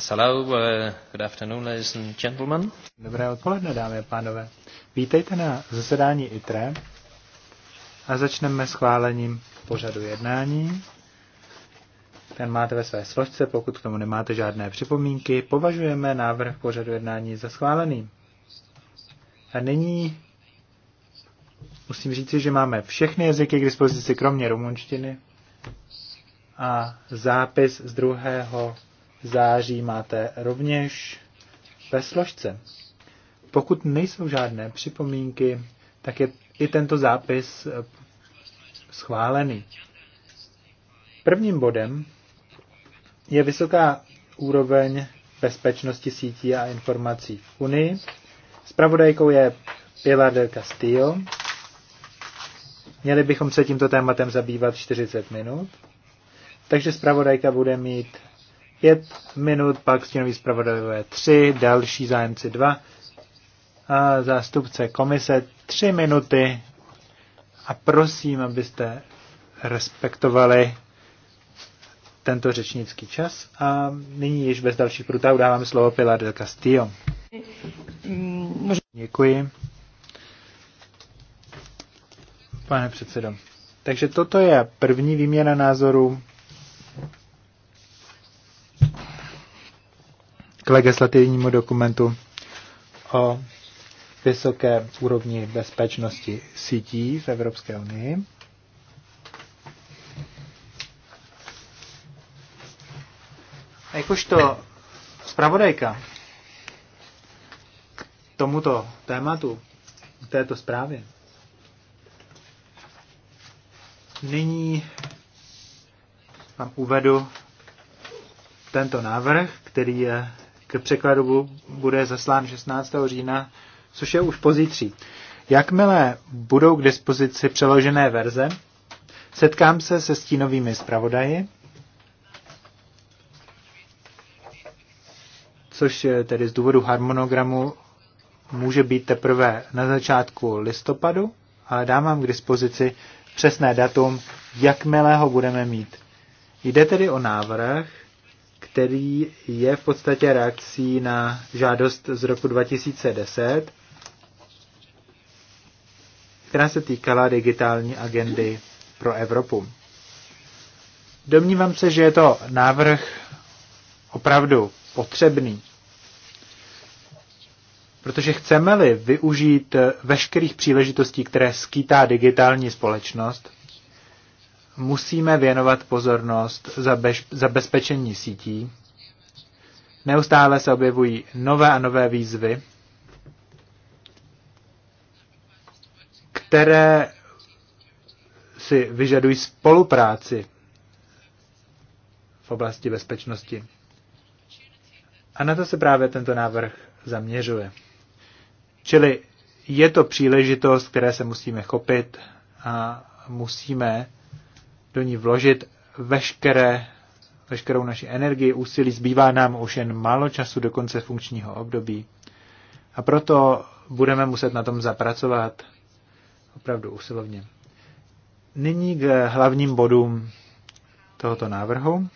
Yes, hello. Uh, good afternoon, ladies and gentlemen. Dobré odpoledne, dámy a pánové. Vítejte na zasedání ITRE a začneme schválením pořadu jednání. Ten máte ve své složce, pokud k tomu nemáte žádné připomínky, považujeme návrh pořadu jednání za schválený. A nyní musím říci, že máme všechny jazyky k dispozici, kromě rumunštiny. A zápis z druhého září máte rovněž ve složce. Pokud nejsou žádné připomínky, tak je i tento zápis eh, schválený. Prvním bodem je vysoká úroveň bezpečnosti sítí a informací v Unii. Spravodajkou je Pilar del Castillo. Měli bychom se tímto tématem zabývat 40 minut. Takže zpravodajka bude mít pět minut, pak stínový zpravodajové tři, další zájemci dva a zástupce komise tři minuty. A prosím, abyste respektovali tento řečnický čas. A nyní již bez dalších prutáv dávám slovo Pilar del Castillo. Děkuji. Pane předsedo. Takže toto je první výměna názorů legislativnímu dokumentu o vysoké úrovni bezpečnosti sítí v Evropské unii. A jakožto zpravodajka k tomuto tématu, k této zprávě, nyní vám uvedu tento návrh, který je k překladu bude zaslán 16. října, což je už pozítří. Jakmile budou k dispozici přeložené verze, setkám se se stínovými zpravodaji, což tedy z důvodu harmonogramu může být teprve na začátku listopadu, ale dám vám k dispozici přesné datum, jakmile ho budeme mít. Jde tedy o návrh, který je v podstatě reakcí na žádost z roku 2010, která se týkala digitální agendy pro Evropu. Domnívám se, že je to návrh opravdu potřebný, protože chceme-li využít veškerých příležitostí, které skýtá digitální společnost, musíme věnovat pozornost zabezpečení sítí. Neustále se objevují nové a nové výzvy, které si vyžadují spolupráci v oblasti bezpečnosti. A na to se právě tento návrh zaměřuje. Čili je to příležitost, které se musíme chopit a musíme do ní vložit veškeré, veškerou naši energii, úsilí. Zbývá nám už jen málo času do konce funkčního období. A proto budeme muset na tom zapracovat opravdu usilovně. Nyní k hlavním bodům tohoto návrhu.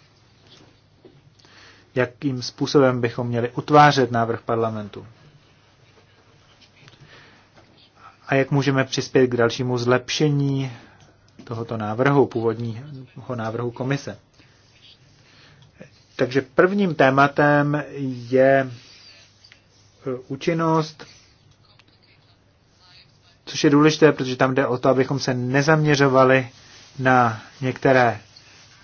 Jakým způsobem bychom měli utvářet návrh parlamentu? A jak můžeme přispět k dalšímu zlepšení tohoto návrhu, původního návrhu komise. Takže prvním tématem je e, účinnost, což je důležité, protože tam jde o to, abychom se nezaměřovali na některé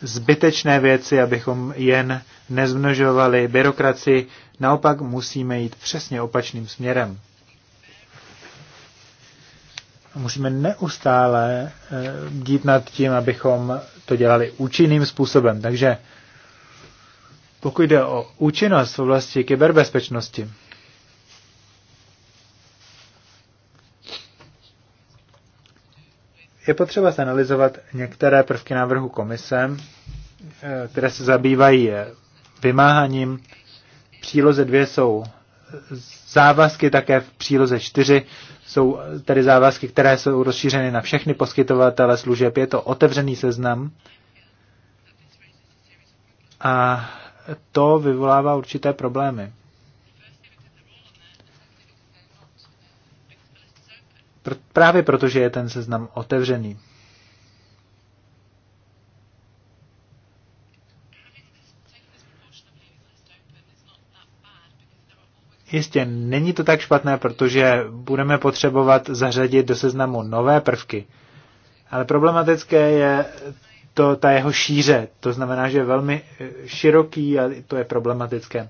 zbytečné věci, abychom jen nezmnožovali byrokraci. Naopak musíme jít přesně opačným směrem musíme neustále eh, dít nad tím, abychom to dělali účinným způsobem. Takže pokud jde o účinnost v oblasti kyberbezpečnosti, je potřeba zanalizovat některé prvky návrhu komise, eh, které se zabývají eh, vymáháním. příloze dvě jsou závazky, také v příloze 4 jsou tedy závazky, které jsou rozšířeny na všechny poskytovatele služeb. Je to otevřený seznam a to vyvolává určité problémy. Právě protože je ten seznam otevřený. Jistě, není to tak špatné, protože budeme potřebovat zařadit do seznamu nové prvky. Ale problematické je to, ta jeho šíře. To znamená, že je velmi eh, široký a to je problematické.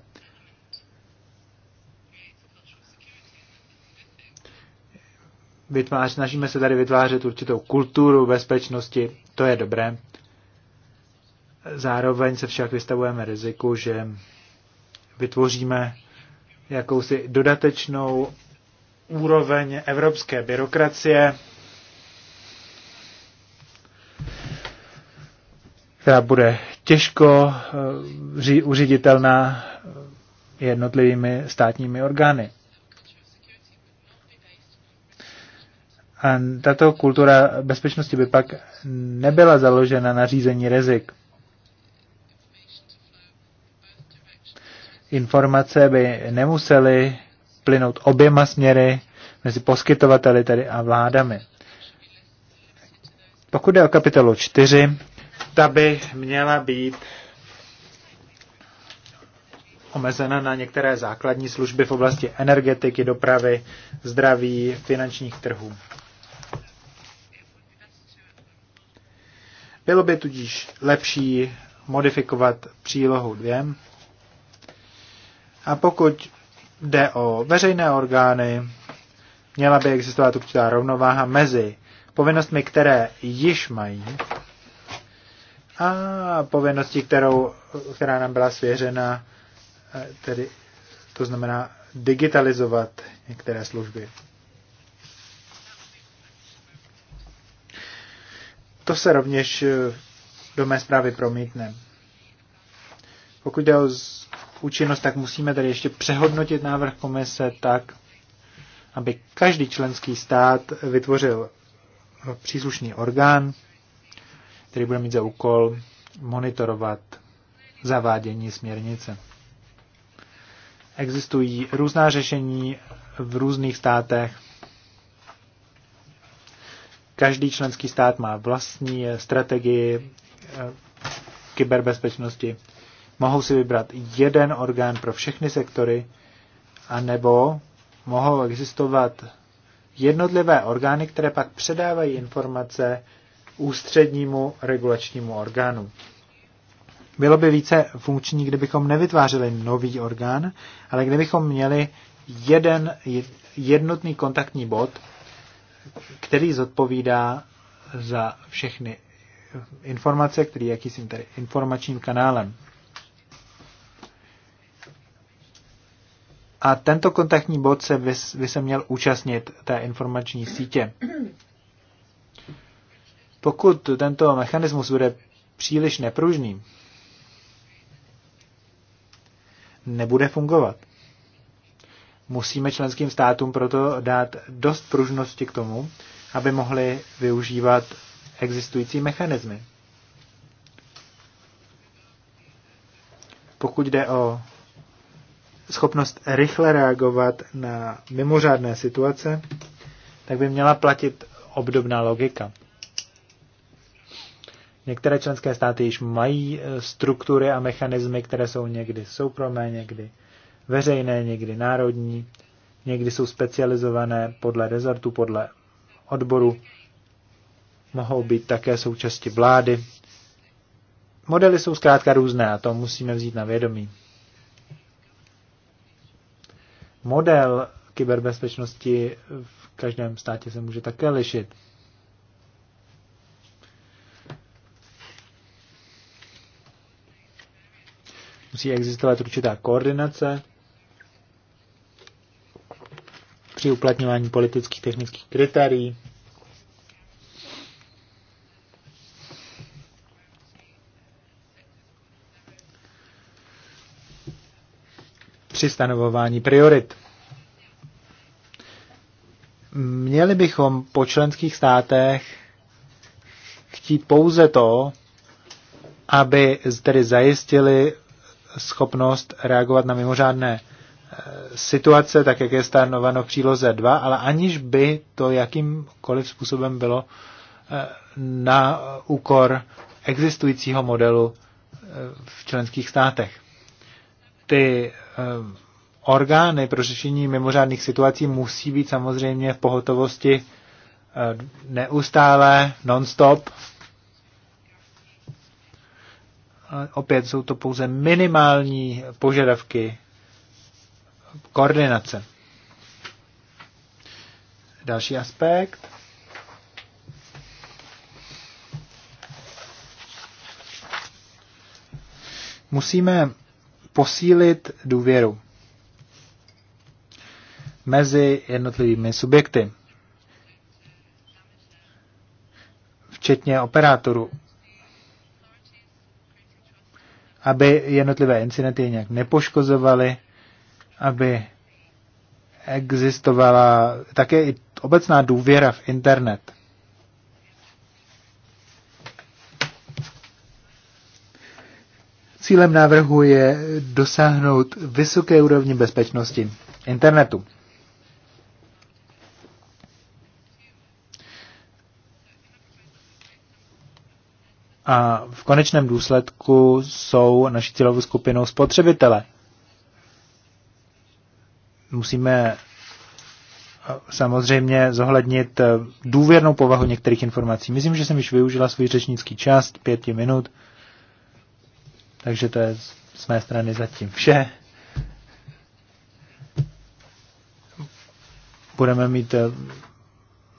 Vytvář, snažíme se tady vytvářet určitou kulturu bezpečnosti, to je dobré. Zároveň se však vystavujeme riziku, že vytvoříme jakousi dodatečnou úroveň evropské byrokracie, která bude těžko eh, uřiditelná eh, jednotlivými státními orgány. A tato kultura bezpečnosti by pak nebyla založena na řízení rizik. informace by nemusely plynout oběma směry mezi poskytovateli tedy a vládami. Pokud jde o kapitolu 4, ta by měla být omezena na některé základní služby v oblasti energetiky, dopravy, zdraví, finančních trhů. Bylo by tudíž lepší modifikovat přílohu 2 a pokud jde o veřejné orgány, měla by existovat určitá rovnováha mezi povinnostmi, které již mají a povinností, kterou, která nám byla svěřena, eh, tedy to znamená digitalizovat některé služby. To se rovněž eh, do mé zprávy promítne. Pokud jde o účinnost, tak musíme tady ještě přehodnotit návrh komise tak, aby každý členský stát vytvořil příslušný orgán, který bude mít za úkol monitorovat zavádění směrnice. Existují různá řešení v různých státech. Každý členský stát má vlastní strategii eh, kyberbezpečnosti mohou si vybrat jeden orgán pro všechny sektory, anebo mohou existovat jednotlivé orgány, které pak předávají informace ústřednímu regulačnímu orgánu. Bylo by více funkční, kdybychom nevytvářeli nový orgán, ale kdybychom měli jeden jednotný kontaktní bod, který zodpovídá za všechny informace, který je jakýsi tedy informačním kanálem. A tento kontaktní bod se by, by se měl účastnit té informační sítě. Pokud tento mechanismus bude příliš nepružný, nebude fungovat. Musíme členským státům proto dát dost pružnosti k tomu, aby mohli využívat existující mechanismy. Pokud jde o schopnost rychle reagovat na mimořádné situace, tak by měla platit obdobná logika. Některé členské státy již mají e, struktury a mechanismy, které jsou někdy soukromé, někdy veřejné, někdy národní, někdy jsou specializované podle rezortu, podle odboru, mohou být také součástí vlády. Modely jsou zkrátka různé a to musíme vzít na vědomí model kyberbezpečnosti v každém státě se může také lišit. Musí existovat určitá koordinace při uplatňování politických technických kritérií při stanovování priorit. Měli bychom po členských státech chtít pouze to, aby tedy zajistili schopnost reagovat na mimořádné eh, situace, tak jak je stanoveno v příloze 2, ale aniž by to jakýmkoliv způsobem bylo eh, na úkor existujícího modelu eh, v členských státech ty eh, orgány pro řešení mimořádných situací musí být samozřejmě v pohotovosti eh, neustále, non-stop. Opět jsou to pouze minimální požadavky koordinace. Další aspekt. Musíme posílit důvěru mezi jednotlivými subjekty, včetně operátorů, aby jednotlivé incidenty nějak nepoškozovaly, aby existovala také i obecná důvěra v internet. Cílem návrhu je dosáhnout vysoké úrovně bezpečnosti internetu. A v konečném důsledku jsou naší cílovou skupinou spotřebitele. Musíme eh, samozřejmě zohlednit eh, důvěrnou povahu některých informací. Myslím, že jsem již využila svůj řečnický čas, pěti minut. Takže to je z mé strany zatím vše. Budeme mít, eh,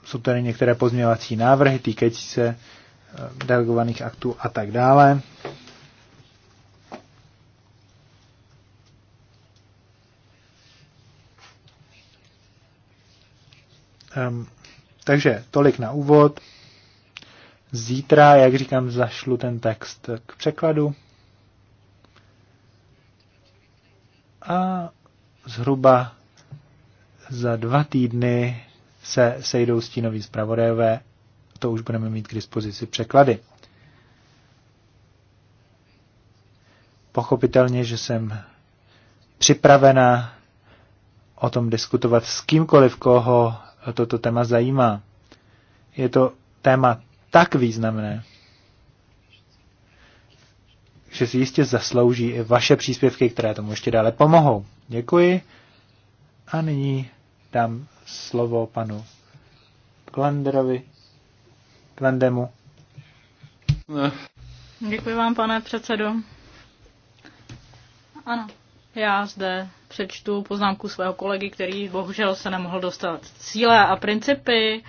jsou tady některé pozměňovací návrhy týkající se eh, delegovaných aktů a tak dále. Um, takže tolik na úvod. Zítra, jak říkám, zašlu ten text k překladu. a zhruba za dva týdny se sejdou stínoví zpravodajové, to už budeme mít k dispozici překlady. Pochopitelně, že jsem připravena o tom diskutovat s kýmkoliv, koho toto téma zajímá. Je to téma tak významné, že si jistě zaslouží i vaše příspěvky, které tomu ještě dále pomohou. Děkuji. A nyní dám slovo panu Klanderovi, Klandemu. Děkuji vám, pane předsedo. Ano, já zde přečtu poznámku svého kolegy, který bohužel se nemohl dostat. Cíle a principy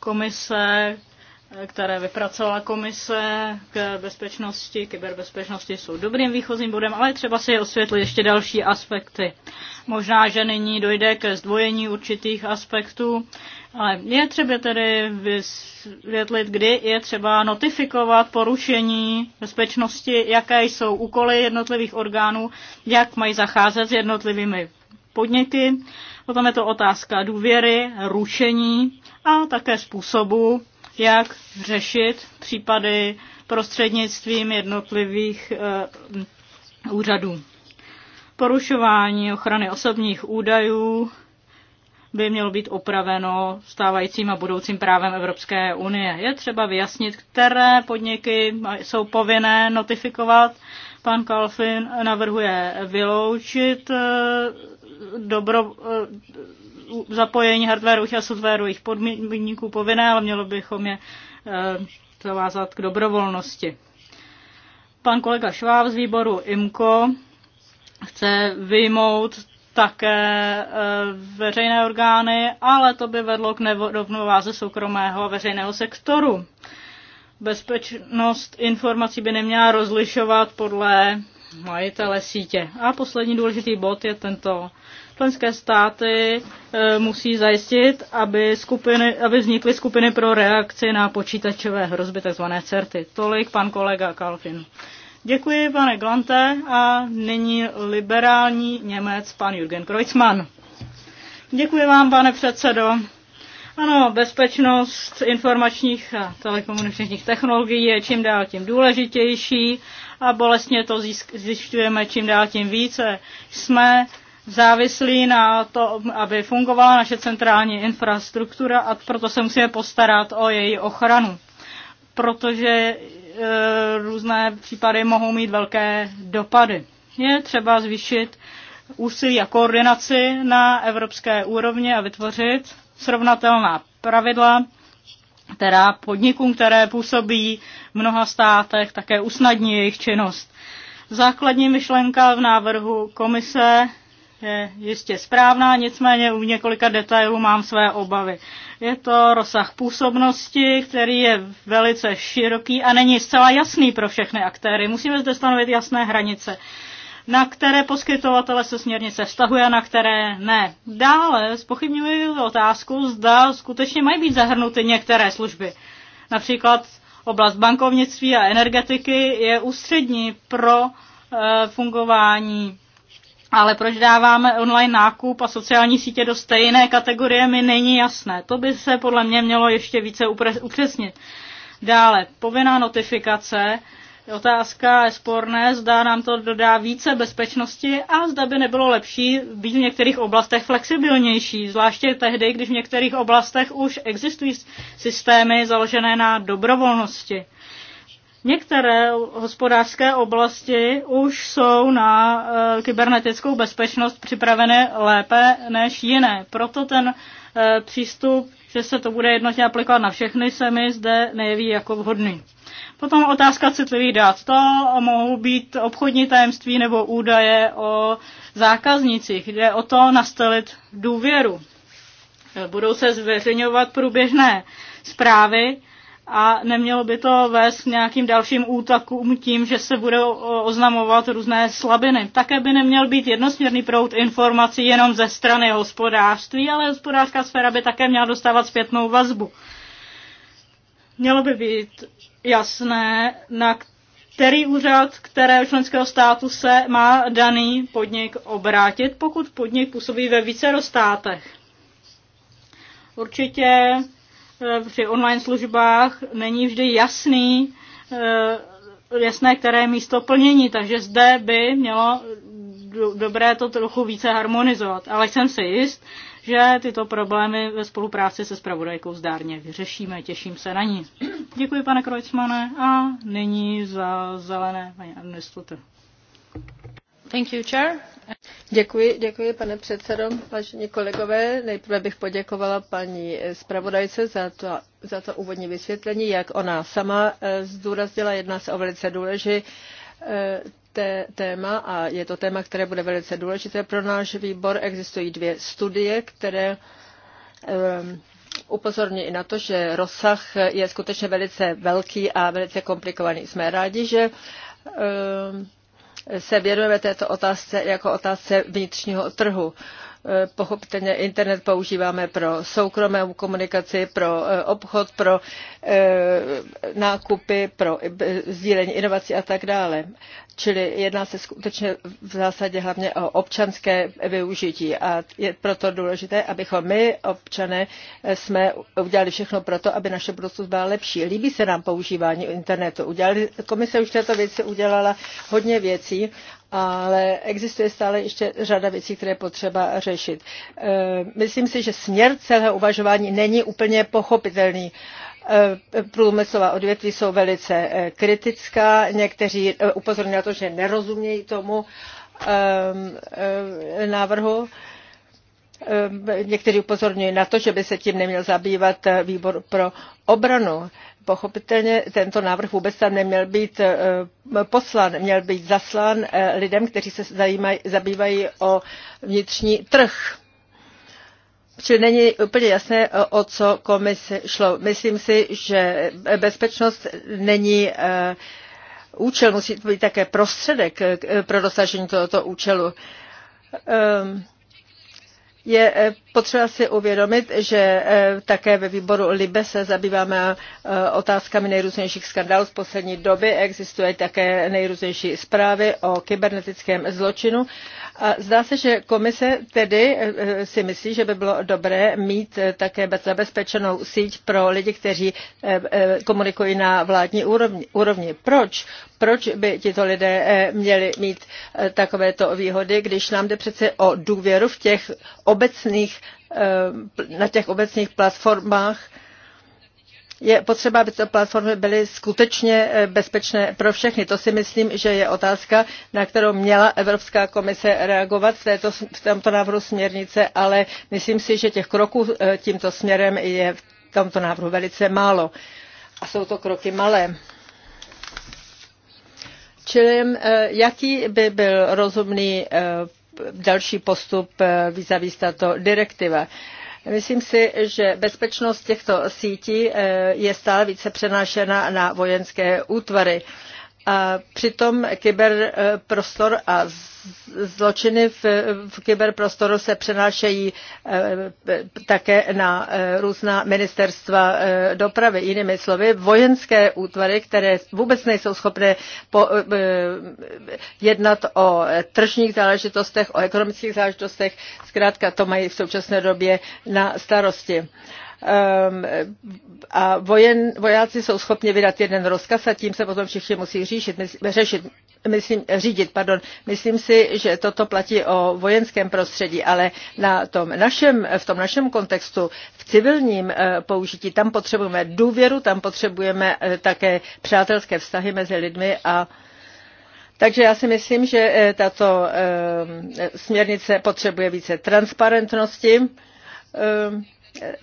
komise které vypracovala komise k bezpečnosti, kyberbezpečnosti, jsou dobrým výchozím bodem, ale třeba si osvětlit ještě další aspekty. Možná, že nyní dojde ke zdvojení určitých aspektů, ale je třeba tedy vysvětlit, kdy je třeba notifikovat porušení bezpečnosti, jaké jsou úkoly jednotlivých orgánů, jak mají zacházet s jednotlivými podněty. Potom je to otázka důvěry, rušení a také způsobu, jak řešit případy prostřednictvím jednotlivých eh, úřadů. Porušování ochrany osobních údajů by mělo být opraveno stávajícím a budoucím právem Evropské unie. Je třeba vyjasnit, které podniky jsou povinné notifikovat. Pan Kalfin navrhuje vyloučit eh, dobro, eh, zapojení hardwareových a softwarových podmínků povinné, ale mělo bychom je eh, zavázat k dobrovolnosti. Pan kolega Šváb z výboru IMCO chce vyjmout také eh, veřejné orgány, ale to by vedlo k nerovnováze soukromého a veřejného sektoru. Bezpečnost informací by neměla rozlišovat podle majitele sítě. A poslední důležitý bod je tento Členské státy eh, musí zajistit, aby, skupiny, aby vznikly skupiny pro reakci na počítačové hrozby, takzvané CERTy. Tolik pan kolega Kalfin. Děkuji, pane Glante, a nyní liberální Němec, pan Jürgen Kreuzmann. Děkuji vám, pane předsedo. Ano, bezpečnost informačních a telekomunikačních technologií je čím dál tím důležitější a bolestně to zjišťujeme čím dál tím více. Jsme závislí na tom, aby fungovala naše centrální infrastruktura a proto se musíme postarat o její ochranu. Protože e, různé případy mohou mít velké dopady. Je třeba zvýšit úsilí a koordinaci na evropské úrovni a vytvořit srovnatelná pravidla, která podnikům, které působí v mnoha státech, také usnadní jejich činnost. Základní myšlenka v návrhu komise je jistě správná, nicméně u několika detailů mám své obavy. Je to rozsah působnosti, který je velice široký a není zcela jasný pro všechny aktéry. Musíme zde stanovit jasné hranice na které poskytovatele se směrnice vztahuje a na které ne. Dále zpochybňuji otázku, zda skutečně mají být zahrnuty některé služby. Například oblast bankovnictví a energetiky je ústřední pro eh, fungování ale proč dáváme online nákup a sociální sítě do stejné kategorie mi není jasné. To by se podle mě mělo ještě více upřesnit. Dále, povinná notifikace. Otázka je sporné, zda nám to dodá více bezpečnosti a zda by nebylo lepší být v některých oblastech flexibilnější, zvláště tehdy, když v některých oblastech už existují systémy založené na dobrovolnosti. Některé hospodářské oblasti už jsou na eh, kybernetickou bezpečnost připravené lépe než jiné. Proto ten eh, přístup, že se to bude jednotně aplikovat na všechny, se mi zde nejeví jako vhodný. Potom otázka citlivých dat. To mohou být obchodní tajemství nebo údaje o zákaznicích. Jde o to nastavit důvěru. Budou se zveřejňovat průběžné zprávy a nemělo by to vést k nějakým dalším útakům tím, že se budou oznamovat různé slabiny. Také by neměl být jednosměrný proud informací jenom ze strany hospodářství, ale hospodářská sféra by také měla dostávat zpětnou vazbu. Mělo by být jasné, na který úřad kterého členského státu se má daný podnik obrátit, pokud podnik působí ve více státech. Určitě Eh, při online službách není vždy jasný, eh, jasné, které místo plnění, takže zde by mělo dobré to trochu více harmonizovat. Ale jsem si jist, že tyto problémy ve spolupráci se spravodajkou zdárně vyřešíme. Těším se na ní. Děkuji, pane Krojcmane, a nyní za zelené paní Arnestote. Thank you, chair. Děkuji, děkuji pane předsedo, vážení kolegové. Nejprve bych poděkovala paní zpravodajce za to, za to úvodní vysvětlení, jak ona sama eh, zdůraznila, jedná se o velice důležité eh, téma a je to téma, které bude velice důležité pro náš výbor. Existují dvě studie, které eh, upozorňují na to, že rozsah je skutečně velice velký a velice komplikovaný. Jsme rádi, že se věnujeme této otázce jako otázce vnitřního trhu. Eh, pochopitelně internet používáme pro soukromou komunikaci, pro eh, obchod, pro eh, nákupy, pro sdílení inovací a tak dále. Čili jedná se skutečně v zásadě hlavně o občanské využití a je proto důležité, abychom my, občané, jsme udělali všechno pro to, aby naše budoucnost byla lepší. Líbí se nám používání internetu. Udělali, komise už této věci udělala hodně věcí ale existuje stále ještě řada věcí, které je potřeba řešit. E, myslím si, že směr celého uvažování není úplně pochopitelný e, průmyslová odvětví jsou velice e, kritická. Někteří upozorňují na to, že nerozumějí tomu ehm, návrhu. Ehm, někteří upozorňují na to, že by se tím neměl zabývat výbor pro obranu. Pochopitelně tento návrh vůbec tam neměl být eh, poslan, měl být zaslán eh, lidem, kteří se zajímají, zabývají o vnitřní trh. Čili není úplně jasné, eh, o co komisi šlo. Myslím si, že bezpečnost není účel, musí to být také prostředek pro dosažení tohoto účelu. Ehm, je eh, potřeba si uvědomit, že eh, také ve výboru LIBE se zabýváme eh, otázkami nejrůznějších skandálů z poslední doby. Existují také nejrůznější zprávy o kybernetickém zločinu. A zdá se, že komise tedy si myslí, že by bylo dobré mít také zabezpečenou síť pro lidi, kteří komunikují na vládní úrovni. Proč? Proč by tito lidé měli mít takovéto výhody, když nám jde přece o důvěru v těch obecných, eh, na těch obecných platformách, je potřeba, aby ty platformy byly skutečně eh, bezpečné pro všechny. To si myslím, že je otázka, na kterou měla Evropská komise reagovat v, této, v tomto návrhu směrnice, ale myslím si, že těch kroků eh, tímto směrem je v tomto návrhu velice málo. A jsou to kroky malé. Čili jaký by byl rozumný další postup eh, vis tato direktiva. Myslím si, že bezpečnost těchto sítí eh, je stále více přenášena na vojenské útvary. A přitom kyberprostor a zločiny v, v kyberprostoru se přenášejí e, také na e, různá ministerstva e, dopravy. Jinými slovy, vojenské útvary, které vůbec nejsou schopné po, jednat o tržních záležitostech, o ekonomických záležitostech, zkrátka to mají v současné době na starosti. Ehm, a vojen, vojáci jsou schopni vydat jeden rozkaz a tím se potom všichni musí říšit, řešit, myslím, řídit. Pardon. Myslím si, že toto platí o vojenském prostředí, ale na tom našem, v tom našem kontextu, v civilním eh, použití, tam potřebujeme důvěru, tam potřebujeme eh, také přátelské vztahy mezi lidmi a takže já si myslím, že eh, tato ehm, směrnice potřebuje více transparentnosti ehm,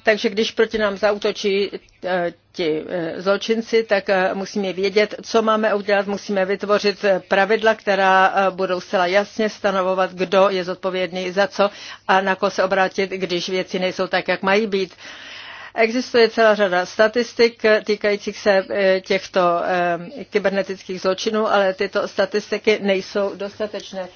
takže když proti nám zautočí eh, ti eh, zločinci, tak eh, musíme vědět, co máme udělat, musíme vytvořit pravidla, která budou zcela jasně stanovovat, kdo je zodpovědný za co a na koho se obrátit, když věci nejsou tak, jak mají být. Existuje celá řada statistik týkajících se těchto kybernetických zločinů, ale tyto statistiky nejsou dostatečné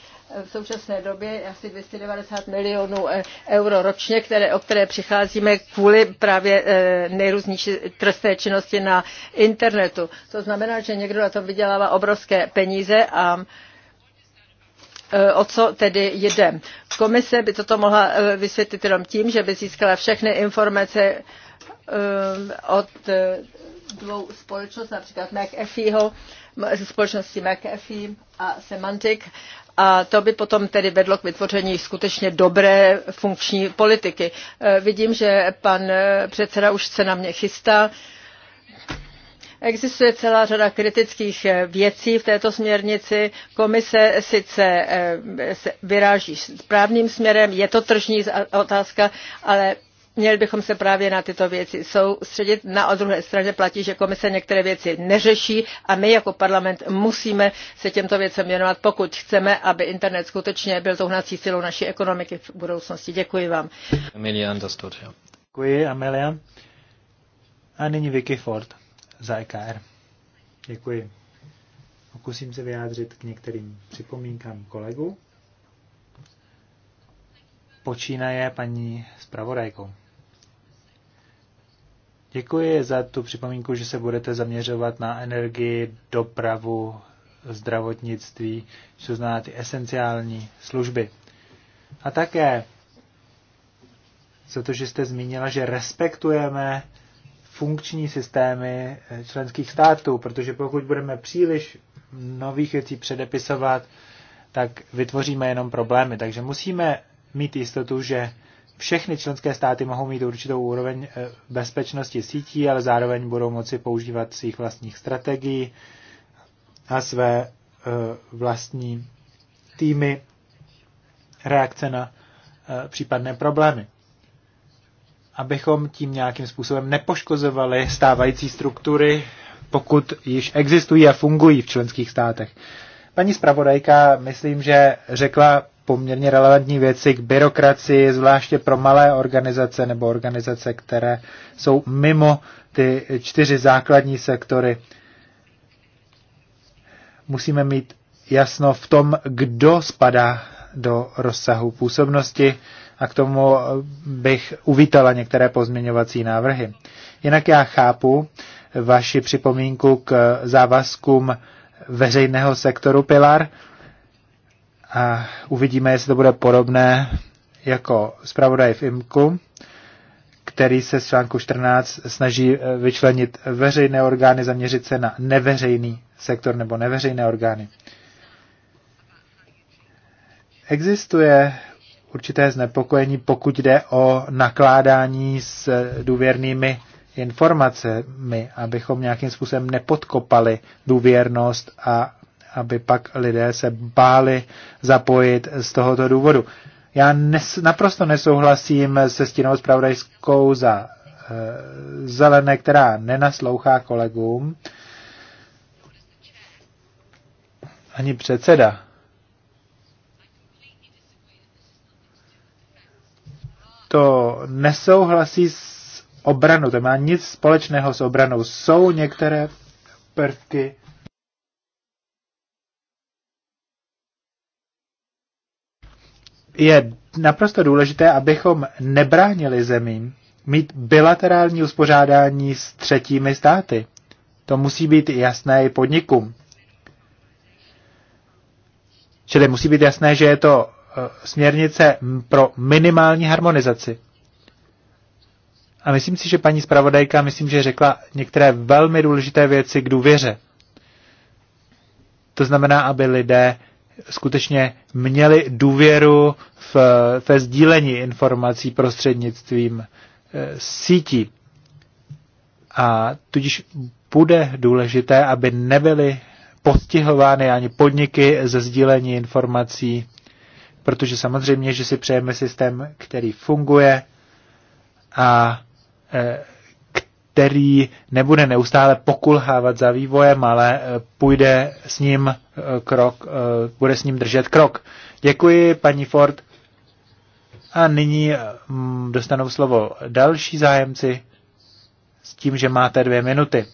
v současné době asi 290 milionů eh, euro ročně, které, o které přicházíme kvůli právě eh, nejrůznější trestné činnosti na internetu. To znamená, že někdo na to vydělává obrovské peníze a eh, o co tedy jde. Komise by toto mohla vysvětlit jenom tím, že by získala všechny informace od dvou společností, například McAfeeho, společnosti McAfee a Semantic. A to by potom tedy vedlo k vytvoření skutečně dobré funkční politiky. E, vidím, že pan e, předseda už se na mě chystá. Existuje celá řada kritických e, věcí v této směrnici. Komise sice vyráží správným směrem, je to tržní otázka, ale Měli bychom se právě na tyto věci soustředit. Na druhé straně platí, že komise některé věci neřeší a my jako parlament musíme se těmto věcem věnovat, pokud chceme, aby internet skutečně byl tou hnací silou naší ekonomiky v budoucnosti. Děkuji vám. Amelia understood, Děkuji, Amelia. A nyní Vicky Ford za EKR. Děkuji. Pokusím se vyjádřit k některým připomínkám kolegů počínaje paní zpravodajkou. Děkuji za tu připomínku, že se budete zaměřovat na energii, dopravu, zdravotnictví, jsou zná ty esenciální služby. A také za to, že jste zmínila, že respektujeme funkční systémy členských států, protože pokud budeme příliš nových věcí předepisovat, tak vytvoříme jenom problémy. Takže musíme mít jistotu, že všechny členské státy mohou mít určitou úroveň eh, bezpečnosti sítí, ale zároveň budou moci používat svých vlastních strategií a své eh, vlastní týmy reakce na eh, případné problémy. Abychom tím nějakým způsobem nepoškozovali stávající struktury, pokud již existují a fungují v členských státech. Paní zpravodajka, myslím, že řekla poměrně relevantní věci k byrokracii, zvláště pro malé organizace nebo organizace, které jsou mimo ty čtyři základní sektory. Musíme mít jasno v tom, kdo spadá do rozsahu působnosti a k tomu bych uvítala některé pozměňovací návrhy. Jinak já chápu vaši připomínku k závazkům veřejného sektoru Pilar, a uvidíme, jestli to bude podobné jako zpravodaj v IMKU, který se z článku 14 snaží eh, vyčlenit veřejné orgány, zaměřit se na neveřejný sektor nebo neveřejné orgány. Existuje určité znepokojení, pokud jde o nakládání s důvěrnými informacemi, abychom nějakým způsobem nepodkopali důvěrnost a aby pak lidé se báli zapojit z tohoto důvodu. Já nes, naprosto nesouhlasím se stínou zpravodajskou za e, zelené, která nenaslouchá kolegům. Ani předseda. To nesouhlasí s obranou, to má nic společného s obranou. Jsou některé prvky je naprosto důležité, abychom nebránili zemím mít bilaterální uspořádání s třetími státy. To musí být jasné i podnikům. Čili musí být jasné, že je to e, směrnice pro minimální harmonizaci. A myslím si, že paní zpravodajka, myslím, že řekla některé velmi důležité věci k důvěře. To znamená, aby lidé skutečně měli důvěru v, ve sdílení informací prostřednictvím eh, sítí. A tudíž bude důležité, aby nebyly postihovány ani podniky ze sdílení informací, protože samozřejmě, že si přejeme systém, který funguje a eh, který nebude neustále pokulhávat za vývojem, ale eh, půjde s ním eh, krok, eh, bude s ním držet krok. Děkuji, paní Ford. A nyní dostanou slovo další zájemci s tím, že máte dvě minuty.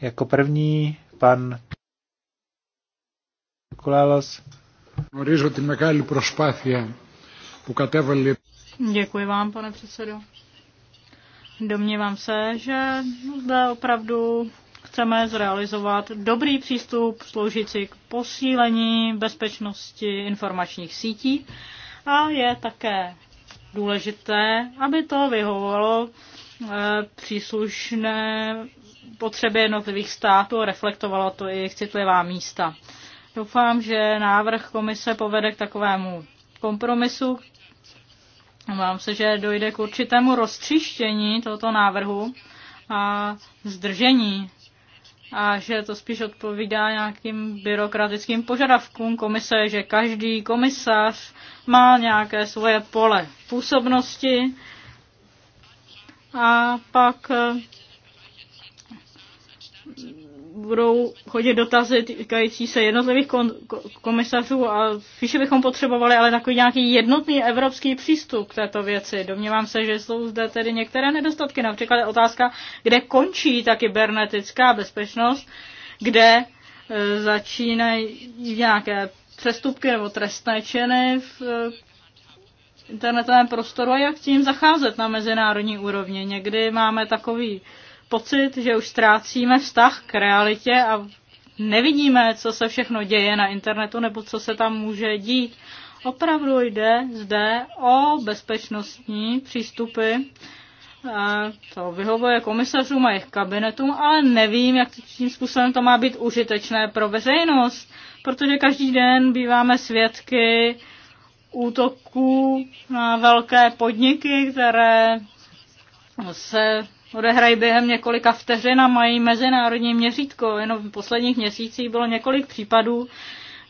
Jako první pan Kulalos. Děkuji vám, pane předsedo. Domnívám se, že zde opravdu chceme zrealizovat dobrý přístup sloužící k posílení bezpečnosti informačních sítí a je také důležité, aby to vyhovovalo eh, příslušné potřeby jednotlivých států a reflektovalo to i jejich citlivá místa. Doufám, že návrh komise povede k takovému kompromisu, vám se, že dojde k určitému roztříštění tohoto návrhu a zdržení a že to spíš odpovídá nějakým byrokratickým požadavkům komise, že každý komisař má nějaké svoje pole působnosti a pak budou chodit dotazy týkající se jednotlivých kon, komisařů a spíše bychom potřebovali ale takový nějaký jednotný evropský přístup k této věci. Domnívám se, že jsou zde tedy některé nedostatky, například otázka, kde končí ta kybernetická bezpečnost, kde e, začínají nějaké přestupky nebo trestné činy v e, internetovém prostoru a jak s tím zacházet na mezinárodní úrovni. Někdy máme takový pocit, že už ztrácíme vztah k realitě a nevidíme, co se všechno děje na internetu nebo co se tam může dít. Opravdu jde zde o bezpečnostní přístupy. E, to vyhovuje komisařům a jejich kabinetům, ale nevím, jak tím způsobem to má být užitečné pro veřejnost, protože každý den býváme svědky útoků na velké podniky, které se odehrají během několika vteřin a mají mezinárodní měřítko. Jenom v posledních měsících bylo několik případů,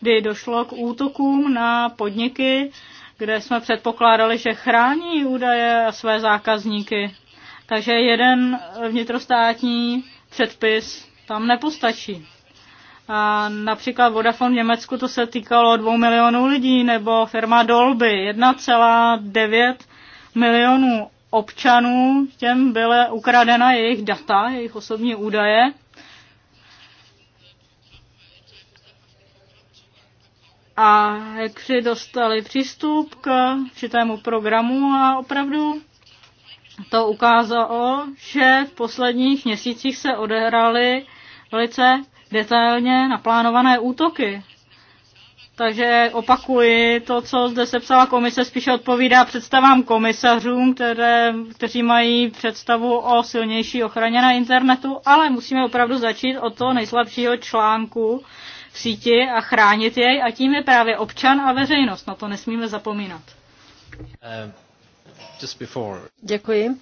kdy došlo k útokům na podniky, kde jsme předpokládali, že chrání údaje a své zákazníky. Takže jeden vnitrostátní předpis tam nepostačí. A například Vodafone v Německu to se týkalo dvou milionů lidí, nebo firma Dolby 1,9 milionů občanů, těm byla ukradena jejich data, jejich osobní údaje. A hekři dostali přístup k určitému programu a opravdu to ukázalo, že v posledních měsících se odehrály velice detailně naplánované útoky takže opakuji, to, co zde sepsala komise, spíše odpovídá představám komisařům, které, kteří mají představu o silnější ochraně na internetu, ale musíme opravdu začít od toho nejslabšího článku v síti a chránit jej a tím je právě občan a veřejnost. Na to nesmíme zapomínat. Uh, just before. Děkuji.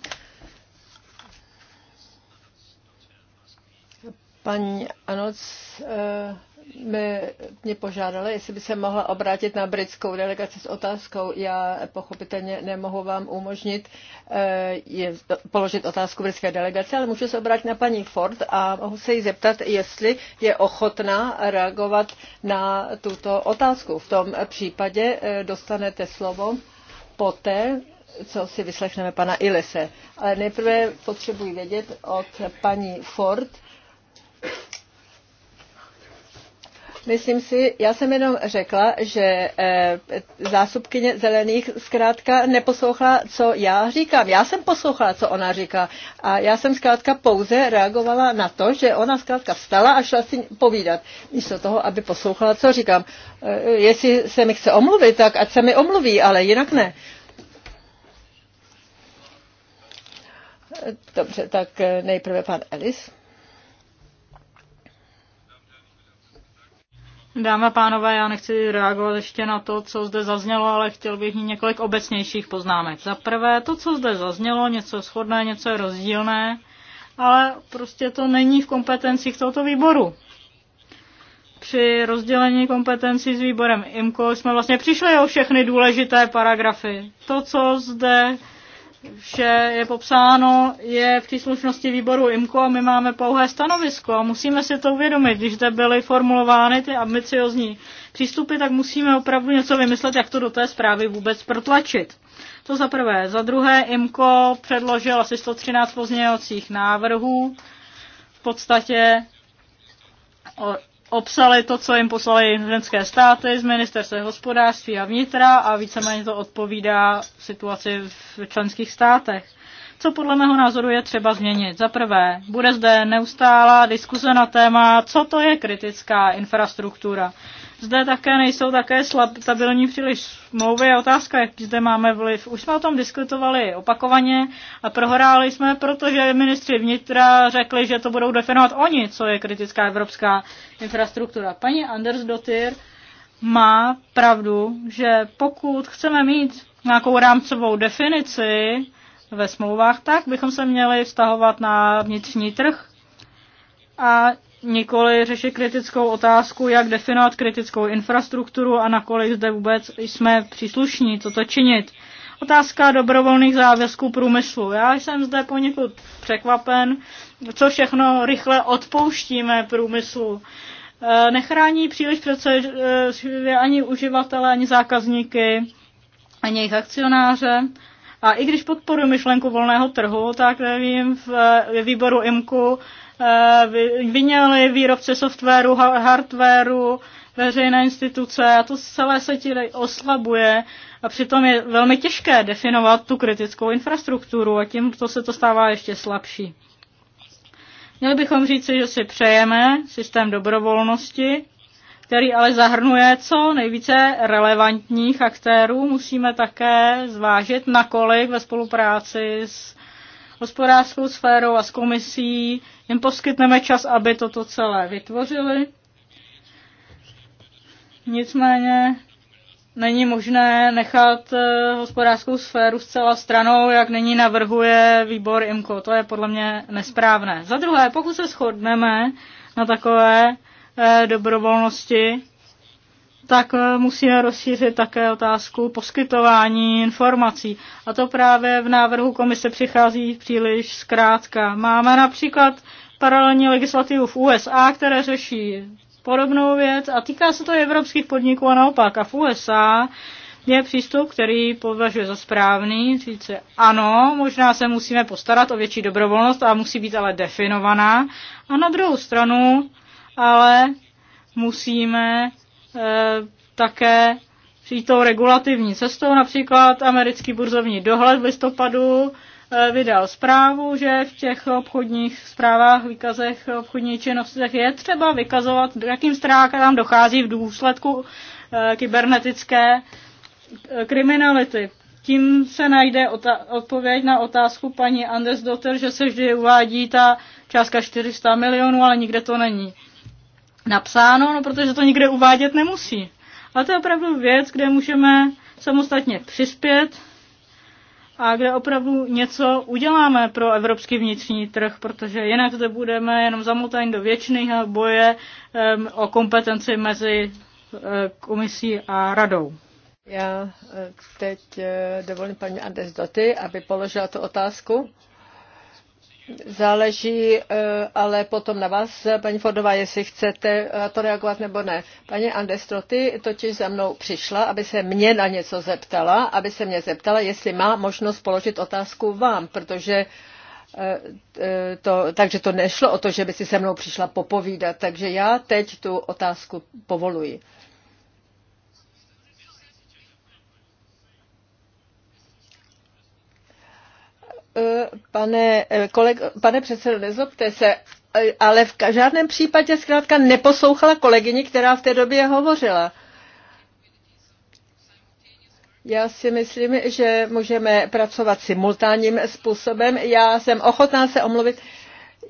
Paní Anoc, uh mě požádala, jestli by se mohla obrátit na britskou delegaci s otázkou. Já pochopitelně nemohu vám umožnit eh, je, položit otázku britské delegace, ale můžu se obrátit na paní Ford a mohu se jí zeptat, jestli je ochotná reagovat na tuto otázku. V tom případě eh, dostanete slovo poté, co si vyslechneme pana Ilise. Ale nejprve potřebuji vědět od paní Ford, Myslím si, já jsem jenom řekla, že eh, zásupkyně zelených zkrátka neposlouchala, co já říkám. Já jsem poslouchala, co ona říká. A já jsem zkrátka pouze reagovala na to, že ona zkrátka vstala a šla si povídat. Místo toho, aby poslouchala, co říkám. Eh, jestli se mi chce omluvit, tak ať se mi omluví, ale jinak ne. Eh, dobře, tak nejprve pan Ellis. Dámy a pánové, já nechci reagovat ještě na to, co zde zaznělo, ale chtěl bych několik obecnějších poznámek. Za prvé, to, co zde zaznělo, něco shodné, něco je rozdílné, ale prostě to není v kompetencích tohoto výboru. Při rozdělení kompetencí s výborem IMCO jsme vlastně přišli o všechny důležité paragrafy. To, co zde vše je popsáno, je v příslušnosti výboru IMCO a my máme pouhé stanovisko a musíme si to uvědomit. Když zde byly formulovány ty ambiciozní přístupy, tak musíme opravdu něco vymyslet, jak to do té zprávy vůbec protlačit. To za prvé. Za druhé IMCO předložil asi 113 pozměňovacích návrhů. V podstatě obsali to, co jim poslali invenské státy z ministerstva hospodářství a vnitra a víceméně to odpovídá situaci v členských státech. Co podle mého názoru je třeba změnit? Za prvé, bude zde neustálá diskuze na téma, co to je kritická infrastruktura. Zde také nejsou také slab, stabilní příliš smlouvy a otázka, jaký zde máme vliv. Už jsme o tom diskutovali opakovaně a prohráli jsme, protože ministři vnitra řekli, že to budou definovat oni, co je kritická evropská infrastruktura. Paní Anders Dotyr má pravdu, že pokud chceme mít nějakou rámcovou definici ve smlouvách, tak bychom se měli vztahovat na vnitřní trh a nikoli řešit kritickou otázku, jak definovat kritickou infrastrukturu a nakolik zde vůbec jsme příslušní toto činit. Otázka dobrovolných závězků průmyslu. Já jsem zde poněkud překvapen, co všechno rychle odpouštíme průmyslu. E, nechrání příliš přece e, ani uživatele, ani zákazníky, ani jejich akcionáře. A i když podporuji myšlenku volného trhu, tak nevím, v výboru IMKU vyněli výrobce softwaru, hardwaru, veřejné instituce a to celé se ti oslabuje a přitom je velmi těžké definovat tu kritickou infrastrukturu a tím to se to stává ještě slabší. Měli bychom říci, že si přejeme systém dobrovolnosti, který ale zahrnuje co nejvíce relevantních aktérů. Musíme také zvážit, nakolik ve spolupráci s hospodářskou sférou a s komisí. Jim poskytneme čas, aby toto celé vytvořili. Nicméně není možné nechat eh, hospodářskou sféru zcela stranou, jak nyní navrhuje výbor IMCO. To je podle mě nesprávné. Za druhé, pokud se shodneme na takové eh, dobrovolnosti, tak eh, musíme rozšířit také otázku poskytování informací. A to právě v návrhu komise přichází příliš zkrátka. Máme například paralelní legislativu v USA, které řeší podobnou věc a týká se to i evropských podniků a naopak. A v USA je přístup, který považuje za správný, říci ano, možná se musíme postarat o větší dobrovolnost a musí být ale definovaná. A na druhou stranu ale musíme Eh, také přijít tou regulativní cestou. Například americký burzovní dohled v listopadu eh, vydal zprávu, že v těch obchodních zprávách, výkazech obchodních činnostech je třeba vykazovat, jakým tam dochází v důsledku eh, kybernetické kriminality. Tím se najde odpověď na otázku paní Anders Dotter, že se vždy uvádí ta částka 400 milionů, ale nikde to není napsáno, no protože to nikde uvádět nemusí. Ale to je opravdu věc, kde můžeme samostatně přispět a kde opravdu něco uděláme pro evropský vnitřní trh, protože jinak zde budeme jenom zamotáni do věčného boje um, o kompetenci mezi uh, komisí a radou. Já eh, teď eh, dovolím paní Andes Doty, aby položila tu otázku. Záleží eh, ale potom na vás, paní Fordová, jestli chcete eh, to reagovat nebo ne. Paní Andestroty totiž za mnou přišla, aby se mě na něco zeptala, aby se mě zeptala, jestli má možnost položit otázku vám, protože eh, to, takže to nešlo o to, že by si se mnou přišla popovídat, takže já teď tu otázku povoluji. Pane, eh, pane předsedo, nezlobte se, ale v žádném případě zkrátka neposlouchala kolegyni, která v té době hovořila. Já si myslím, že můžeme pracovat simultánním způsobem. Já jsem ochotná se omluvit.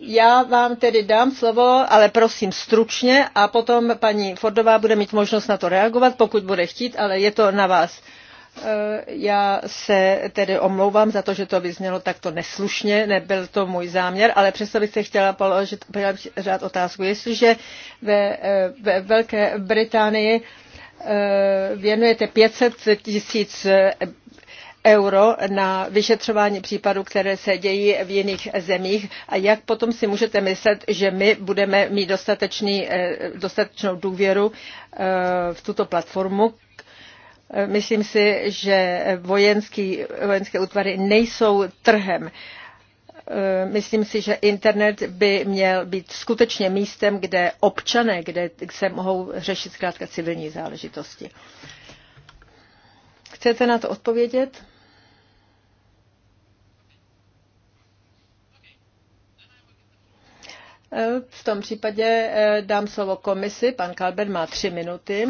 Já vám tedy dám slovo, ale prosím stručně a potom paní Fordová bude mít možnost na to reagovat, pokud bude chtít, ale je to na vás. Eh, já se tedy omlouvám za to, že to vyznělo takto neslušně, nebyl to můj záměr, ale přesto bych se chtěla položit řád otázku. Jestliže ve, eh, ve Velké Británii eh, věnujete 500 tisíc euro na vyšetřování případů, které se dějí v jiných zemích a jak potom si můžete myslet, že my budeme mít dostatečný, dostatečnou důvěru v tuto platformu, Myslím si, že vojenský, vojenské útvary nejsou trhem. Myslím si, že internet by měl být skutečně místem, kde občané, kde se mohou řešit zkrátka civilní záležitosti. Chcete na to odpovědět? V tom případě eh, dám slovo komisi. Pan Kalber má tři minuty.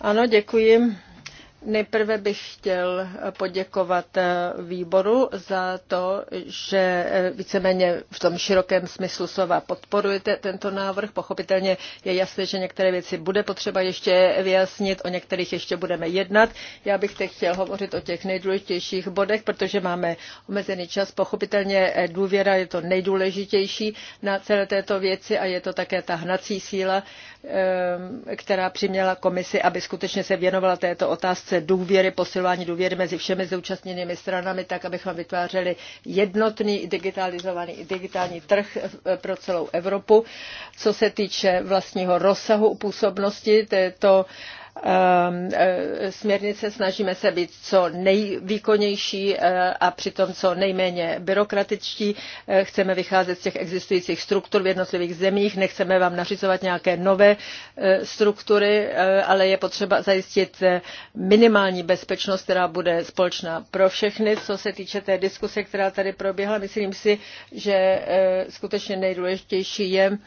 Ano, děkuji. Nejprve bych chtěl poděkovat eh, výboru za to, že eh, víceméně v tom širokém smyslu slova podporujete tento návrh. Pochopitelně je jasné, že některé věci bude potřeba ještě vyjasnit, o některých ještě budeme jednat. Já bych teď chtěl hovořit o těch nejdůležitějších bodech, protože máme omezený čas. Pochopitelně eh, důvěra je to nejdůležitější na celé této věci a je to také ta hnací síla, která přiměla komisi, aby skutečně se věnovala této otázce otázce důvěry, posilování důvěry mezi všemi zúčastněnými stranami, tak abychom vytvářeli jednotný digitalizovaný digitální trh eh, pro celou Evropu. Co se týče vlastního rozsahu působnosti, to je to Ehm, eh, směrnice, snažíme se být co nejvýkonnější eh, a přitom co nejméně byrokratičtí. Eh, chceme vycházet z těch existujících struktur v jednotlivých zemích, nechceme vám nařizovat nějaké nové struktury, ale je potřeba zajistit minimální bezpečnost, která bude společná pro všechny. Co se týče té diskuse, která tady proběhla, myslím si, že skutečně nejdůležitější je,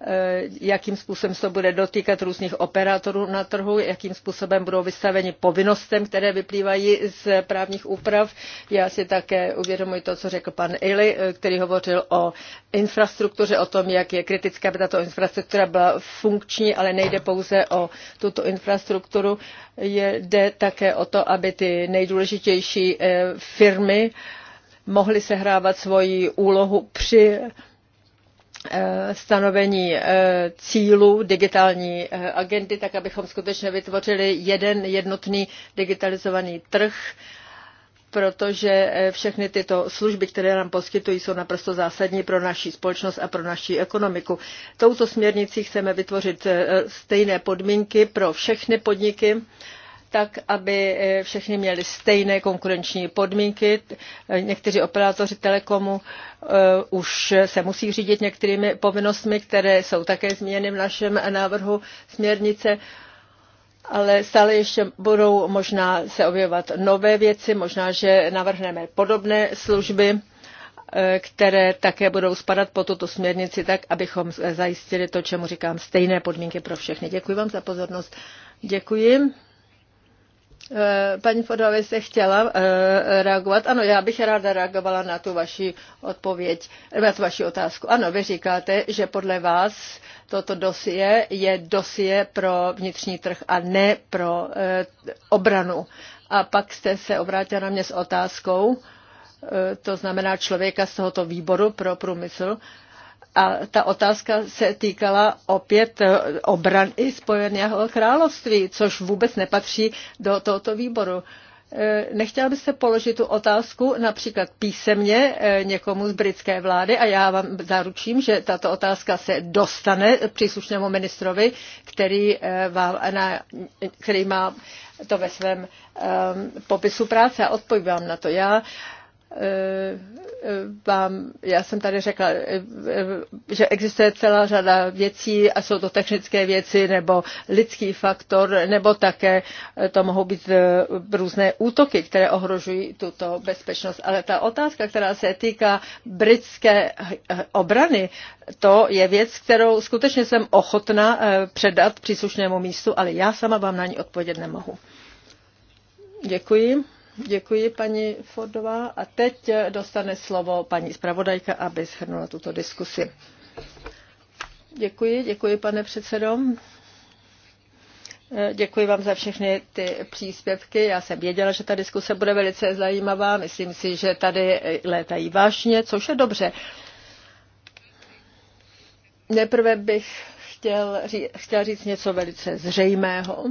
Eh, jakým způsobem se to bude dotýkat různých operátorů na trhu, jakým způsobem budou vystaveni povinnostem, které vyplývají z právních úprav. Já si také uvědomuji to, co řekl pan Ili, eh, který hovořil o infrastruktuře, o tom, jak je kritická, aby tato infrastruktura byla funkční, ale nejde pouze o tuto infrastrukturu. Jde také o to, aby ty nejdůležitější eh, firmy mohly sehrávat svoji úlohu při Eh, stanovení eh, cílů digitální eh, agendy, tak abychom skutečně vytvořili jeden jednotný digitalizovaný trh, protože všechny tyto služby, které nám poskytují, jsou naprosto zásadní pro naši společnost a pro naši ekonomiku. Touto směrnicí chceme vytvořit stejné podmínky pro všechny podniky, tak, aby eh, všichni měli stejné konkurenční podmínky. Někteří operátoři telekomu eh, už se musí řídit některými povinnostmi, které jsou také změny v našem návrhu směrnice ale stále ještě budou možná se objevovat nové věci, možná, že navrhneme podobné služby, eh, které také budou spadat po tuto směrnici, tak abychom zajistili to, čemu říkám, stejné podmínky pro všechny. Děkuji vám za pozornost. Děkuji. Eh, paní Fodově se chtěla eh, reagovat. Ano, já bych ráda reagovala na tu vaši odpověď, na tu vaši otázku. Ano, vy říkáte, že podle vás toto dosie je dosie pro vnitřní trh a ne pro eh, obranu. A pak jste se obrátila na mě s otázkou, to znamená člověka z tohoto výboru pro průmysl, a ta otázka se týkala opět eh, obrany Spojeného království, což vůbec nepatří do tohoto výboru. Eh, nechtěla byste položit tu otázku například písemně eh, někomu z britské vlády a já vám zaručím, že tato otázka se dostane příslušnému ministrovi, který, vám na, který má to ve svém um, popisu práce a odpovím vám na to. Já Eh, eh, vám, já jsem tady řekla, eh, že existuje celá řada věcí a jsou to technické věci nebo lidský faktor, nebo také to mohou být různé útoky, které ohrožují tuto bezpečnost. Ale ta otázka, která se týká britské obrany, to je věc, kterou skutečně jsem ochotna předat příslušnému místu, ale já sama vám na ní odpovědět nemohu. Děkuji. Děkuji paní Fordová a teď dostane slovo paní zpravodajka, aby shrnula tuto diskusi. Děkuji, děkuji pane předsedo. Eh, děkuji vám za všechny ty příspěvky. Já jsem věděla, že ta diskuse bude velice zajímavá. Myslím si, že tady létají vážně, což je dobře. Nejprve bych chtěl, chtěl říct něco velice zřejmého.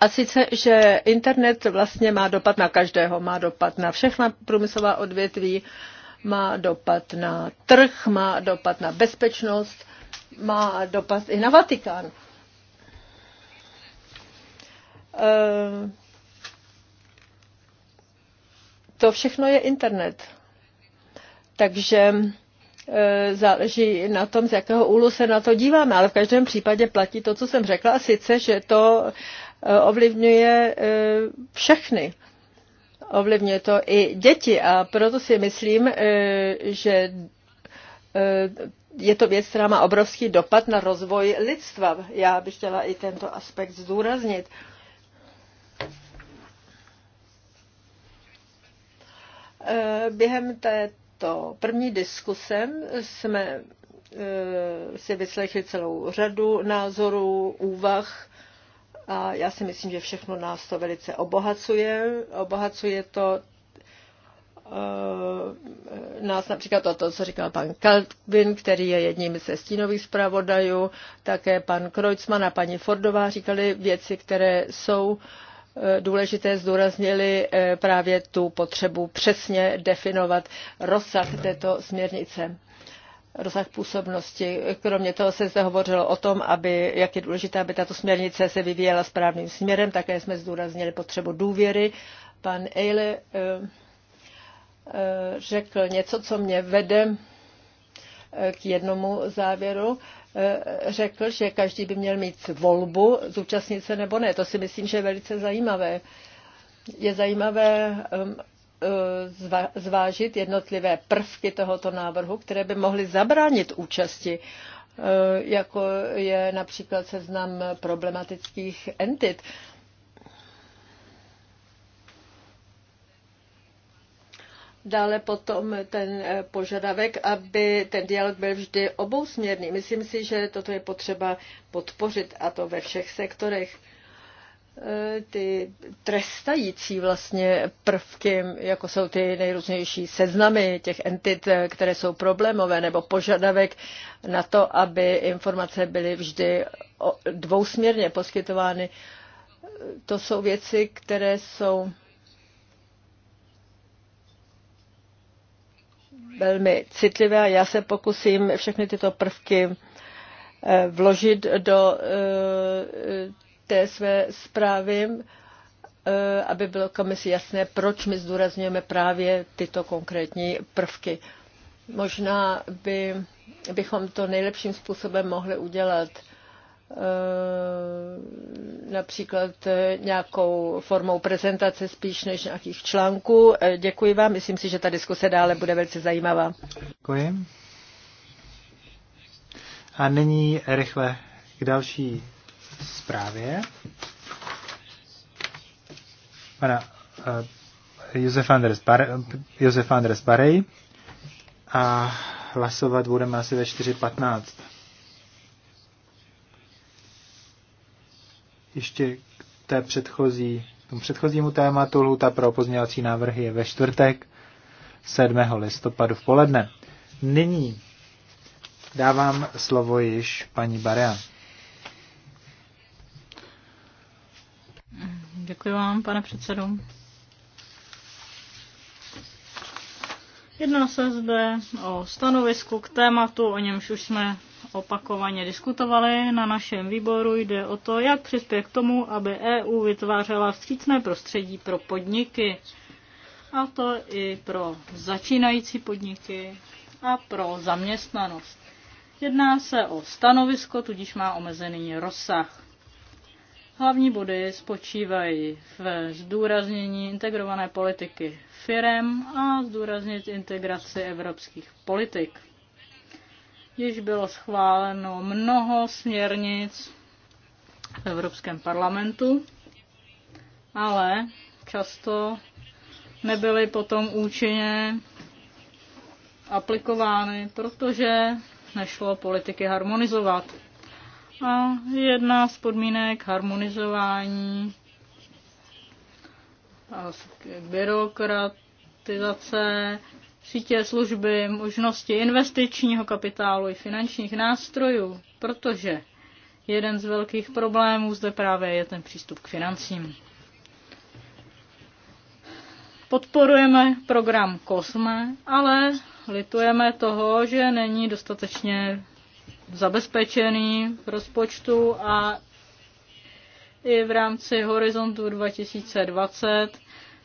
A sice, že internet vlastně má dopad na každého, má dopad na všechna průmyslová odvětví, má dopad na trh, má dopad na bezpečnost, má dopad i na Vatikán. Eh, to všechno je internet. Takže eh, záleží na tom, z jakého úlu se na to díváme, ale v každém případě platí to, co jsem řekla, a sice, že to E, ovlivňuje e, všechny. Ovlivňuje to i děti a proto si myslím, e, že je to věc, která má obrovský dopad na rozvoj lidstva. Já bych chtěla i tento aspekt zdůraznit. Během této první diskuse jsme si vyslechli celou řadu názorů, úvah a já si myslím, že všechno nás to velice obohacuje. Obohacuje to eh, nás například to, co říkal pan Kalvin, který je jedním ze stínových zpravodajů, také pan Kreutzmann a paní Fordová říkali věci, které jsou eh, důležité, zdůraznili eh, právě tu potřebu přesně definovat rozsah této směrnice rozsah působnosti. Kromě toho se zde hovořilo o tom, aby, jak je důležité, aby tato směrnice se vyvíjela správným směrem. Také jsme zdůraznili potřebu důvěry. Pan Eile eh, eh, řekl něco, co mě vede eh, k jednomu závěru. Řekl, že každý by měl mít volbu zúčastnit se nebo ne. To si myslím, že je velice zajímavé. Je zajímavé ehm, Eh, zvážit jednotlivé prvky tohoto návrhu, které by mohly zabránit účasti, eh, jako je například seznam problematických entit. Dále potom ten eh, požadavek, aby ten dialog byl vždy obousměrný. Myslím si, že toto je potřeba podpořit a to ve všech sektorech. Eh, ty trestající vlastně prvky, jako jsou ty nejrůznější seznamy těch entit, eh, které jsou problémové, nebo požadavek na to, aby informace byly vždy dvousměrně poskytovány, to jsou věci, které jsou velmi citlivé a já se pokusím všechny tyto prvky eh, vložit do té své zprávy, eh, aby bylo komisi jasné, proč my zdůrazňujeme právě tyto konkrétní prvky. Možná by, bychom to nejlepším způsobem mohli udělat eh, například eh, nějakou formou prezentace spíš než nějakých článků. Děkuji vám, myslím si, že ta diskuse dále bude velice zajímavá. Děkuji. A nyní rychle k další zprávě pana uh, eh, Andres, Josef Andres Barej a hlasovat budeme asi ve 4.15. Ještě k té předchozí, tomu předchozímu tématu lhuta pro pozměňovací návrhy je ve čtvrtek 7. listopadu v poledne. Nyní dávám slovo již paní Barea. Děkuji vám, pane předsedo. Jedná se zde o stanovisku k tématu, o němž už jsme opakovaně diskutovali na našem výboru. Jde o to, jak přispět k tomu, aby EU vytvářela vstřícné prostředí pro podniky, a to i pro začínající podniky a pro zaměstnanost. Jedná se o stanovisko, tudíž má omezený rozsah. Hlavní body spočívají v zdůraznění integrované politiky firem a zdůraznit integraci evropských politik. Již bylo schváleno mnoho směrnic v Evropském parlamentu, ale často nebyly potom účinně aplikovány, protože nešlo politiky harmonizovat a jedna z podmínek harmonizování a byrokratizace sítě služby, možnosti investičního kapitálu i finančních nástrojů, protože jeden z velkých problémů zde právě je ten přístup k financím. Podporujeme program COSME, ale litujeme toho, že není dostatečně zabezpečený v rozpočtu a i v rámci Horizontu 2020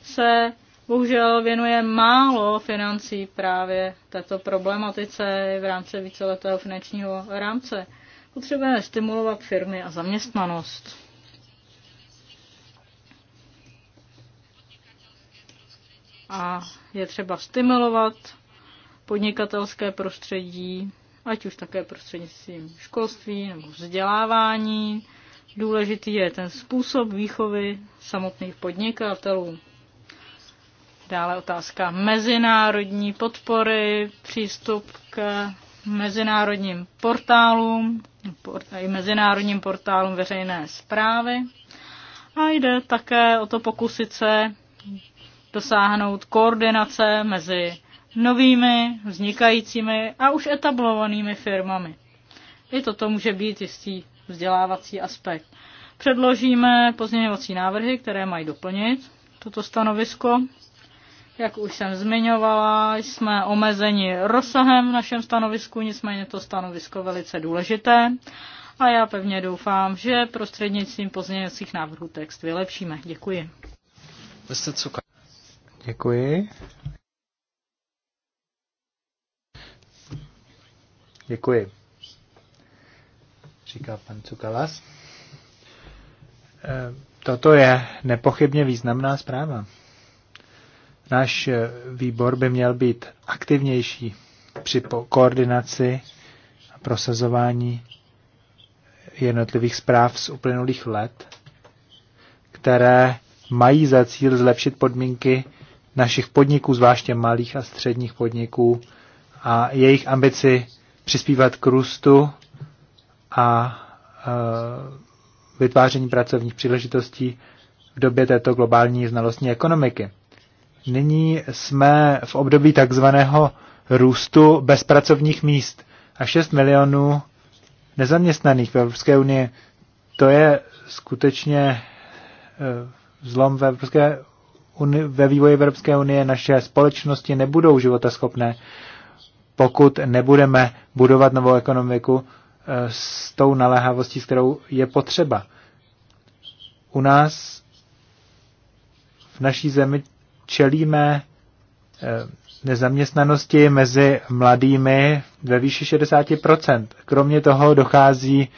se bohužel věnuje málo financí právě této problematice v rámci víceletého finančního rámce. Potřebujeme stimulovat firmy a zaměstnanost. A je třeba stimulovat podnikatelské prostředí ať už také prostřednictvím školství nebo vzdělávání. Důležitý je ten způsob výchovy samotných podnikatelů. Dále otázka mezinárodní podpory, přístup k mezinárodním portálům, i mezinárodním portálům veřejné zprávy. A jde také o to pokusit se dosáhnout koordinace mezi novými, vznikajícími a už etablovanými firmami. I toto může být jistý vzdělávací aspekt. Předložíme pozměňovací návrhy, které mají doplnit toto stanovisko. Jak už jsem zmiňovala, jsme omezeni rozsahem v našem stanovisku, nicméně to stanovisko velice důležité a já pevně doufám, že prostřednictvím pozměňovacích návrhů text vylepšíme. Děkuji. Děkuji. Děkuji. Říká pan Cukalas. Eh, toto je nepochybně významná zpráva. Náš eh, výbor by měl být aktivnější při koordinaci a prosazování jednotlivých zpráv z uplynulých let, které mají za cíl zlepšit podmínky našich podniků, zvláště malých a středních podniků a jejich ambici přispívat k růstu a e, vytváření pracovních příležitostí v době této globální znalostní ekonomiky. Nyní jsme v období takzvaného růstu bezpracovních míst a 6 milionů nezaměstnaných v Evropské unii. To je skutečně e, zlom v Evropské unii, ve vývoji Evropské unie. Naše společnosti nebudou životaschopné pokud nebudeme budovat novou ekonomiku eh, s tou naléhavostí, s kterou je potřeba. U nás v naší zemi čelíme eh, nezaměstnanosti mezi mladými ve výši 60%. Kromě toho dochází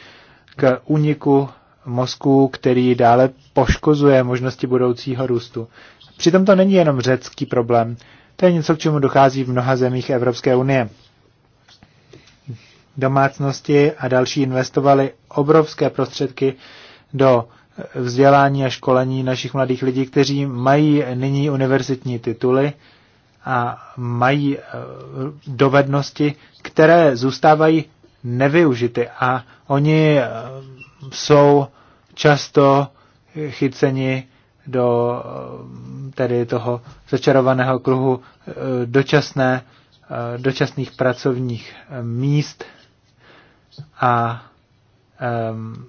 k úniku mozku, který dále poškozuje možnosti budoucího růstu. Přitom to není jenom řecký problém. To je něco, k čemu dochází v mnoha zemích Evropské unie. Domácnosti a další investovali obrovské prostředky do vzdělání a školení našich mladých lidí, kteří mají nyní univerzitní tituly a mají eh, dovednosti, které zůstávají nevyužity a oni eh, jsou často chyceni do tedy toho začarovaného kruhu eh, dočasné, eh, dočasných pracovních eh, míst a ehm,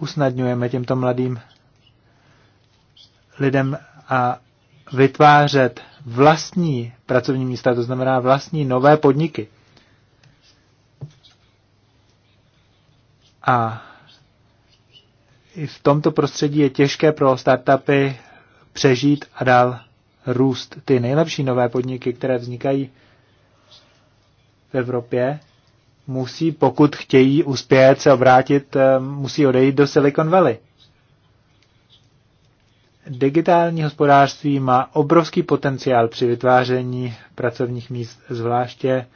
neusnadňujeme těmto mladým lidem a vytvářet vlastní pracovní místa, to znamená vlastní nové podniky. A i v tomto prostředí je těžké pro startupy přežít a dál růst. Ty nejlepší nové podniky, které vznikají v Evropě, musí, pokud chtějí uspět se obrátit, eh, musí odejít do Silicon Valley. Digitální hospodářství má obrovský potenciál při vytváření pracovních míst, zvláště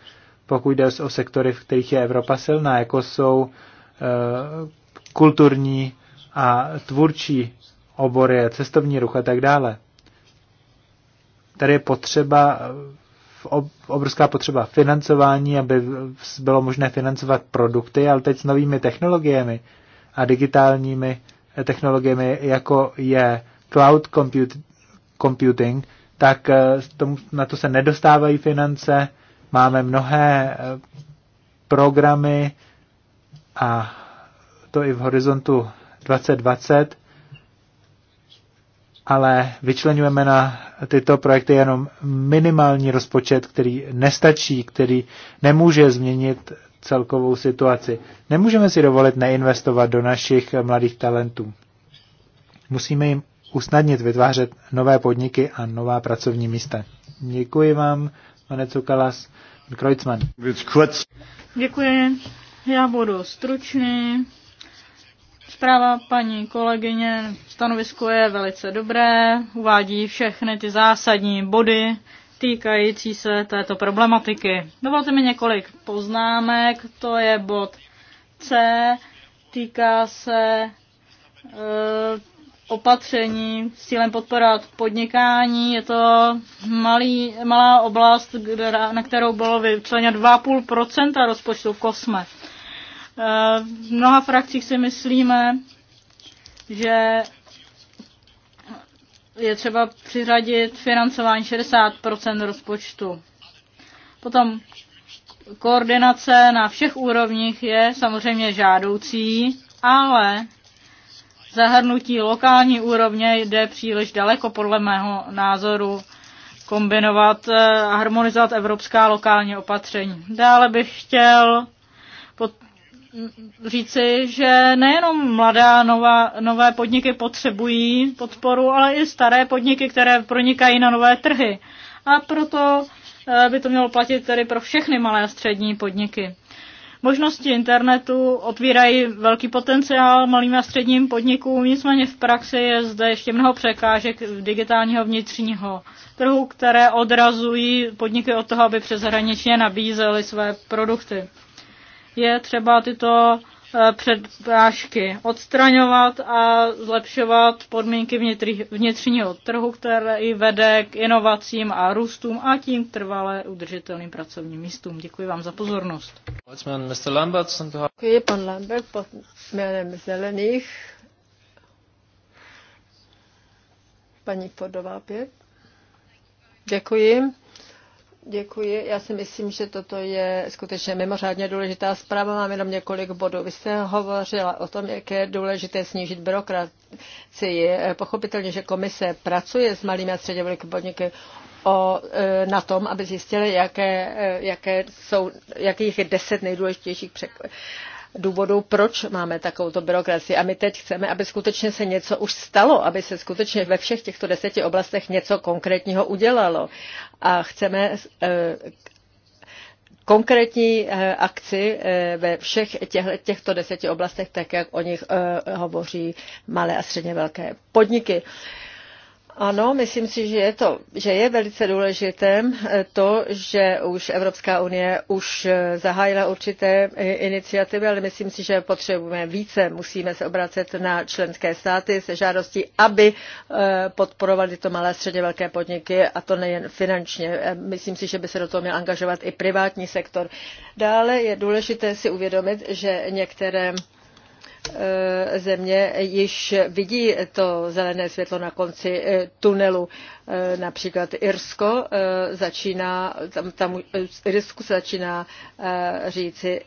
pokud jde o sektory, v kterých je Evropa silná, jako jsou eh, kulturní a tvůrčí obory, cestovní ruch a tak dále. Tady je potřeba, obrovská potřeba financování, aby bylo možné financovat produkty, ale teď s novými technologiemi a digitálními eh, technologiemi, jako je cloud computing, tak eh, tomu, na to se nedostávají finance. Máme mnohé eh, programy a to i v horizontu 2020, ale vyčlenujeme na tyto projekty jenom minimální rozpočet, který nestačí, který nemůže změnit celkovou situaci. Nemůžeme si dovolit neinvestovat do našich mladých talentů. Musíme jim usnadnit vytvářet nové podniky a nová pracovní místa. Děkuji vám, pane Cukalas. Kreuzmann. Děkuji. Já budu stručný. Zpráva paní kolegyně, stanovisko je velice dobré, uvádí všechny ty zásadní body týkající se této problematiky. Dovolte mi několik poznámek, to je bod C, týká se e, opatření s cílem podporovat podnikání. Je to malý, malá oblast, na kterou bylo vyčleněno 2,5 rozpočtu v Eh, v mnoha frakcích si myslíme, že je třeba přiřadit financování 60 rozpočtu. Potom koordinace na všech úrovních je samozřejmě žádoucí, ale zahrnutí lokální úrovně jde příliš daleko, podle mého názoru, kombinovat eh, a harmonizovat evropská lokální opatření. Dále bych chtěl říci, že nejenom mladá nová, nové podniky potřebují podporu, ale i staré podniky, které pronikají na nové trhy. A proto eh, by to mělo platit tedy pro všechny malé a střední podniky. Možnosti internetu otvírají velký potenciál malým a středním podnikům, nicméně v praxi je zde ještě mnoho překážek digitálního vnitřního trhu, které odrazují podniky od toho, aby přeshraničně nabízely své produkty je třeba tyto eh, předprášky odstraňovat a zlepšovat podmínky vnitřního trhu, které i vede k inovacím a růstům a tím trvale udržitelným pracovním místům. Děkuji vám za pozornost. Děkuji, pan Lambert, pod jménem Zelených. Paní Podová pět. Děkuji. Děkuji. Já si myslím, že toto je skutečně mimořádně důležitá zpráva. Mám jenom několik bodů. Vy jste hovořila o tom, jak je důležité snížit byrokracii. Pochopitelně, že komise pracuje s malými a středně velkými podniky o, e, na tom, aby zjistili, jaké, e, jaké jsou, jakých je deset nejdůležitějších překvapení důvodů, proč máme takovouto byrokracii. A my teď chceme, aby skutečně se něco už stalo, aby se skutečně ve všech těchto deseti oblastech něco konkrétního udělalo. A chceme eh, konkrétní eh, akci eh, ve všech těchto deseti oblastech, tak jak o nich hovoří malé a středně velké podniky. Ano, myslím si, že je, to, že je velice důležité eh, to, že už Evropská unie už eh, zahájila určité eh, iniciativy, ale myslím si, že potřebujeme více. Musíme se obracet na členské státy se žádostí, aby podporovali to malé a středně velké podniky a to nejen finančně. Myslím si, že by se do toho měl angažovat i privátní sektor. Dále je důležité si uvědomit, že některé Eh, země již vidí to zelené světlo na konci eh, tunelu. Eh, například Irsko začíná, tam, tam Irsku se začíná říci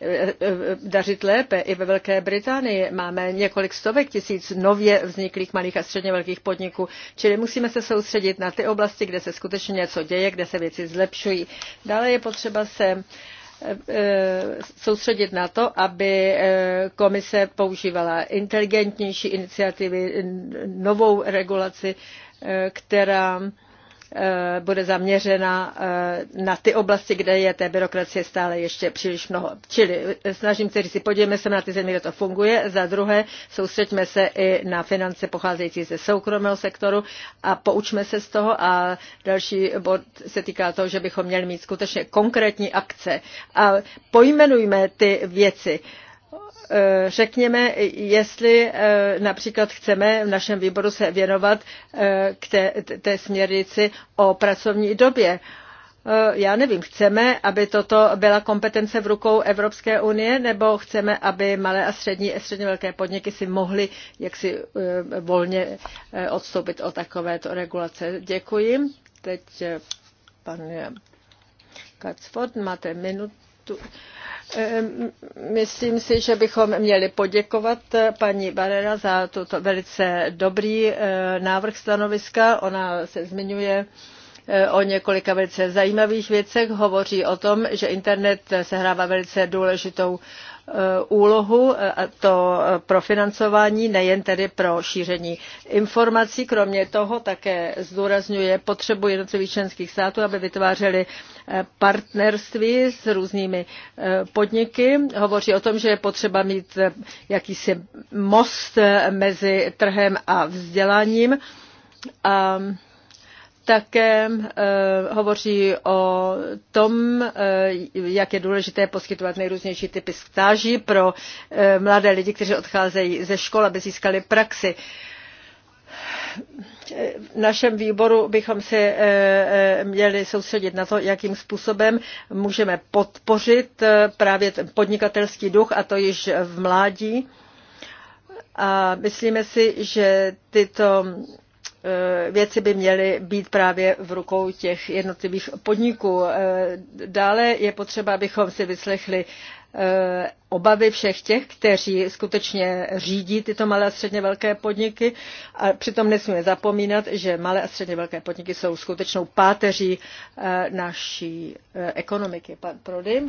dařit lépe. I ve Velké Británii máme několik stovek tisíc nově vzniklých malých a středně velkých podniků, čili musíme se soustředit na ty oblasti, kde se skutečně něco děje, kde se věci zlepšují. Dále je potřeba se uh, Eh, soustředit na to, aby eh, komise používala inteligentnější iniciativy, novou regulaci, eh, která Eh, bude zaměřena eh, na ty oblasti, kde je té byrokracie stále ještě příliš mnoho. Čili eh, snažím se říct, podívejme se na ty země, kde to funguje. Za druhé, soustřeďme se i na finance pocházející ze soukromého sektoru a poučme se z toho. A další bod se týká toho, že bychom měli mít skutečně konkrétní akce. A pojmenujme ty věci. Uh, Eh, řekněme, jestli eh, například chceme v našem výboru se věnovat eh, k té, té směrnici o pracovní době. Já nevím, chceme, aby toto byla kompetence v rukou Evropské unie, nebo chceme, aby malé a střední, a středně velké podniky si mohly jaksi volně odstoupit od takovéto regulace. Děkuji. Teď pan Kacford, máte minutu. Myslím si, že bychom měli poděkovat eh, paní Barera za tuto velice dobrý eh, návrh stanoviska. Ona se zmiňuje o několika velice zajímavých věcech. Hovoří o tom, že internet sehrává velice důležitou e, úlohu, e, a to e, pro financování, nejen tedy pro šíření informací. Kromě toho také zdůrazňuje potřebu jednotlivých členských států, aby vytvářely partnerství s různými podniky. Hovoří o tom, že je potřeba mít jakýsi most mezi trhem a vzděláním. A také eh, hovoří o tom, eh, jak je důležité poskytovat nejrůznější typy stáží pro eh, mladé lidi, kteří odcházejí ze škol, aby získali praxi v našem výboru bychom se měli soustředit na to, jakým způsobem můžeme podpořit právě ten podnikatelský duch, a to již v mládí. A myslíme si, že tyto Eh, věci by měly být právě v rukou těch jednotlivých podniků. Eh, dále je potřeba, abychom si vyslechli eh, obavy všech těch, kteří skutečně řídí tyto malé a středně velké podniky a přitom nesmíme zapomínat, že malé a středně velké podniky jsou skutečnou páteří naší ekonomiky. Pan Prody.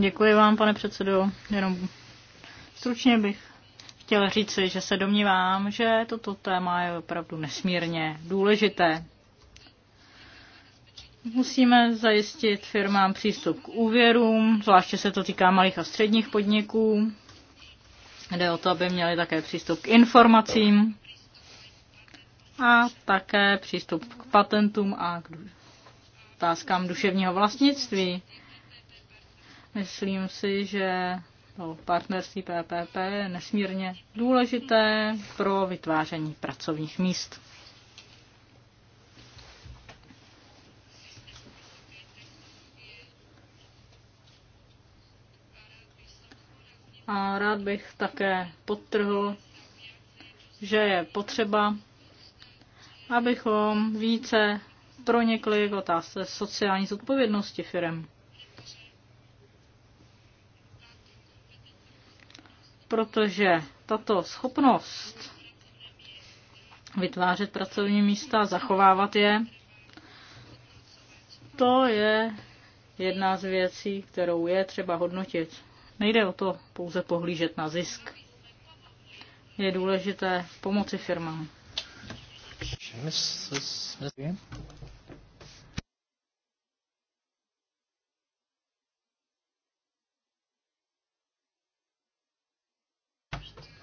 Děkuji vám, pane předsedo. Jenom stručně bych chtěl říci, že se domnívám, že toto téma je opravdu nesmírně důležité. Musíme zajistit firmám přístup k úvěrům, zvláště se to týká malých a středních podniků. Jde o to, aby měli také přístup k informacím a také přístup k patentům a k otázkám duševního vlastnictví. Myslím si, že no, partnerství PPP je nesmírně důležité pro vytváření pracovních míst. A rád bych také podtrhl, že je potřeba, abychom více pronikli k otázce sociální zodpovědnosti firm. protože tato schopnost vytvářet pracovní místa, zachovávat je, to je jedna z věcí, kterou je třeba hodnotit. Nejde o to pouze pohlížet na zisk. Je důležité pomoci firmám.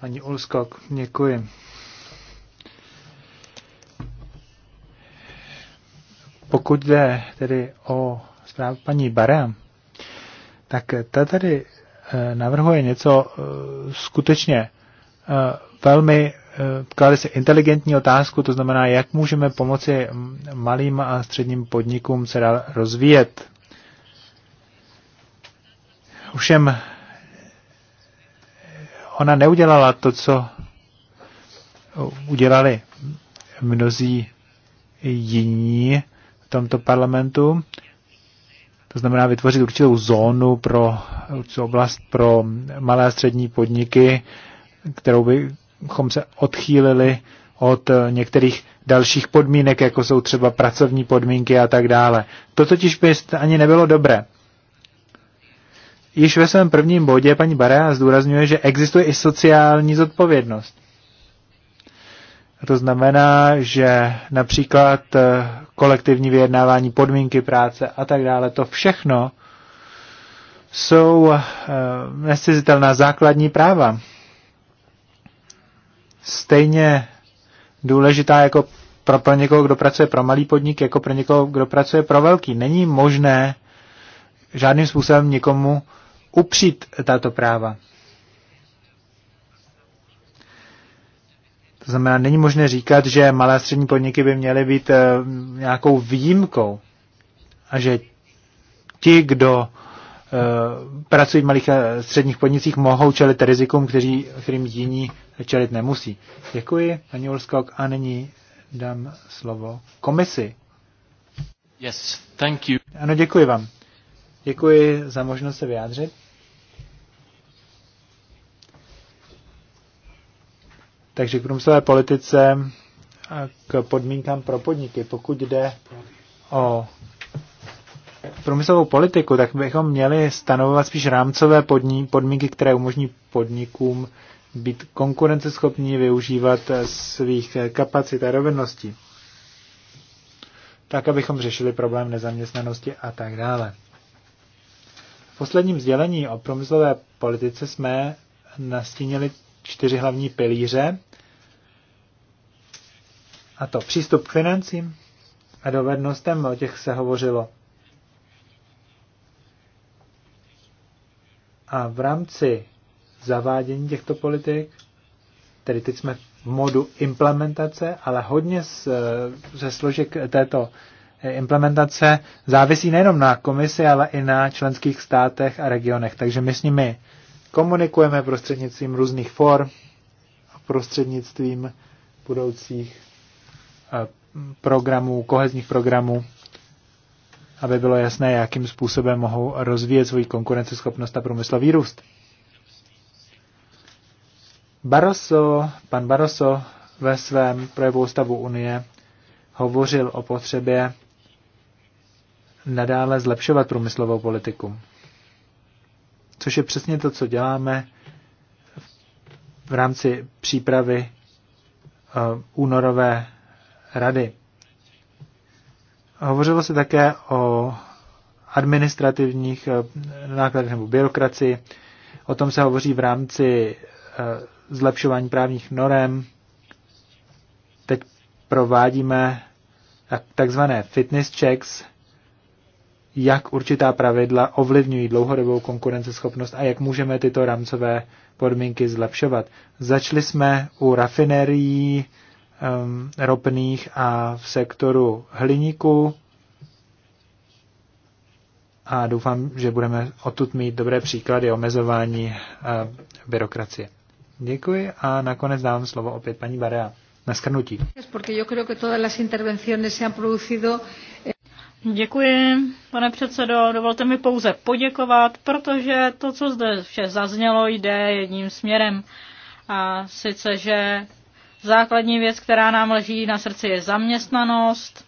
Ani Ulskok, děkuji. Pokud jde tedy o zprávu paní Barea, tak ta tady eh, navrhuje něco eh, skutečně eh, velmi, klade se inteligentní otázku, to znamená, jak můžeme pomoci malým a středním podnikům se dál rozvíjet. Ovšem ona neudělala to, co udělali mnozí jiní v tomto parlamentu. To znamená vytvořit určitou zónu pro určitou oblast pro malé a střední podniky, kterou bychom se odchýlili od některých dalších podmínek, jako jsou třeba pracovní podmínky a tak dále. To totiž by ani nebylo dobré. Již ve svém prvním bodě paní Barea zdůrazňuje, že existuje i sociální zodpovědnost. A to znamená, že například eh, kolektivní vyjednávání, podmínky práce a tak dále, to všechno jsou eh, nescizitelná základní práva. Stejně důležitá jako pro, pro někoho, kdo pracuje pro malý podnik, jako pro někoho, kdo pracuje pro velký. Není možné žádným způsobem někomu upřít tato práva. To znamená, není možné říkat, že malé a střední podniky by měly být eh, nějakou výjimkou a že ti, kdo eh, pracují v malých a středních podnicích, mohou čelit rizikům, kteří, kterým jiní čelit nemusí. Děkuji, paní Olskok, a nyní dám slovo komisi. Yes, thank you. Ano, děkuji vám. Děkuji za možnost se vyjádřit. Takže k průmyslové politice a k podmínkám pro podniky. Pokud jde o průmyslovou politiku, tak bychom měli stanovovat spíš rámcové podní, podmínky, které umožní podnikům být konkurenceschopní, využívat svých kapacit a dovedností. Tak, abychom řešili problém nezaměstnanosti a tak dále posledním sdělení o promyslové politice jsme nastínili čtyři hlavní pilíře, a to přístup k financím a dovednostem, o těch se hovořilo. A v rámci zavádění těchto politik, tedy teď jsme v modu implementace, ale hodně ze složek této implementace závisí nejenom na komisi, ale i na členských státech a regionech. Takže my s nimi komunikujeme prostřednictvím různých for, prostřednictvím budoucích eh, programů, kohezních programů, aby bylo jasné, jakým způsobem mohou rozvíjet svoji konkurenceschopnost a průmyslový růst. Barroso, pan Barroso ve svém projevu stavu Unie hovořil o potřebě nadále zlepšovat průmyslovou politiku. Což je přesně to, co děláme v rámci přípravy eh, únorové rady. Hovořilo se také o administrativních eh, nákladech nebo byrokracii. O tom se hovoří v rámci eh, zlepšování právních norem. Teď provádíme takzvané fitness checks, jak určitá pravidla ovlivňují dlouhodobou konkurenceschopnost a jak můžeme tyto rámcové podmínky zlepšovat. Začali jsme u rafinerií um, ropných a v sektoru hliníku a doufám, že budeme odtud mít dobré příklady omezování uh, byrokracie. Děkuji a nakonec dávám slovo opět paní Barea na skrnutí. Děkuji, pane předsedo. Dovolte mi pouze poděkovat, protože to, co zde vše zaznělo, jde jedním směrem. A sice, že základní věc, která nám leží na srdci, je zaměstnanost.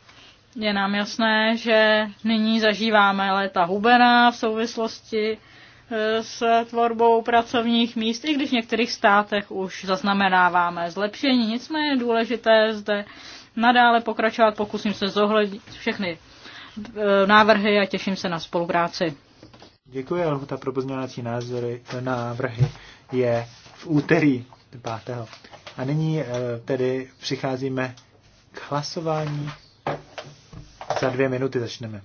Je nám jasné, že nyní zažíváme léta hubená v souvislosti e, s tvorbou pracovních míst, i když v některých státech už zaznamenáváme zlepšení. Nicméně je důležité zde nadále pokračovat, pokusím se zohlednit všechny Eh, návrhy a těším se na spolupráci. Děkuji, Ale pro pozměňovací názory, eh, návrhy je v úterý 5. A nyní eh, tedy přicházíme k hlasování. Za dvě minuty začneme.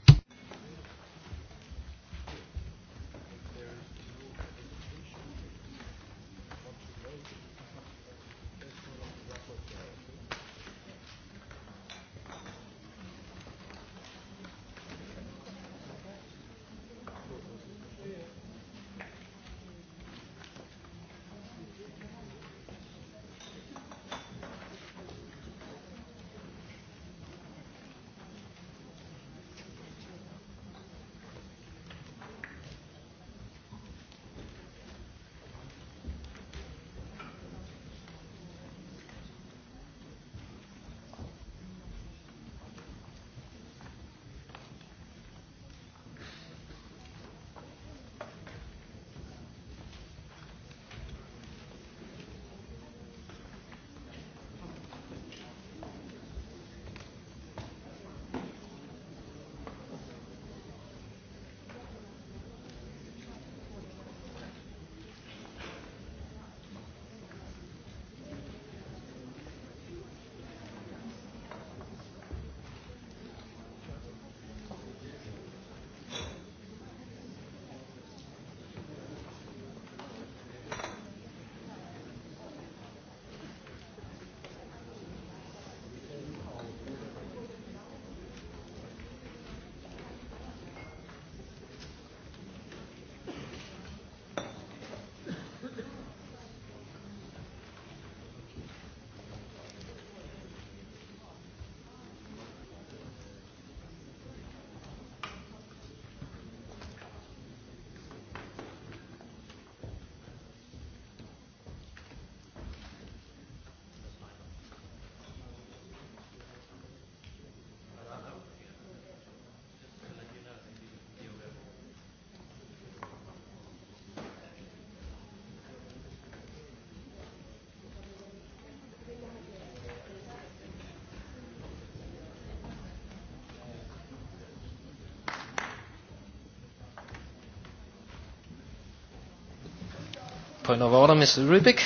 Rubik.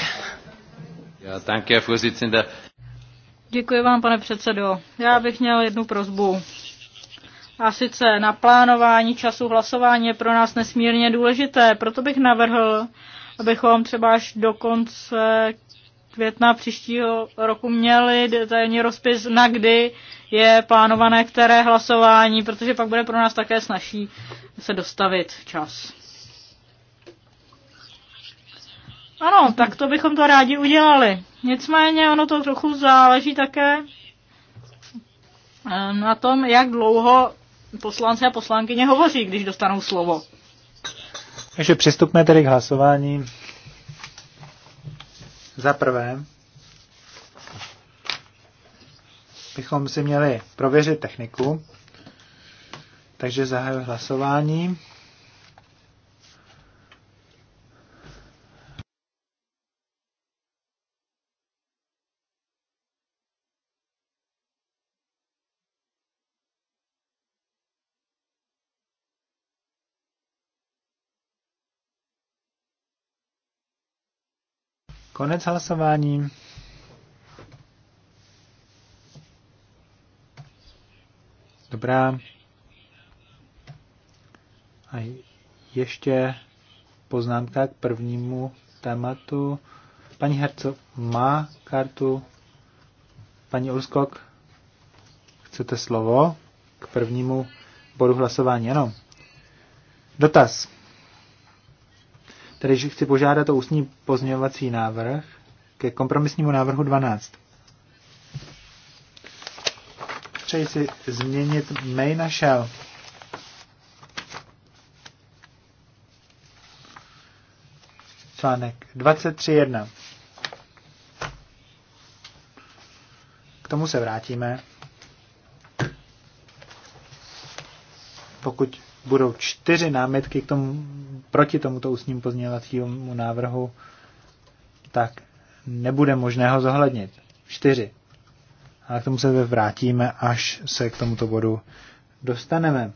Děkuji vám, pane předsedo. Já bych měl jednu prozbu. A sice na plánování času hlasování je pro nás nesmírně důležité, proto bych navrhl, abychom třeba až do konce května příštího roku měli detailní rozpis, na kdy je plánované které hlasování, protože pak bude pro nás také snažší se dostavit čas. Ano, tak to bychom to rádi udělali. Nicméně ono to trochu záleží také eh, na tom, jak dlouho poslanci a poslankyně hovoří, když dostanou slovo. Takže přistupme tedy k hlasování. Za prvé bychom si měli prověřit techniku. Takže zahajuji hlasování. Konec hlasování. Dobrá. A ještě poznámka k prvnímu tématu. Paní Herco má kartu. Paní Ulskok, chcete slovo k prvnímu bodu hlasování? Ano. Dotaz. Tedy chci požádat o ústní pozměňovací návrh ke kompromisnímu návrhu 12. Přeji si změnit main a shell. Článek 23.1. K tomu se vrátíme. Pokud budou čtyři námitky k tomu, proti tomuto ústním pozměňovacímu návrhu, tak nebude možné ho zohlednit. Čtyři. Ale k tomu se vrátíme, až se k tomuto bodu dostaneme.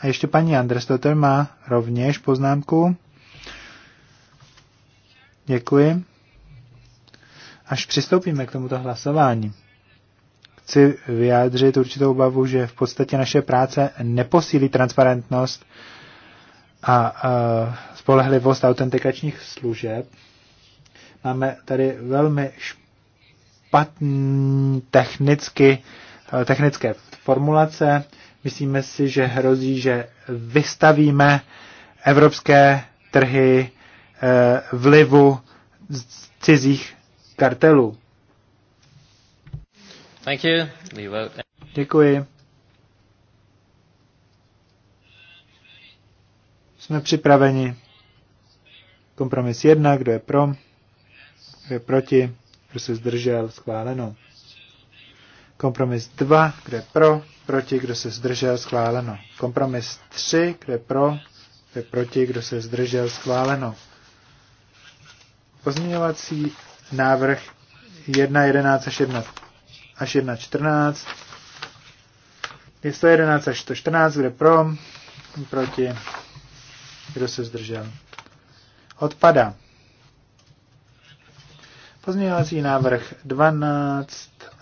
A ještě paní Andrestotter má rovněž poznámku. Děkuji. Až přistoupíme k tomuto hlasování chci vyjádřit určitou obavu, že v podstatě naše práce neposílí transparentnost a spolehlivost autentikačních služeb. Máme tady velmi špatné eh, technické formulace. Myslíme si, že hrozí, že vystavíme evropské trhy eh, vlivu cizích kartelů. Thank you. Děkuji. Jsme připraveni. Kompromis 1, kdo je pro, kdo je proti, kdo se zdržel, schváleno. Kompromis 2, kdo je pro, proti, kdo se zdržel, schváleno. Kompromis 3, kdo je pro, kdo je proti, kdo se zdržel, schváleno. Pozměňovací návrh 1.11 až až 1.14. 111 až 114, kde pro, proti, kdo se zdržel. Odpada. Pozměňovací návrh 12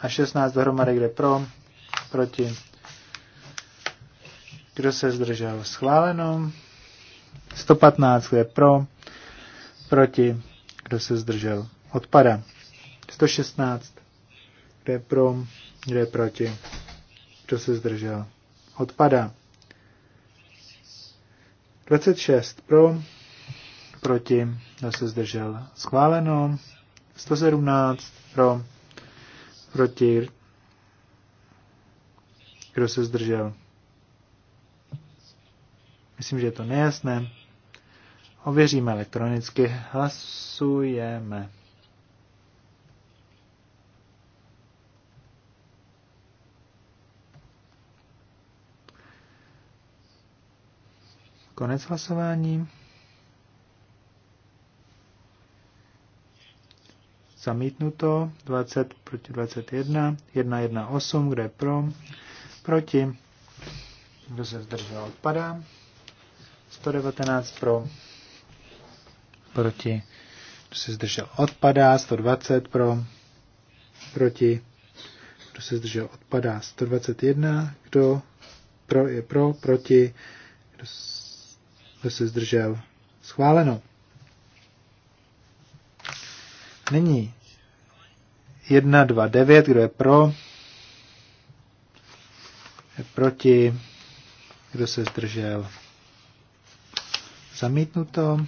a 16 dohromady, kde pro, proti, kdo se zdržel. Schváleno. 115, kde pro, proti, kdo se zdržel. Odpada. 116 kde je pro, kde je proti. Kdo se zdržel? Odpadá. 26 pro, proti, kdo se zdržel? Schváleno. 117 pro, proti, kdo se zdržel? Myslím, že je to nejasné. Ověříme elektronicky. Hlasujeme. Konec hlasování. Zamítnuto 20 proti 21, 118, kde je pro, proti, kdo se zdržel, odpadá. 119 pro, proti, kdo se zdržel, odpadá. 120 pro, proti, kdo se zdržel, odpadá. 121, kdo pro je pro, proti, kdo se kdo se zdržel? Schváleno. Nyní 1, 2, 9. Kdo je pro? Je proti? Kdo se zdržel? Zamítnuto.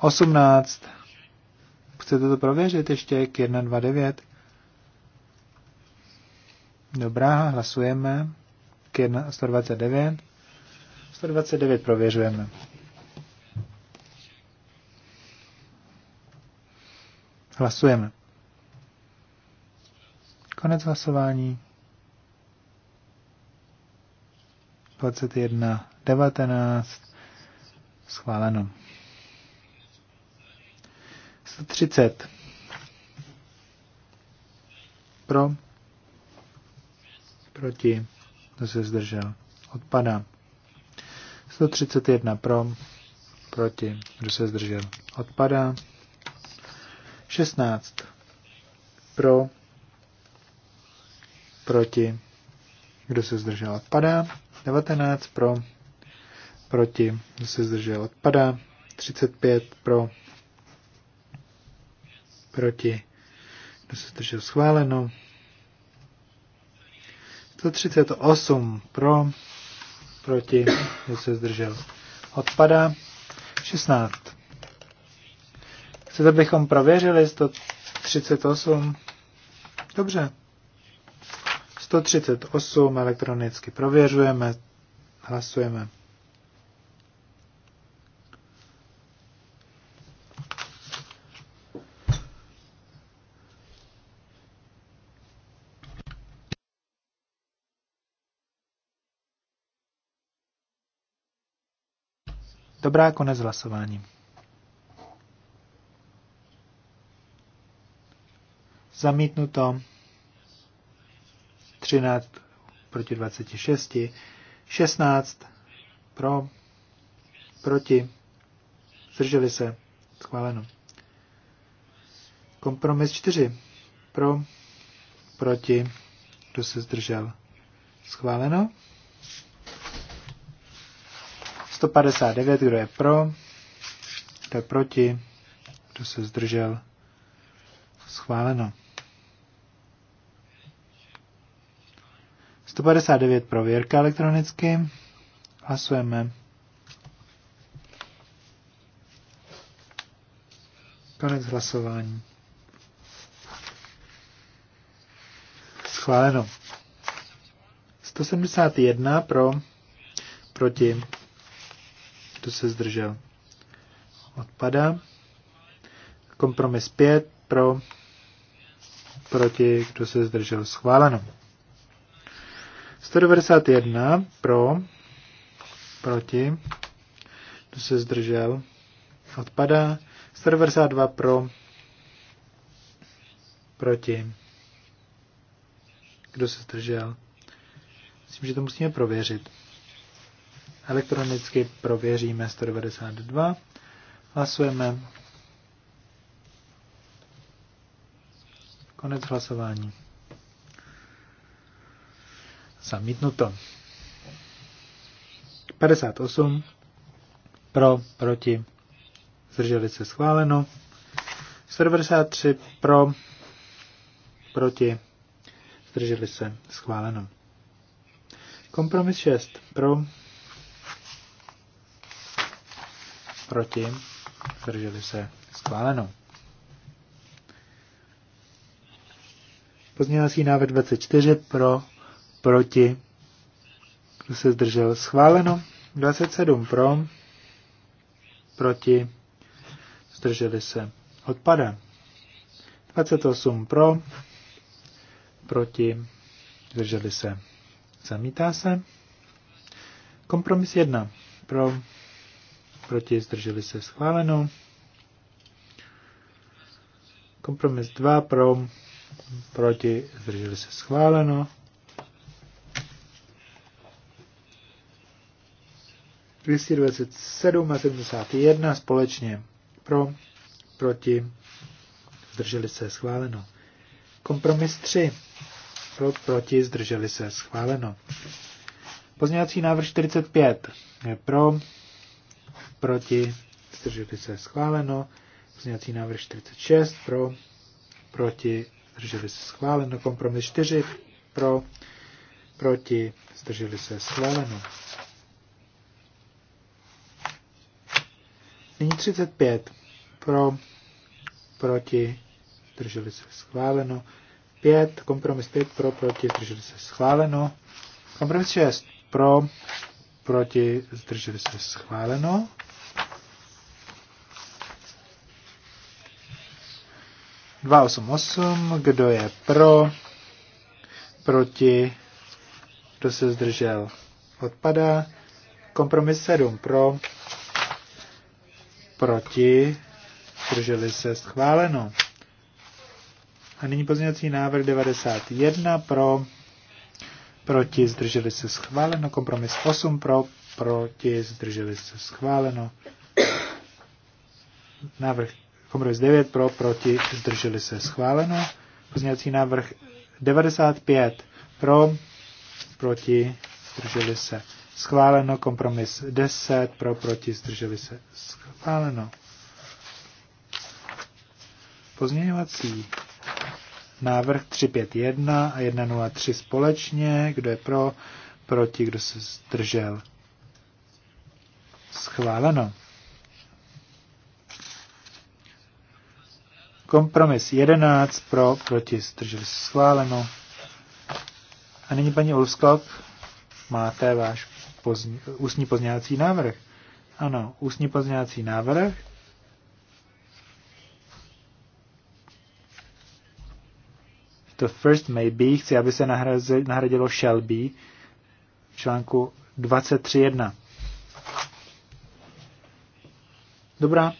18. Chcete to prověřit ještě k 1, 2, 9? Dobrá, hlasujeme k 1, 129. 129 prověřujeme. Hlasujeme. Konec hlasování. 21, 19, schváleno. 130. Pro. Proti. Kdo se zdržel? Odpadá. 131 pro, proti, kdo se zdržel, odpadá. 16 pro, proti, kdo se zdržel, odpadá. 19 pro, proti, kdo se zdržel, odpadá. 35 pro, proti, kdo se zdržel, schváleno. 138 pro, proti, že se zdržel. Odpadá 16. Chcete, bychom prověřili 138? Dobře. 138 elektronicky prověřujeme, hlasujeme. Dobrá, konec hlasování. Zamítnuto 13 proti 26, 16 pro, proti, zdrželi se, schváleno. Kompromis 4 pro, proti, kdo se zdržel, schváleno. 159, kdo je pro, kdo je proti, kdo se zdržel, schváleno. 159 pro věrka elektronicky. Hlasujeme. Konec hlasování. Schváleno. 171 pro, proti, kdo se zdržel. Odpada. Kompromis 5 pro, proti, kdo se zdržel. Schváleno. 191 pro, proti, kdo se zdržel. Odpada. 192 pro, proti, kdo se zdržel. Myslím, že to musíme prověřit. Elektronicky prověříme 192. Hlasujeme. Konec hlasování. Zamítnuto. 58. Pro, proti. Zdrželi se schváleno. 193 pro, proti, zdrželi se, schváleno. Kompromis 6 pro, proti, zdrželi se schváleno. Pozměňovací návrh 24 pro, proti, kdo se zdržel schváleno. 27 pro, proti, zdrželi se odpada. 28 pro, proti, zdrželi se, zamítá se. Kompromis 1 pro, proti, zdrželi se schváleno. Kompromis 2 pro, proti, zdrželi se schváleno. 227 a 71 společně pro, proti, zdrželi se schváleno. Kompromis 3 pro, proti, zdrželi se schváleno. Pozměňovací návrh 45 je pro, proti, zdrželi se schváleno, pozměňovací návrh 46 pro, proti, zdrželi se schváleno, kompromis 4 pro, proti, zdrželi se schváleno. Nyní 35 pro, proti, zdrželi se schváleno, 5, kompromis 5 pro, proti, zdrželi se schváleno, kompromis 6 pro, proti, zdrželi se schváleno, 288, kdo je pro, proti, kdo se zdržel, odpadá. Kompromis 7 pro, proti, zdrželi se, schváleno. A nyní pozměňovací návrh 91 pro, proti, zdrželi se, schváleno. Kompromis 8 pro, proti, zdrželi se, schváleno. Návrh Kompromis 9 pro, proti, zdrželi se schváleno. Pozměňovací návrh 95 pro, proti, zdrželi se schváleno. Kompromis 10 pro, proti, zdrželi se schváleno. Pozměňovací návrh 351 a 103 společně. Kdo je pro, proti, kdo se zdržel? Schváleno. Kompromis 11 pro, proti, zdrželi se schváleno. A nyní paní Ulfskop, máte váš pozdň, ústní pozměňovací návrh. Ano, ústní pozměňovací návrh. To first may be, chci, aby se nahradilo shall be v článku 23.1. Dobrá,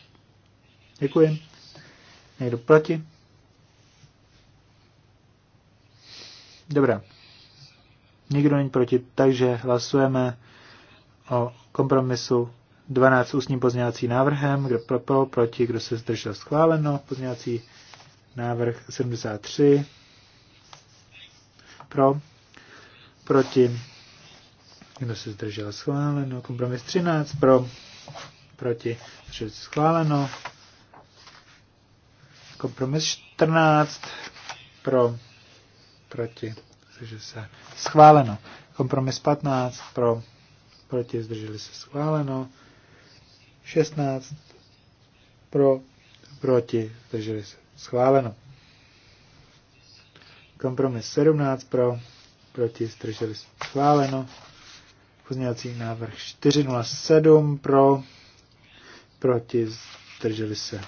děkuji. Někdo proti? Dobrá. Nikdo není proti, takže hlasujeme o kompromisu 12 ústním pozměňovacím návrhem, kdo pro, pro, proti, kdo se zdržel schváleno, pozměňovací návrh 73, pro, proti, kdo se zdržel schváleno, kompromis 13, pro, proti, zdržel schváleno, Kompromis 14 pro, proti, zdrželi se, schváleno. Kompromis 15 pro, proti, zdrželi se, schváleno. 16 pro, proti, zdrželi se, schváleno. Kompromis 17 pro, proti, zdrželi se, schváleno. Pozměňovací návrh 407 pro, proti, zdrželi se.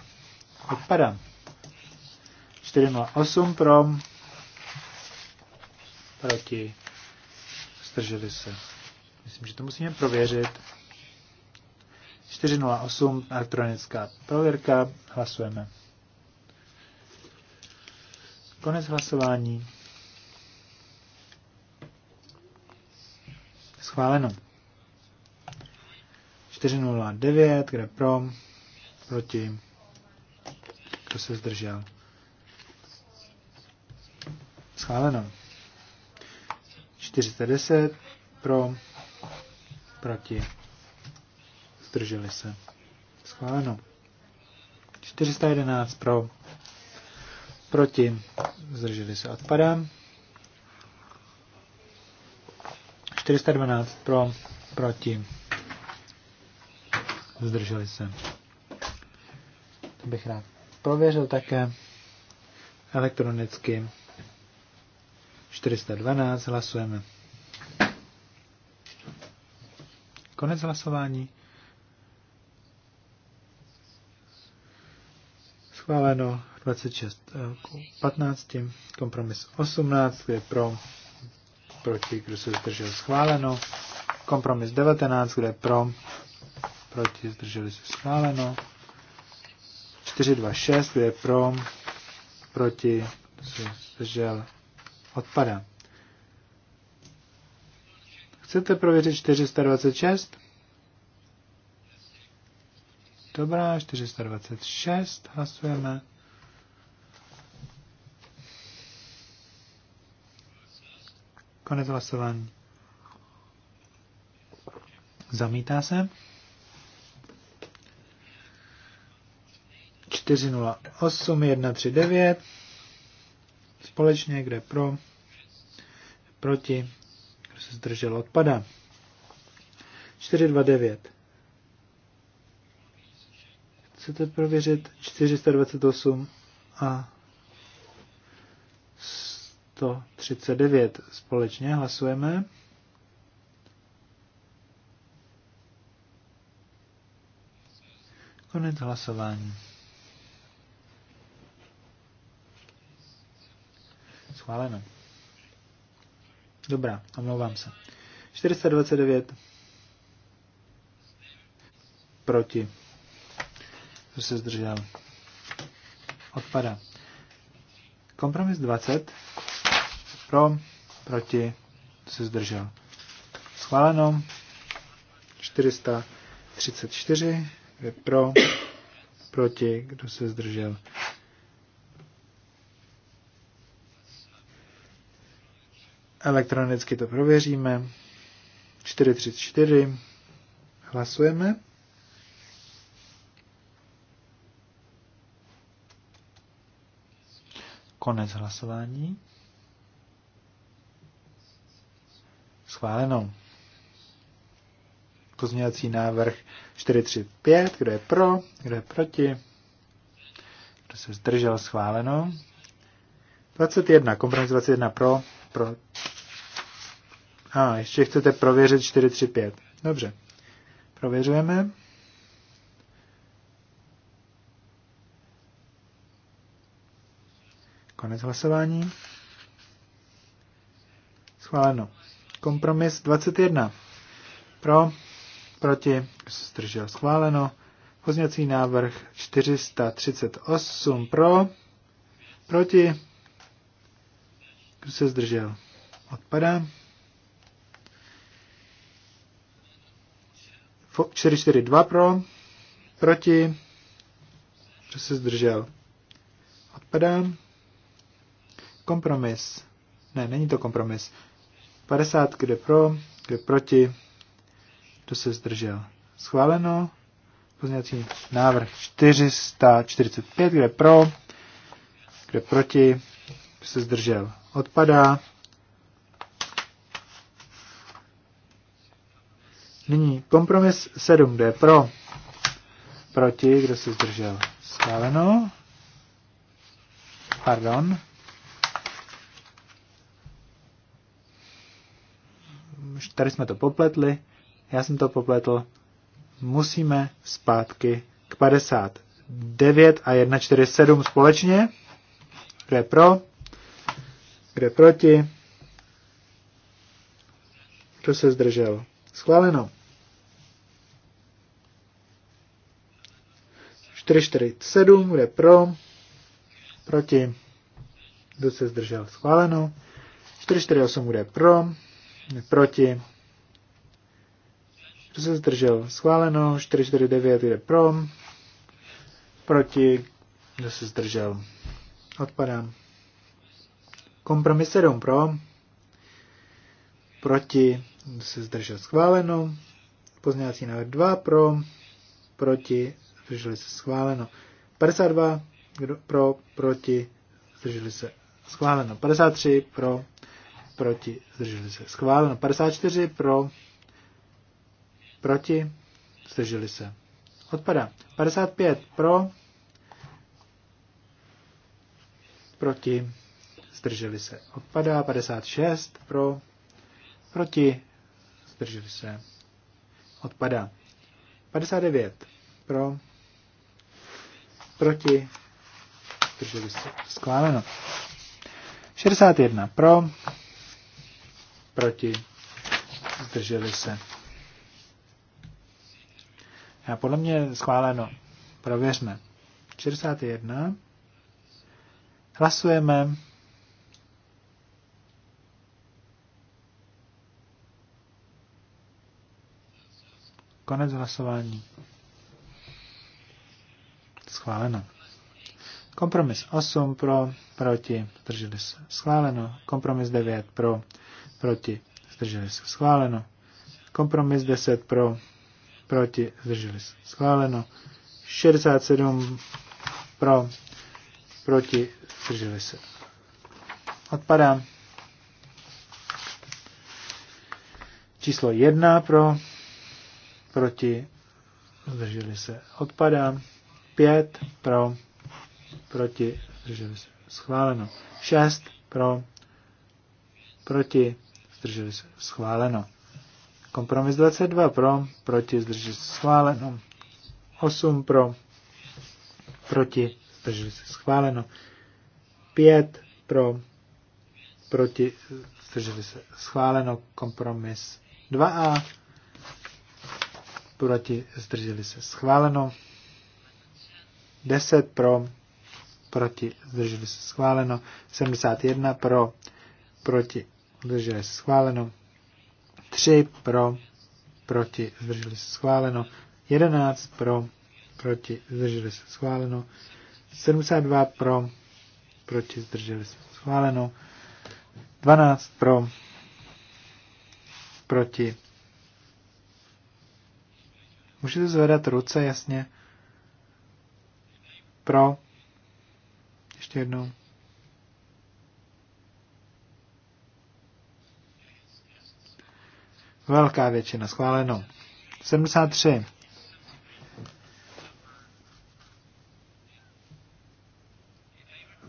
Odpadám. 408 pro, proti, zdrželi se. Myslím, že to musíme prověřit. 408 elektronická prověrka, hlasujeme. Konec hlasování. Schváleno. 409, kde pro, proti, kdo se zdržel. Schváleno. 410 pro, proti, zdrželi se. Schváleno. 411 pro, proti, zdrželi se. Odpadá. 412 pro, proti, zdrželi se. To bych rád prověřil také elektronicky. 412 hlasujeme. Konec hlasování. Schváleno 26 k 15. Kompromis 18 je pro, proti, kdo se zdržel schváleno. Kompromis 19, kde pro, proti, zdrželi se schváleno. 426, kde pro, proti, se zdržel Odpadá. Chcete prověřit 426? Dobrá, 426 hlasujeme. Konec hlasování. Zamítá se. 408139. Společně, kde pro, proti, kdo se zdržel, odpadá. 429. Chcete prověřit 428 a 139. Společně hlasujeme. Konec hlasování. Schváleno. Dobrá, omlouvám se. 429 proti. To se zdržel. Odpada. Kompromis 20. Pro, proti, to se zdržel. Schváleno. 434. Pro, proti, kdo se zdržel. Elektronicky to prověříme. 434. Hlasujeme. Konec hlasování. Schváleno. Pozměňovací návrh 435. Kdo je pro? Kdo je proti? Kdo se zdržel? Schváleno. 21. Kompromis 21 pro, pro a, ještě chcete prověřit 435. Dobře. Prověřujeme. Konec hlasování. Schváleno. Kompromis 21. Pro, proti, zdržel schváleno. Pozměňovací návrh 438 pro, proti, kdo se zdržel, odpadá. 442 pro, proti, že se zdržel. Odpadám. Kompromis. Ne, není to kompromis. 50, kde pro, kde proti, kdo se zdržel. Schváleno. Pozměňovací návrh 445, kde pro, kde proti, kdo se zdržel. Odpadá. Nyní kompromis 7D pro. Proti, kdo se zdržel? Schváleno. Pardon. Tady jsme to popletli. Já jsem to popletl. Musíme zpátky k 59 a 147 společně. Kdo je pro? Kdo je proti? Kdo se zdržel? Schváleno. 447, kde pro, proti, kdo se zdržel, schváleno. 448 kde pro, kde proti, kdo se zdržel, schváleno. 449 kde pro, proti, kdo se zdržel, odpadám. Kompromis 7 pro, proti, kdo se zdržel, schváleno. Pozměňovací návrh 2 pro, proti, zdrželi se schváleno. 52 kdo, pro, proti, zdrželi se schváleno. 53 pro, proti, zdrželi se schváleno. 54 pro, proti, zdrželi se. Odpadá. 55 pro, proti, zdrželi se. Odpadá. 56 pro, proti, zdrželi se. Odpadá. 59 pro, proti, zdrželi se, schváleno. 61 pro, proti, zdrželi se. A podle mě schváleno. Prověřme. 61. Hlasujeme. Konec hlasování schváleno. Kompromis 8 pro, proti, zdrželi se, schváleno. Kompromis 9 pro, proti, zdrželi se, schváleno. Kompromis 10 pro, proti, zdrželi se, schváleno. 67 pro, proti, zdrželi se. Odpadá. Číslo 1 pro, proti, zdrželi se. Odpadá. 5 pro, proti, zdrželi se, schváleno. 6 pro, proti, zdrželi se, schváleno. Kompromis 22 pro, proti, zdrželi se, schváleno. 8 pro, proti, zdrželi se, schváleno. 5 pro, proti, zdrželi se, schváleno. Kompromis 2a, proti, zdrželi se, schváleno. 10 pro, proti, zdrželi se schváleno. 71 pro, proti, zdrželi se schváleno. 3 pro, proti, zdrželi se schváleno. 11 pro, proti, zdrželi se schváleno. 72 pro, proti, zdrželi se schváleno. 12 pro, proti. Můžete zvedat ruce, jasně. Pro. Ještě jednou. Velká většina, schváleno. 73.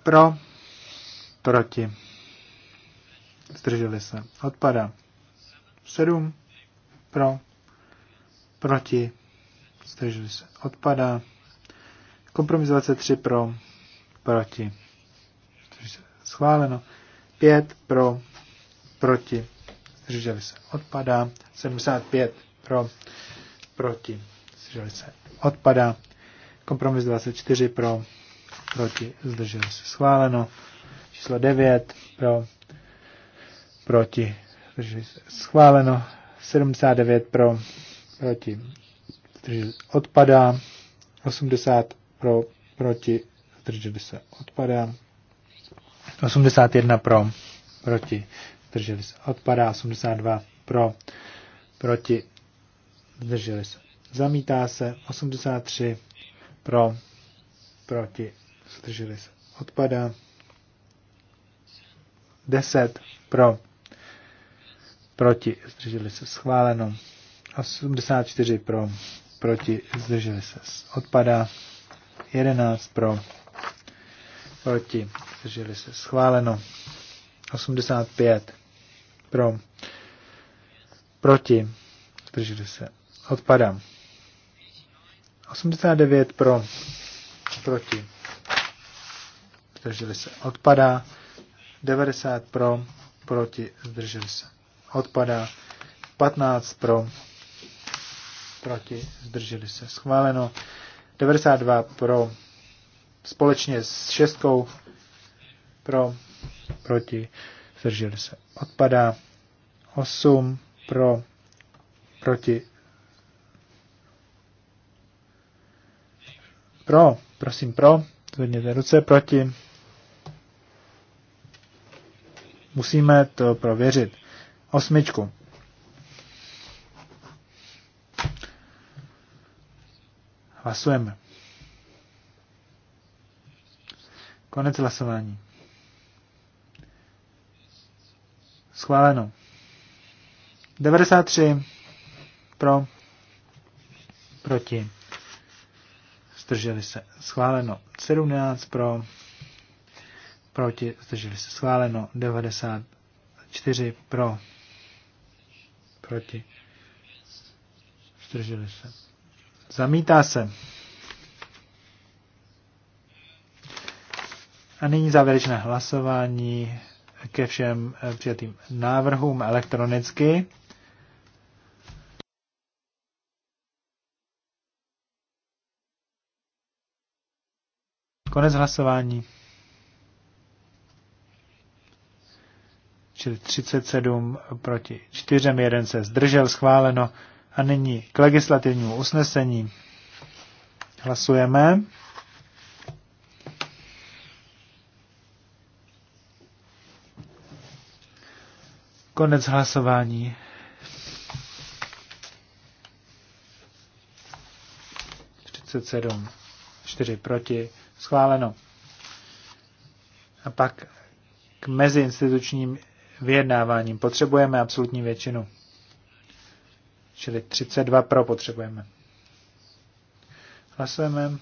Pro, proti. Zdrželi se. Odpada. 7. Pro, proti. Zdrželi se. Odpada. Kompromis 23 pro, proti. Schváleno. 5 pro, proti. Zdrželi se. Odpadá. 75 pro, proti. Zdrželi se. Odpadá. Kompromis 24 pro, proti. Zdrželi se. Schváleno. Číslo 9 pro, proti. Zdrželi se. Schváleno. 79 pro, proti. Zdrželi se. Odpadá. 80 pro, proti, drželi se, odpadá. 81 pro, proti, drželi se, odpadá. 82 pro, proti, drželi se, zamítá se. 83 pro, proti, drželi se, odpadá. 10 pro, proti, zdrželi se, schváleno. 84 pro, proti, zdrželi se, odpadá. 11 pro, proti, zdrželi se, schváleno. 85 pro, proti, zdrželi se, odpadám. 89 pro, proti, zdrželi se, odpadá. 90 pro, proti, zdrželi se, odpadá. 15 pro, proti, zdrželi se, schváleno. 92 pro, společně s šestkou pro, proti, zdrželi se, odpadá. 8 pro, proti, pro, prosím pro, zvedněte ruce proti. Musíme to prověřit. Osmičku. Hlasujeme. Konec hlasování. Schváleno. 93 pro, proti, zdrželi se, schváleno. 17 pro, proti, zdrželi se, schváleno. 94 pro, proti, zdrželi se Zamítá se. A nyní závěrečné hlasování ke všem eh, přijatým návrhům elektronicky. Konec hlasování. Čili 37 proti 4, jeden se zdržel, schváleno. A nyní k legislativnímu usnesení. Hlasujeme. Konec hlasování. sedm, čtyři proti, schváleno. A pak k meziinstitučním vyjednáváním potřebujeme absolutní většinu. Čili 32 pro potřebujeme. Hlasujeme.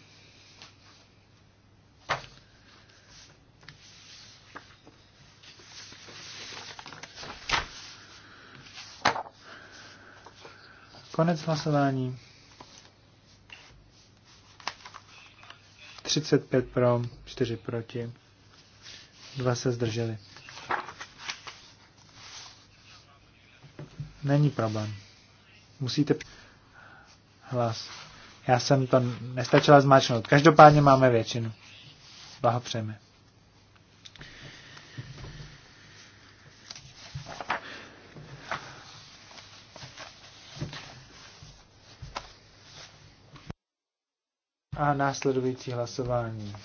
Konec hlasování. 35 pro, 4 proti. Dva se zdrželi. Není problém musíte hlas. Já jsem to nestačila zmáčknout. Každopádně máme většinu. Blahopřejeme. A následující hlasování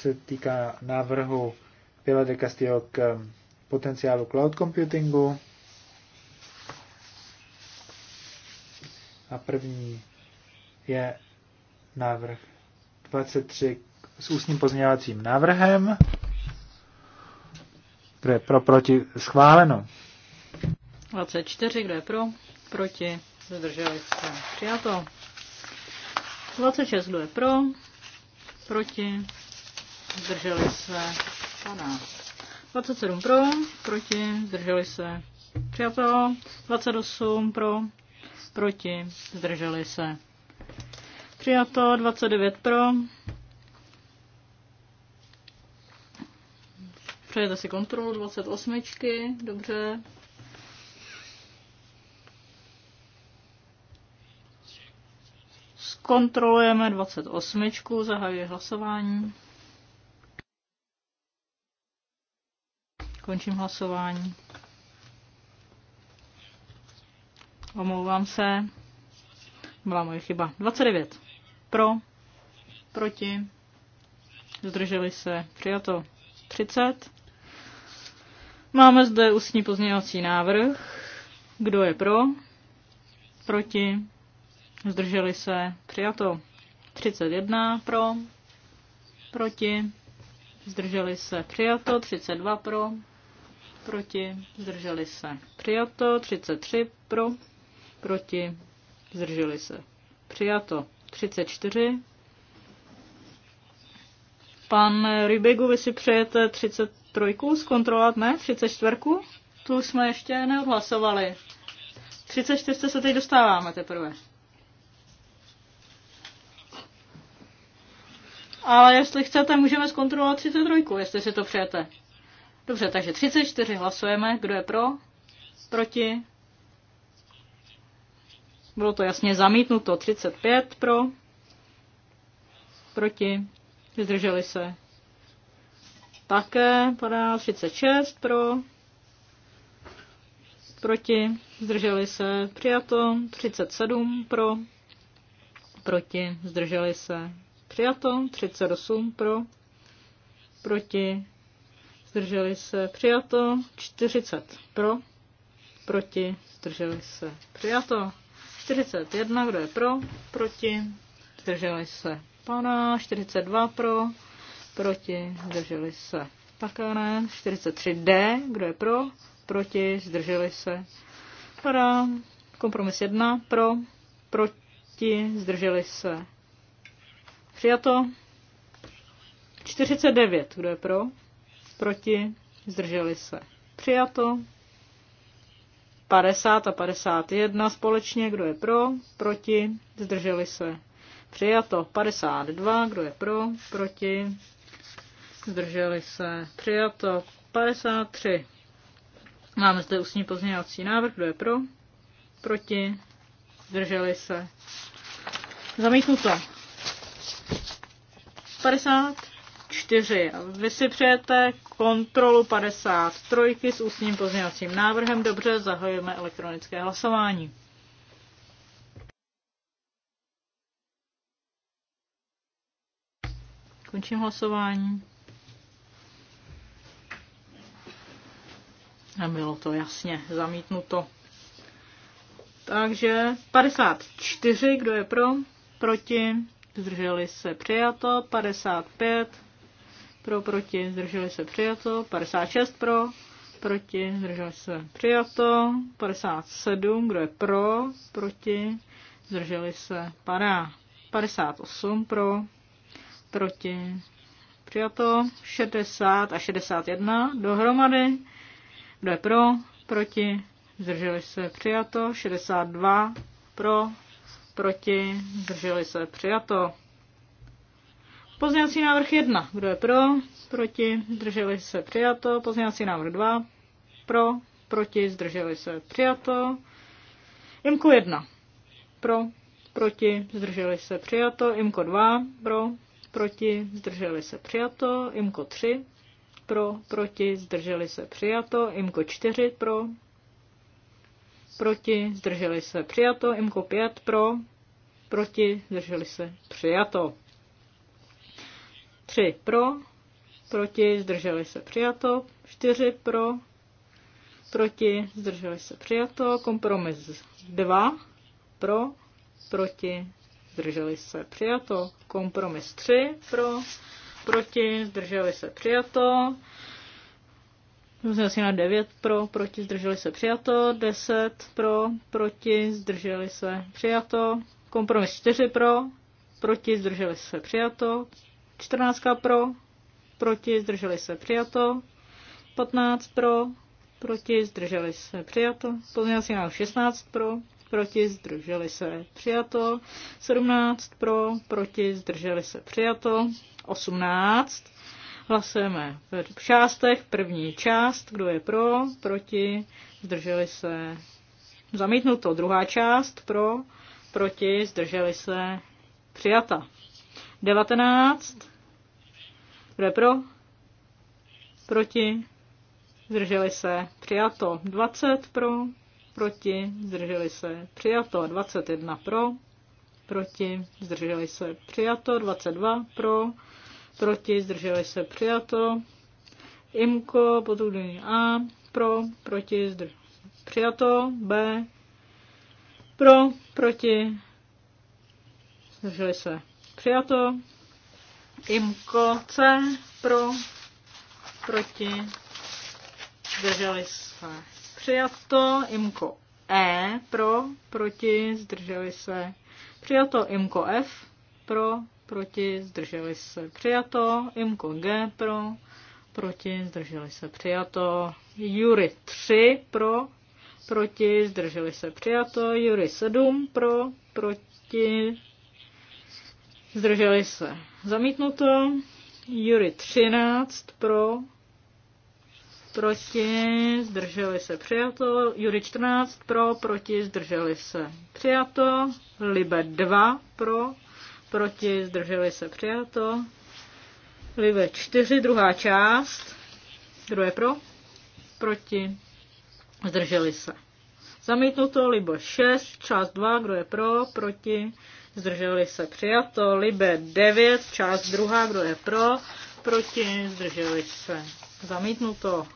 se týká návrhu Pila de Castillo k um, potenciálu cloud computingu. První je návrh 23 s ústním pozměňovacím návrhem, kde je pro, proti, schváleno. 24, kdo je pro, proti, zdrželi se, přijato. 26, kdo je pro, proti, zdrželi se, 12. 27 pro, proti, zdrželi se, přijato. 28 pro, proti, zdrželi se. Přijato 29 pro. Přejete si kontrolu 28, dobře. Zkontrolujeme 28, zahajuje hlasování. Končím hlasování. Omlouvám se. Byla moje chyba. 29. Pro. Proti. Zdrželi se. Přijato. 30. Máme zde ústní pozměňovací návrh. Kdo je pro? Proti? Zdrželi se? Přijato. 31 pro? Proti? Zdrželi se? Přijato. 32 pro? Proti? Zdrželi se? Přijato. 33 pro? proti, zdrželi se. Přijato 34. Pan Rybegu, vy si přejete 33 zkontrolovat, ne? 34? Tu jsme ještě neodhlasovali. 34 se teď dostáváme teprve. Ale jestli chcete, můžeme zkontrolovat 33, jestli si to přejete. Dobře, takže 34 hlasujeme. Kdo je pro? Proti? Bylo to jasně zamítnuto. 35 pro, proti, zdrželi se. Také padá 36 pro, proti, zdrželi se. Přijato 37 pro, proti, zdrželi se. Přijato 38 pro, proti, zdrželi se. Přijato 40 pro, proti, zdrželi se. Přijato 41, kdo je pro, proti, zdrželi se pana, 42 pro, proti, zdrželi se také ne, 43D, kdo je pro, proti, zdrželi se, Pana. kompromis 1, pro, proti, zdrželi se, přijato, 49, kdo je pro, proti, zdrželi se, přijato, 50 a 51 společně, kdo je pro, proti, zdrželi se. Přijato 52, kdo je pro, proti, zdrželi se. Přijato 53. Máme zde ústní pozměňovací návrh, kdo je pro, proti, zdrželi se. Zamítnuto. 50 4. Vy si přejete kontrolu 53 s ústním pozměňovacím návrhem. Dobře, zahajujeme elektronické hlasování. Končím hlasování. A bylo to jasně zamítnuto. Takže 54, kdo je pro? Proti? Zdrželi se přijato. 55, pro, proti, zdrželi se přijato, 56 pro, proti, zdrželi se přijato, 57, kdo je pro, proti, zdrželi se padá, 58 pro, proti, přijato, 60 a 61 dohromady, kdo je pro, proti, zdrželi se přijato, 62 pro, proti, zdrželi se přijato. Pozměňovací návrh 1. Kdo je pro? Proti? Zdrželi se přijato. Pozměňovací návrh 2. Pro? Proti? Zdrželi se přijato. Imko 1. Pro? Proti? Zdrželi se přijato. Imko 2. Pro? Proti? Zdrželi se přijato. Imko 3. Pro? Proti? Zdrželi se přijato. Imko 4. Pro? Proti? Zdrželi se přijato. Imko 5. Pro? Proti? Zdrželi se přijato. 3 pro, proti, zdrželi se přijato, 4 pro, proti, zdrželi se přijato, kompromis 2 pro, proti, zdrželi se přijato, kompromis 3 pro, proti, zdrželi se přijato, Zase na 9 pro, proti, zdrželi se přijato, 10 pro, proti, zdrželi se přijato, kompromis 4 pro, proti, zdrželi se přijato, 14 pro, proti, zdrželi se přijato. 15 pro, proti, zdrželi se přijato. Pozměňovací návrh 16 pro, proti, zdrželi se přijato. 17 pro, proti, zdrželi se přijato. 18. Hlasujeme v částech. První část, kdo je pro, proti, zdrželi se zamítnuto. Druhá část pro, proti, zdrželi se přijata. 19. Kdo je pro? Proti? Zdrželi se. Přijato. 20 pro. Proti? Zdrželi se. Přijato. 21 pro. Proti? Zdrželi se. Přijato. 22 pro. Proti? Zdrželi se. Přijato. Imko, podudení A. Pro. Proti? Zdr... Přijato. B. Pro. Proti? Zdrželi se. Přijato. Imko C pro, proti, zdrželi se. Přijato. Imko E pro, proti, zdrželi se. Přijato. Imko F pro, proti, zdrželi se. Přijato. Imko G pro, proti, zdrželi se. Přijato. Jury 3 pro, proti, zdrželi se. Přijato. Jury 7 pro, proti, zdrželi se. Zamítnuto. Jury 13 pro, proti, zdrželi se přijato. Jury 14 pro, proti, zdrželi se přijato. Libe 2 pro, proti, zdrželi se přijato. Libe 4, druhá část. Druhé pro? Proti, zdrželi se. Zamítnuto, libo 6, část 2, kdo je pro, proti, zdrželi se přijato. Libe 9, část druhá, kdo je pro, proti, zdrželi se zamítnuto.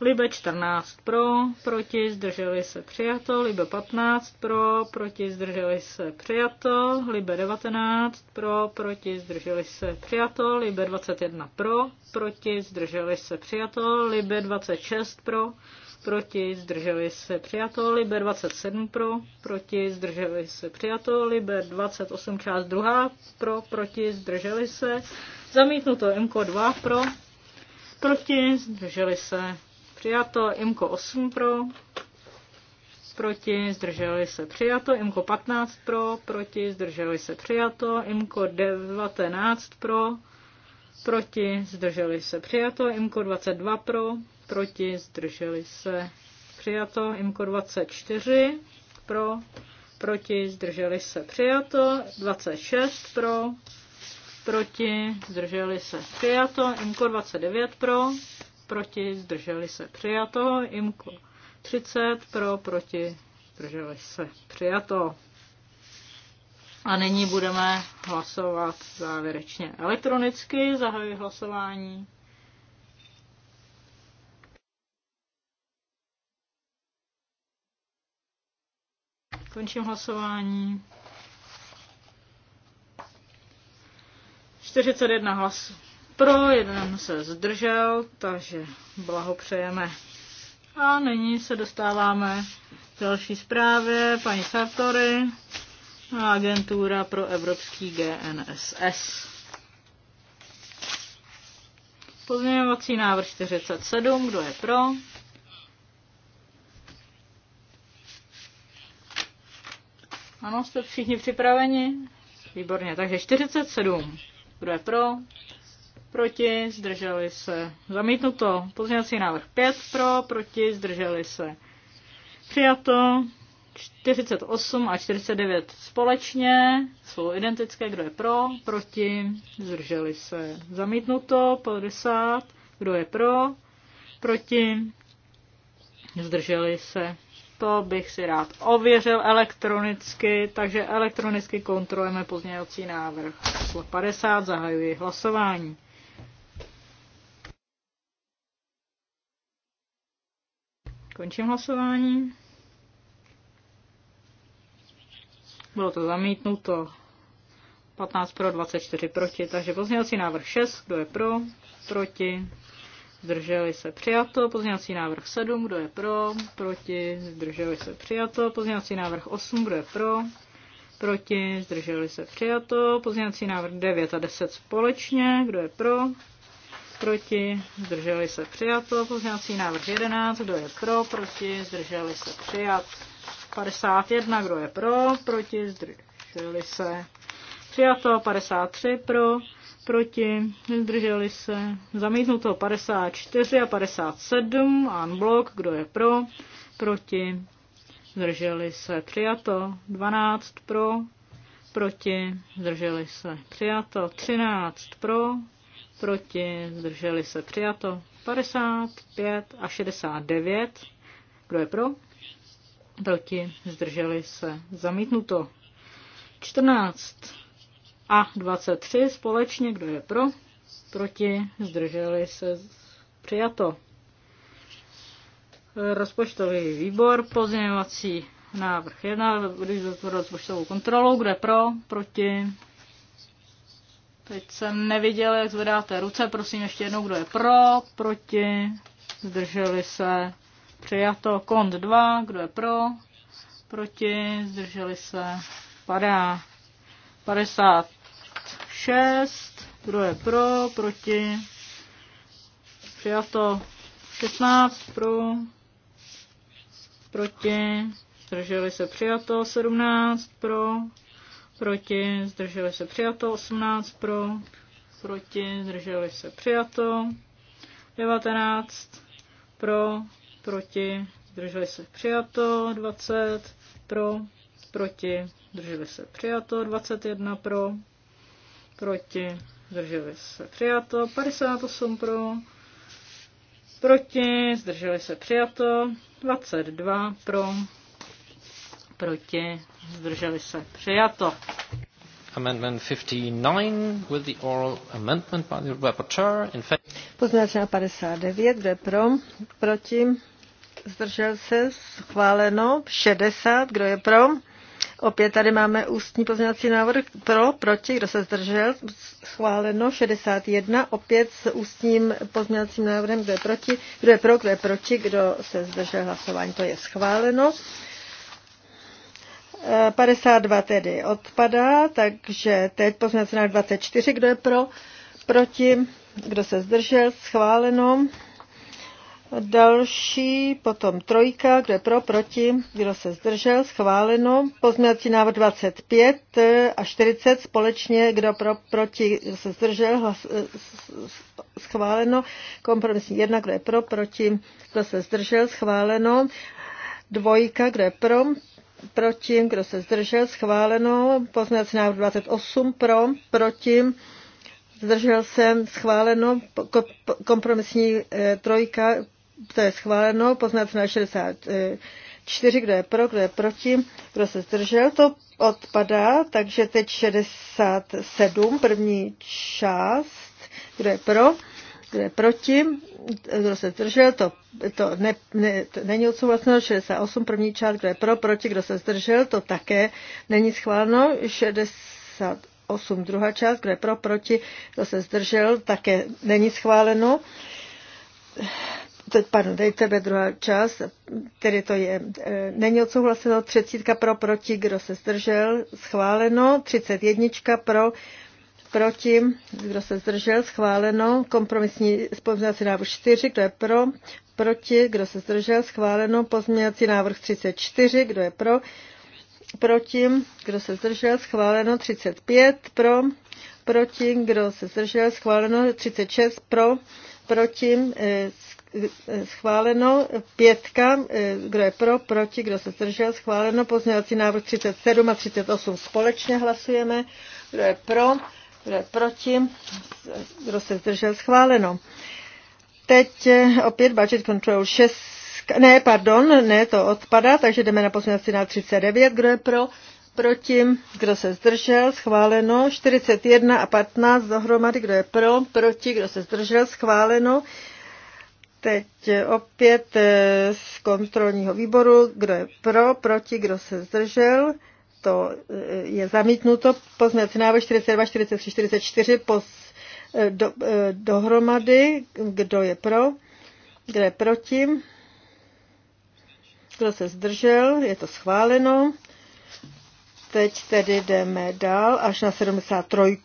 Libe 14 pro, proti, zdrželi se přijato. Libe 15 pro, proti, zdrželi se přijato. Libe 19 pro, proti, zdrželi se přijato. Libe 21 pro, proti, zdrželi se přijato. Libe 26 pro, proti, zdrželi se přijato, liber 27 pro, proti, zdrželi se přijato, liber 28 část 2 pro, proti, zdrželi se, zamítnuto Imko 2 pro, proti, zdrželi se přijato, Imko 8 pro, proti, zdrželi se přijato, Imko 15 pro, proti, zdrželi se přijato, Imko 19 pro, proti, zdrželi se přijato, Imko 22 pro, proti, zdrželi se. Přijato IMKO 24 pro, proti, zdrželi se. Přijato 26 pro, proti, zdrželi se. Přijato IMKO 29 pro, proti, zdrželi se. Přijato IMKO 30 pro, proti, zdrželi se. Přijato. A nyní budeme hlasovat závěrečně elektronicky. Zahajuji hlasování. Končím hlasování. 41 hlasů pro, jeden se zdržel, takže blahopřejeme. A nyní se dostáváme k další zprávě paní Sartory a agentura pro evropský GNSS. Pozměňovací návrh 47, kdo je pro? Ano, jste všichni připraveni? Výborně, takže 47. Kdo je pro? Proti, zdrželi se. Zamítnuto. Pozměňovací návrh 5 pro, proti, zdrželi se. Přijato. 48 a 49 společně jsou identické, kdo je pro, proti, zdrželi se. Zamítnuto, 50, kdo je pro, proti, zdrželi se to bych si rád ověřil elektronicky, takže elektronicky kontrolujeme pozměňovací návrh. Číslo 50 zahajuji hlasování. Končím hlasování. Bylo to zamítnuto. 15 pro, 24 proti, takže pozměňovací návrh 6, kdo je pro, proti, zdrželi se přijato, pozměňovací návrh 7, kdo je pro, proti, zdrželi se přijato, pozměňovací návrh 8, kdo je pro, proti, zdrželi se přijato, pozměňovací návrh 9 a 10 společně, kdo je pro, proti, zdrželi se přijato, pozměňovací návrh 11, kdo je pro, proti, zdrželi se přijat, 51, kdo je pro, proti, zdrželi se přijato, 53 pro, proti, zdrželi se, zamítnuto 54 a 57, unblock, kdo je pro, proti, zdrželi se, přijato 12 pro, proti, zdrželi se, přijato 13 pro, proti, zdrželi se, přijato 55 a 69, kdo je pro, proti, zdrželi se, zamítnuto 14 a 23 společně, kdo je pro, proti, zdrželi se přijato. Rozpočtový výbor, pozměňovací návrh 1, když rozpočtovou kontrolu, je pro, proti. Teď jsem neviděl, jak zvedáte ruce, prosím ještě jednou, kdo je pro, proti, zdrželi se, přijato, kont 2, kdo je pro, proti, zdrželi se, padá. 50 6. Kdo je pro? Proti? Přijato 16. Pro? Proti? Zdrželi se přijato 17. Pro? Proti? Zdrželi se přijato 18. Pro? Proti? Zdrželi se přijato 19. Pro? Proti? Zdrželi se přijato 20. Pro? Proti? Zdrželi se přijato 21. Pro? proti, zdrželi se přijato, 58 pro, proti, zdrželi se přijato, 22 pro, proti, zdrželi se přijato. Amendment 59 with the oral amendment by the rapporteur in fact... Poznáčená 59, kdo je pro, proti, zdržel se, schváleno, 60, kdo je pro, Opět tady máme ústní pozměňovací návrh pro, proti, kdo se zdržel, schváleno 61, opět s ústním pozměňovacím návrhem, kdo je proti, kdo je pro, kdo je proti, kdo se zdržel hlasování, to je schváleno. 52 e, tedy odpadá, takže teď pozměňovací návrh 24, kdo je pro, proti, kdo se zdržel, schváleno. Další, potom trojka, kde pro, proti, kdo se zdržel, schváleno. Pozměňovací návrh 25 a 40 společně, kdo pro, proti, kdo se zdržel, hlas, eh, schváleno. Kompromisní jedna, kdo je pro, proti, kdo se zdržel, schváleno. Dvojka, kdo je pro, proti, kdo se zdržel, schváleno. Pozměňovací návrh 28 pro, proti, zdržel se, schváleno. Kompromisní eh, trojka to je schváleno, poznat na 64, kdo je pro, kdo je proti, kdo se zdržel, to odpadá, takže teď 67, první část, kdo je pro, kdo je proti, kdo se zdržel, to, to, ne, ne, to není odsouhlaseno, 68, první část, kdo je pro, proti, kdo se zdržel, to také není schváleno, 68, druhá část, kdo je pro, proti, kdo se zdržel, také není schváleno teď, pardon, teď tebe druhá část, tedy to je, e, není odsouhlaseno, třicítka pro, proti, kdo se zdržel, schváleno, třicet jednička pro, proti, kdo se zdržel, schváleno, kompromisní pozměňovací návrh 4, kdo je pro, proti, kdo se zdržel, schváleno, pozměňovací návrh 34, kdo je pro, proti, kdo se zdržel, schváleno, 35, pro, proti, kdo se zdržel, schváleno, 36, pro, proti, e, schváleno. Pětka, eh, kdo je pro, proti, kdo se zdržel, schváleno. Pozměňovací návrh 37 a 38 společně hlasujeme. Kdo je pro, kdo je proti, kdo se zdržel, schváleno. Teď eh, opět budget control 6, ne, pardon, ne, to odpadá, takže jdeme na pozměňovací návrh 39, kdo je pro, proti, kdo se zdržel, schváleno, 41 a 15 dohromady, kdo je pro, proti, kdo se zdržel, schváleno, teď opět eh, z kontrolního výboru, kdo je pro, proti, kdo se zdržel. To eh, je zamítnuto. Pozměňovací návrh 42, 43, 44 pos, eh, do, dohromady. Kdo je pro, kdo je proti, kdo se zdržel. Je to schváleno. Teď tedy jdeme dál až na 73.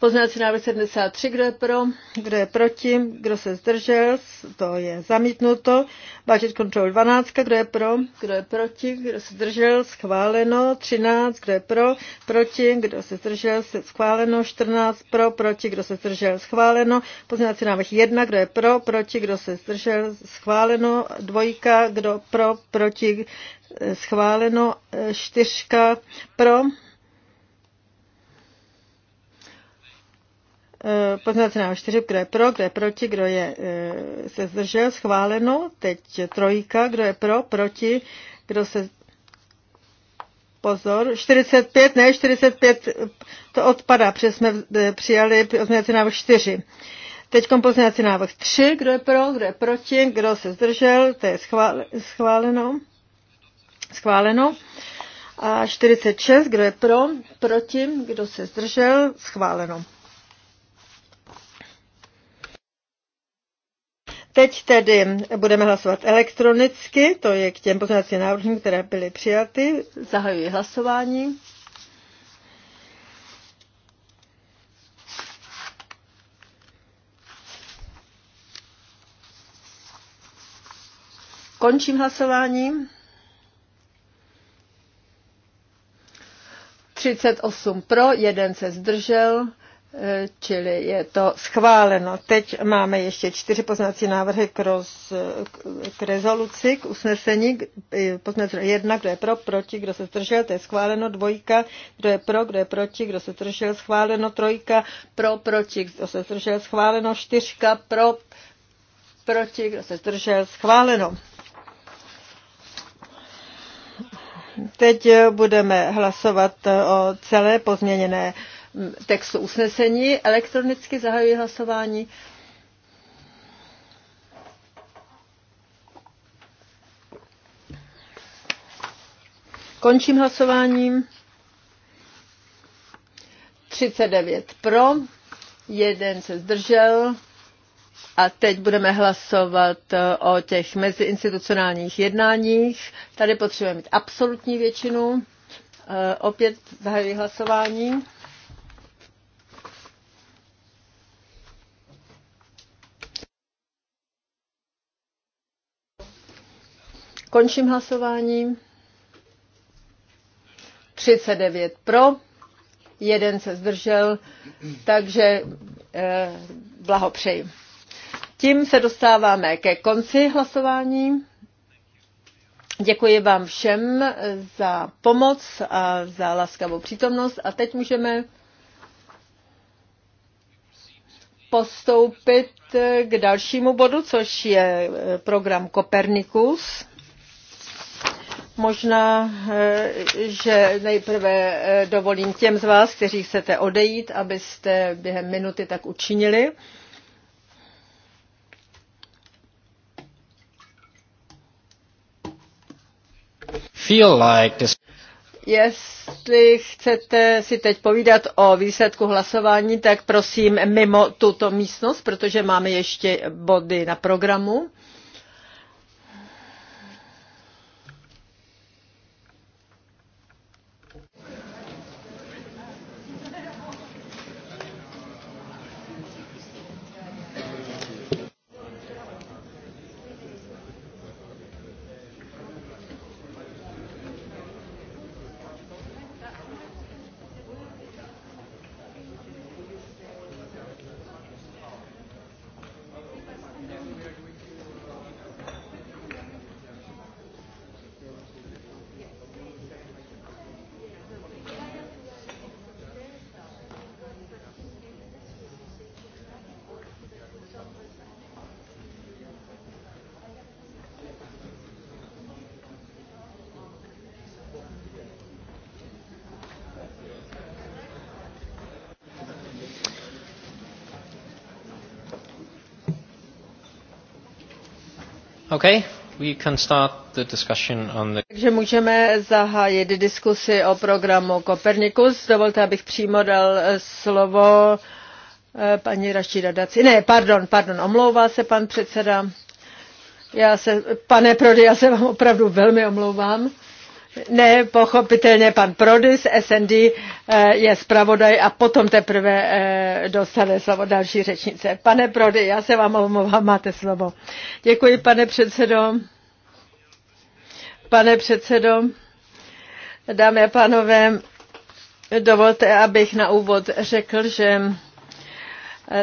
Poznávací návrh 73, kdo je pro, kdo je proti, kdo se zdržel, to je zamítnuto. Budget control 12, kdo je pro, kdo je proti, kdo se zdržel, schváleno. 13, kdo je pro, proti, kdo se zdržel, schváleno. 14, pro, proti, kdo se zdržel, schváleno. Poznávací návrh 1, kdo je pro, proti, kdo se zdržel, schváleno. Dvojka, kdo pro, proti, schváleno. E, čtyřka, pro, Eh, pozměňovací návrh 4, kdo je pro, kdo je proti, kdo je, eh, se zdržel, schváleno. Teď trojka, kdo je pro, proti, kdo se pozor, 45, ne, 45 eh, to odpadá, protože jsme přijali pozměňovací návrh 4. Teď pozměňovací návrh 3, kdo je pro, kdo je proti, kdo se zdržel, to je schváleno. Schváleno. A 46, kdo je pro, proti, kdo se zdržel, schváleno. Teď tedy budeme hlasovat elektronicky, to je k těm pozměňovacím návrhům, které byly přijaty. Zahajuji hlasování. Končím hlasování. 38 pro, jeden se zdržel. Eh, čili je to schváleno. Teď máme ještě čtyři poznací návrhy k, roz, k rezoluci, k usnesení. Poznací jedna, kdo je pro, proti, kdo se zdržel, to je schváleno. Dvojka, kdo je pro, kdo je proti, kdo se zdržel, schváleno. Trojka, pro, proti, kdo se zdržel, schváleno. Čtyřka, pro, proti, kdo se zdržel, schváleno. Teď eh, budeme hlasovat eh, o celé pozměněné textu usnesení. Elektronicky zahajuji hlasování. Končím hlasováním. 39 pro, jeden se zdržel. A teď budeme hlasovat o těch meziinstitucionálních jednáních. Tady potřebujeme mít absolutní většinu. E, opět zahajuji hlasování. Končím hlasování. 39 pro, jeden se zdržel, takže eh, blahopřeji. Tím se dostáváme ke konci hlasování. Děkuji vám všem za pomoc a za laskavou přítomnost a teď můžeme postoupit k dalšímu bodu, což je eh, program Kopernikus. Možná, eh, že nejprve eh, dovolím těm z vás, kteří chcete odejít, abyste během minuty tak učinili. Feel like this. Jestli chcete si teď povídat o výsledku hlasování, tak prosím mimo tuto místnost, protože máme ještě body na programu. Okay, we can start the discussion on the... Takže můžeme zahájit diskusi o programu Copernicus. Dovolte, abych přímo dal eh, slovo eh, paní Rašída Daci. Ne, pardon, pardon, omlouvá se pan předseda. Já se, pane Prody, já se vám opravdu velmi omlouvám. Ne, pochopitelně pan Prody z SND Eh, je zpravodaj a potom teprve eh, dostane slovo další řečnice. Pane Prody, já se vám omlouvám, máte slovo. Děkuji, pane předsedo. Pane předsedo, dámy a pánové, dovolte, abych na úvod řekl, že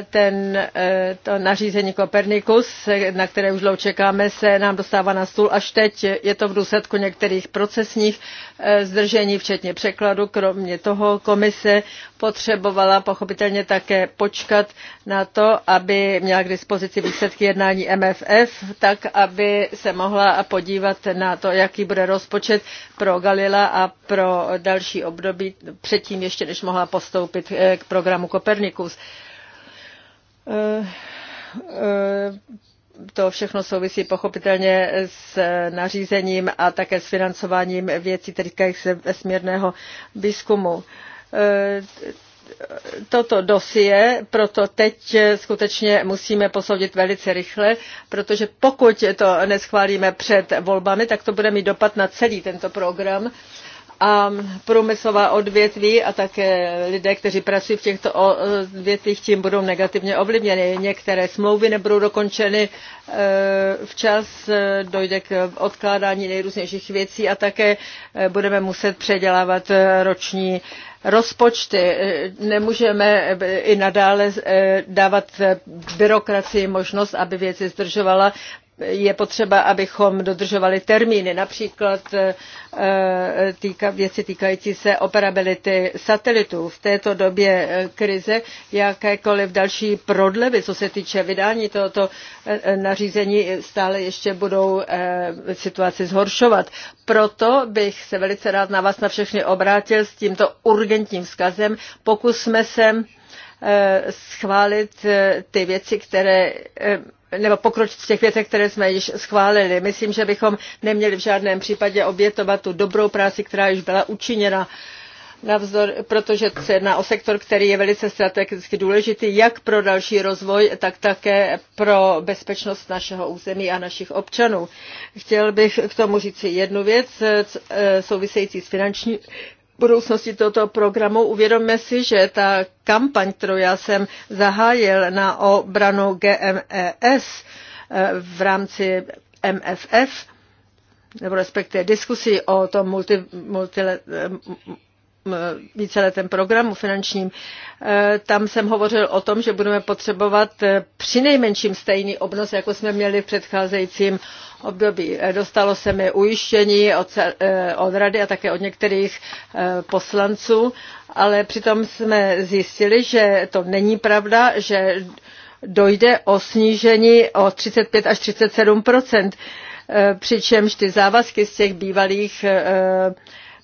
ten, eh, to nařízení Kopernikus, na které už dlouho čekáme, se nám dostává na stůl až teď. Je to v důsledku některých procesních eh, zdržení, včetně překladu. Kromě toho komise potřebovala pochopitelně také počkat na to, aby měla k dispozici výsledky jednání MFF, tak aby se mohla podívat na to, jaký bude rozpočet pro Galila a pro další období předtím ještě, než mohla postoupit eh, k programu Kopernikus. Eh, eh, to všechno souvisí pochopitelně s nařízením a také s financováním věcí týkajících se vesmírného výzkumu eh, toto dosie, proto teď skutečně musíme posoudit velice rychle, protože pokud to neschválíme před volbami, tak to bude mít dopad na celý tento program a průmyslová odvětví a také lidé, kteří pracují v těchto odvětvích, tím budou negativně ovlivněny. Některé smlouvy nebudou dokončeny eh, včas, eh, dojde k odkládání nejrůznějších věcí a také eh, budeme muset předělávat roční rozpočty. Nemůžeme i nadále dávat byrokracii možnost, aby věci zdržovala je potřeba, abychom dodržovali termíny, například eh, věci týkající se operability satelitů. V této době eh, krize jakékoliv další prodlevy, co se týče vydání tohoto eh, nařízení, stále ještě budou situaci zhoršovat. Proto bych se velice rád na vás na všechny obrátil s tímto urgentním vzkazem. Pokusme se schválit ty věci, které nebo pokročit v těch věcech, které jsme již schválili. Myslím, že bychom neměli v žádném případě obětovat tu dobrou práci, která již byla učiněna navzdor, protože se jedná o sektor, který je velice strategicky důležitý jak pro další rozvoj, tak také pro bezpečnost našeho území a našich občanů. Chtěl bych k tomu říct jednu věc e, související s finanční budoucnosti tohoto programu. Uvědomme si, že ta kampaň, kterou já jsem zahájil na obranu GMES eh, v rámci MFF, nebo respektive diskusí o tom multi, multi, eh, víceletém eh, programu finančním, eh, tam jsem hovořil o tom, že budeme potřebovat eh, při nejmenším stejný obnos, jako jsme měli v předcházejícím období. Dostalo se mi ujištění od, od rady a také od některých poslanců, ale přitom jsme zjistili, že to není pravda, že dojde o snížení o 35 až 37 přičemž ty závazky z těch bývalých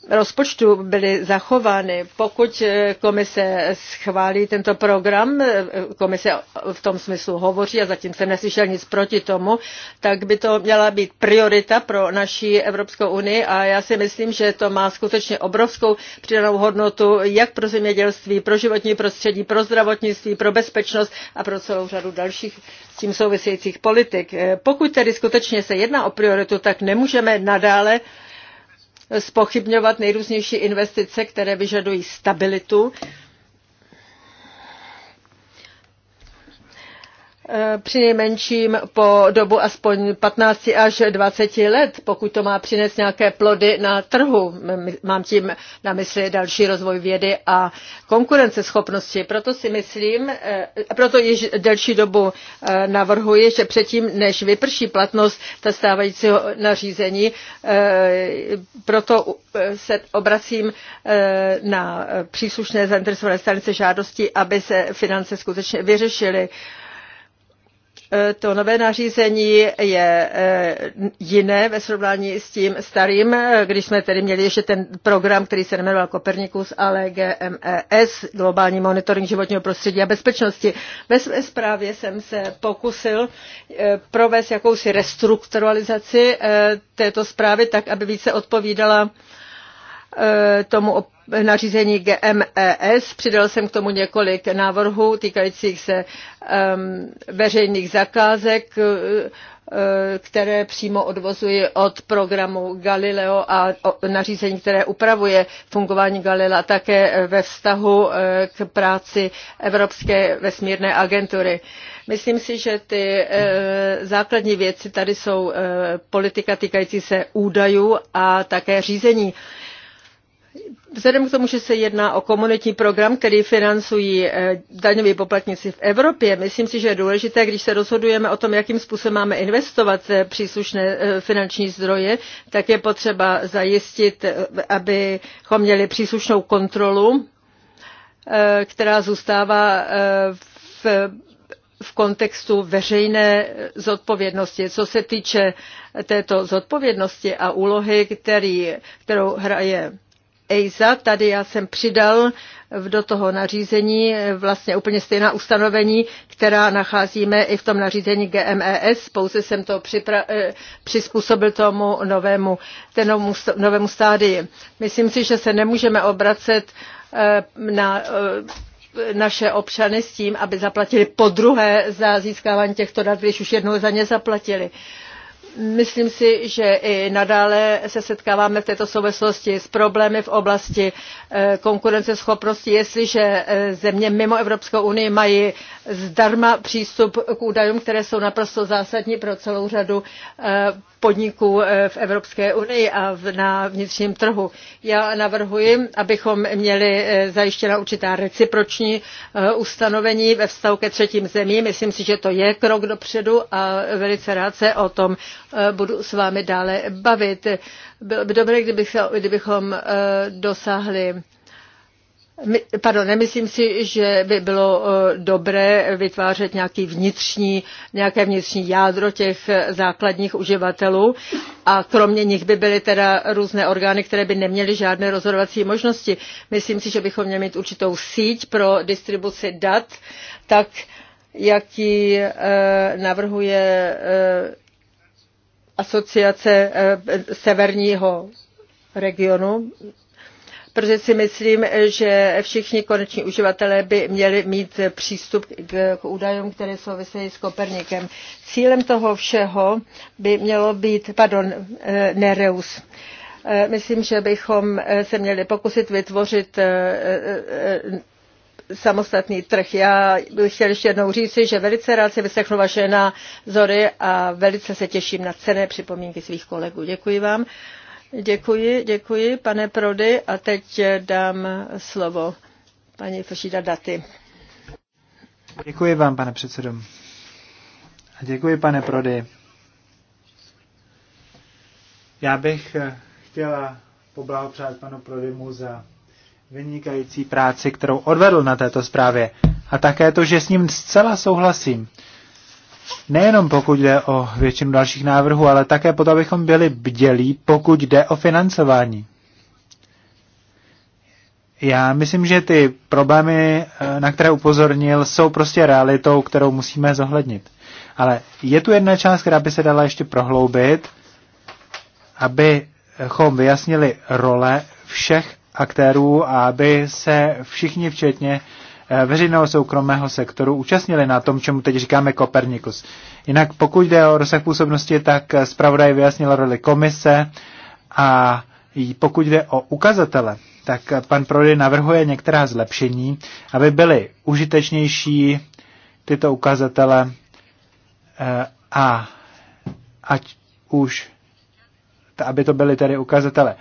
rozpočtu byly zachovány. Pokud eh, komise schválí tento program, eh, komise v tom smyslu hovoří a zatím jsem neslyšel nic proti tomu, tak by to měla být priorita pro naší Evropskou unii a já si myslím, že to má skutečně obrovskou přidanou hodnotu jak pro zemědělství, pro životní prostředí, pro zdravotnictví, pro bezpečnost a pro celou řadu dalších s tím souvisejících politik. Eh, Pokud tedy skutečně se jedná o prioritu, tak nemůžeme nadále spochybňovat nejrůznější investice, které vyžadují stabilitu Eh, při přinejmenším po dobu aspoň 15 až 20 let, pokud to má přinést nějaké plody na trhu. Mám tím na mysli další rozvoj vědy a konkurenceschopnosti. Proto si myslím, eh, proto již delší dobu eh, navrhuji, že předtím, než vyprší platnost ta stávajícího nařízení, proto se obracím na příslušné zainteresované stanice žádosti, aby se finance skutečně vyřešily to nové nařízení je eh, jiné ve srovnání s tím starým, eh, když jsme tedy měli ještě ten program, který se jmenoval Kopernikus, ale GMES, Globální monitoring životního prostředí a bezpečnosti. Ve své zprávě jsem se pokusil eh, provést jakousi restrukturalizaci této zprávy tak, aby více odpovídala Eh, tomu nařízení GMES. Přidal jsem k tomu několik návrhů týkajících se veřejných zakázek, eh, které přímo odvozuji od programu Galileo a nařízení, které upravuje fungování Galilea také ve vztahu eh, k práci Evropské vesmírné agentury. Myslím si, že ty základní věci tady jsou politika týkající se údajů a také řízení Vzhledem k tomu, že se jedná o komunitní program, který financují eh, daňoví poplatníci v Evropě, myslím si, že je důležité, když se rozhodujeme o tom, jakým způsobem máme investovat eh, příslušné eh, finanční zdroje, tak je potřeba zajistit, abychom měli příslušnou kontrolu, která zůstává v, v kontextu veřejné zodpovědnosti. Co se týče této zodpovědnosti a úlohy, který, kterou hraje EISA. Tady já jsem přidal do toho nařízení vlastně úplně stejná ustanovení, která nacházíme i v tom nařízení GMES, pouze jsem to připra- eh, přizpůsobil tomu novému, tenomu, novému stádii. Myslím si, že se nemůžeme obracet eh, na eh, naše občany s tím, aby zaplatili po druhé za získávání těchto dat, když už jednou za ně zaplatili. Myslím si, že i nadále se setkáváme v této souvislosti s problémy v oblasti eh, konkurenceschopnosti, jestliže eh, země mimo Evropskou unii mají zdarma přístup k údajům, které jsou naprosto zásadní pro celou řadu eh, podniků eh, v Evropské unii a na vnitřním trhu. Já navrhuji, abychom měli eh, zajištěna určitá reciproční eh, ustanovení ve vztahu ke třetím zemím. Myslím si, že to je krok dopředu a velice rád se o tom budu s vámi dále bavit. Bylo by dobré, kdybych se, kdybychom dosáhli Pardon, nemyslím si, že by bylo eh, dobré vytvářet nějaký vnitřní, nějaké vnitřní jádro těch eh, základních uživatelů a kromě nich by byly teda různé orgány, které by neměly žádné rozhodovací možnosti. Myslím si, že bychom měli mít určitou síť pro distribuci dat, tak jak ji eh, navrhuje asociace severního regionu protože si myslím, že všichni koneční uživatelé by měli mít přístup k, k údajům, které souvisejí s Kopernikem. Cílem toho všeho by mělo být, pardon, eh, Nereus. Eh, myslím, že bychom eh, se měli pokusit vytvořit samostatný trh. Já bych chtěl ještě jednou říci, že velice rád si vyslechnu vaše názory a velice se těším na cené připomínky svých kolegů. Děkuji vám. Děkuji, děkuji, pane Prody, a teď dám slovo paní Fošída Daty. Děkuji vám, pane předsedo. A děkuji, pane Prody. Já bych eh, chtěla poblahopřát panu Prodymu za vynikající práci, kterou odvedl na této zprávě. A také to, že s ním zcela souhlasím nejenom pokud jde o většinu dalších návrhů, ale také to, abychom byli bdělí, pokud jde o financování. Já myslím, že ty problémy, eh, na které upozornil, jsou prostě realitou, kterou musíme zohlednit. Ale je tu jedna část, která by se dala ještě prohloubit, abychom vyjasnili role všech aktérů a aby se všichni, včetně Eh, veřejného soukromého sektoru účastnili na tom, čemu teď říkáme Kopernikus. Jinak pokud jde o rozsah působnosti, tak eh, zpravodaj vyjasnila roli komise a pokud jde o ukazatele, tak eh, pan Prody navrhuje některá zlepšení, aby byly užitečnější tyto ukazatele a ať už, aby to byly tedy ukazatele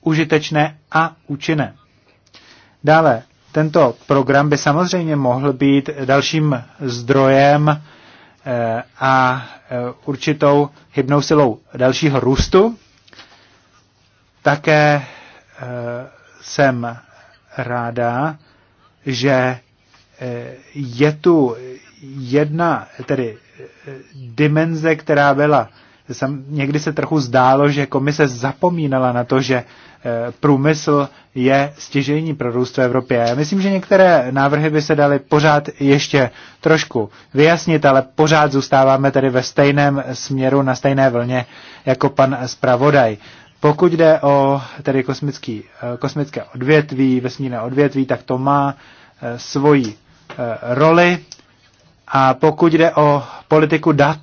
užitečné a účinné. Dále tento program by samozřejmě mohl být dalším zdrojem eh, a eh, určitou hybnou silou dalšího růstu. Také eh, jsem ráda, že je tu jedna tedy dimenze, která byla někdy se trochu zdálo, že komise zapomínala na to, že průmysl je stěžení pro růst v Evropě. Myslím, že některé návrhy by se daly pořád ještě trošku vyjasnit, ale pořád zůstáváme tedy ve stejném směru, na stejné vlně jako pan zpravodaj. Pokud jde o tedy kosmický, eh, kosmické odvětví, vesmírné odvětví, tak to má eh, svoji eh, roli. A pokud jde o politiku dat,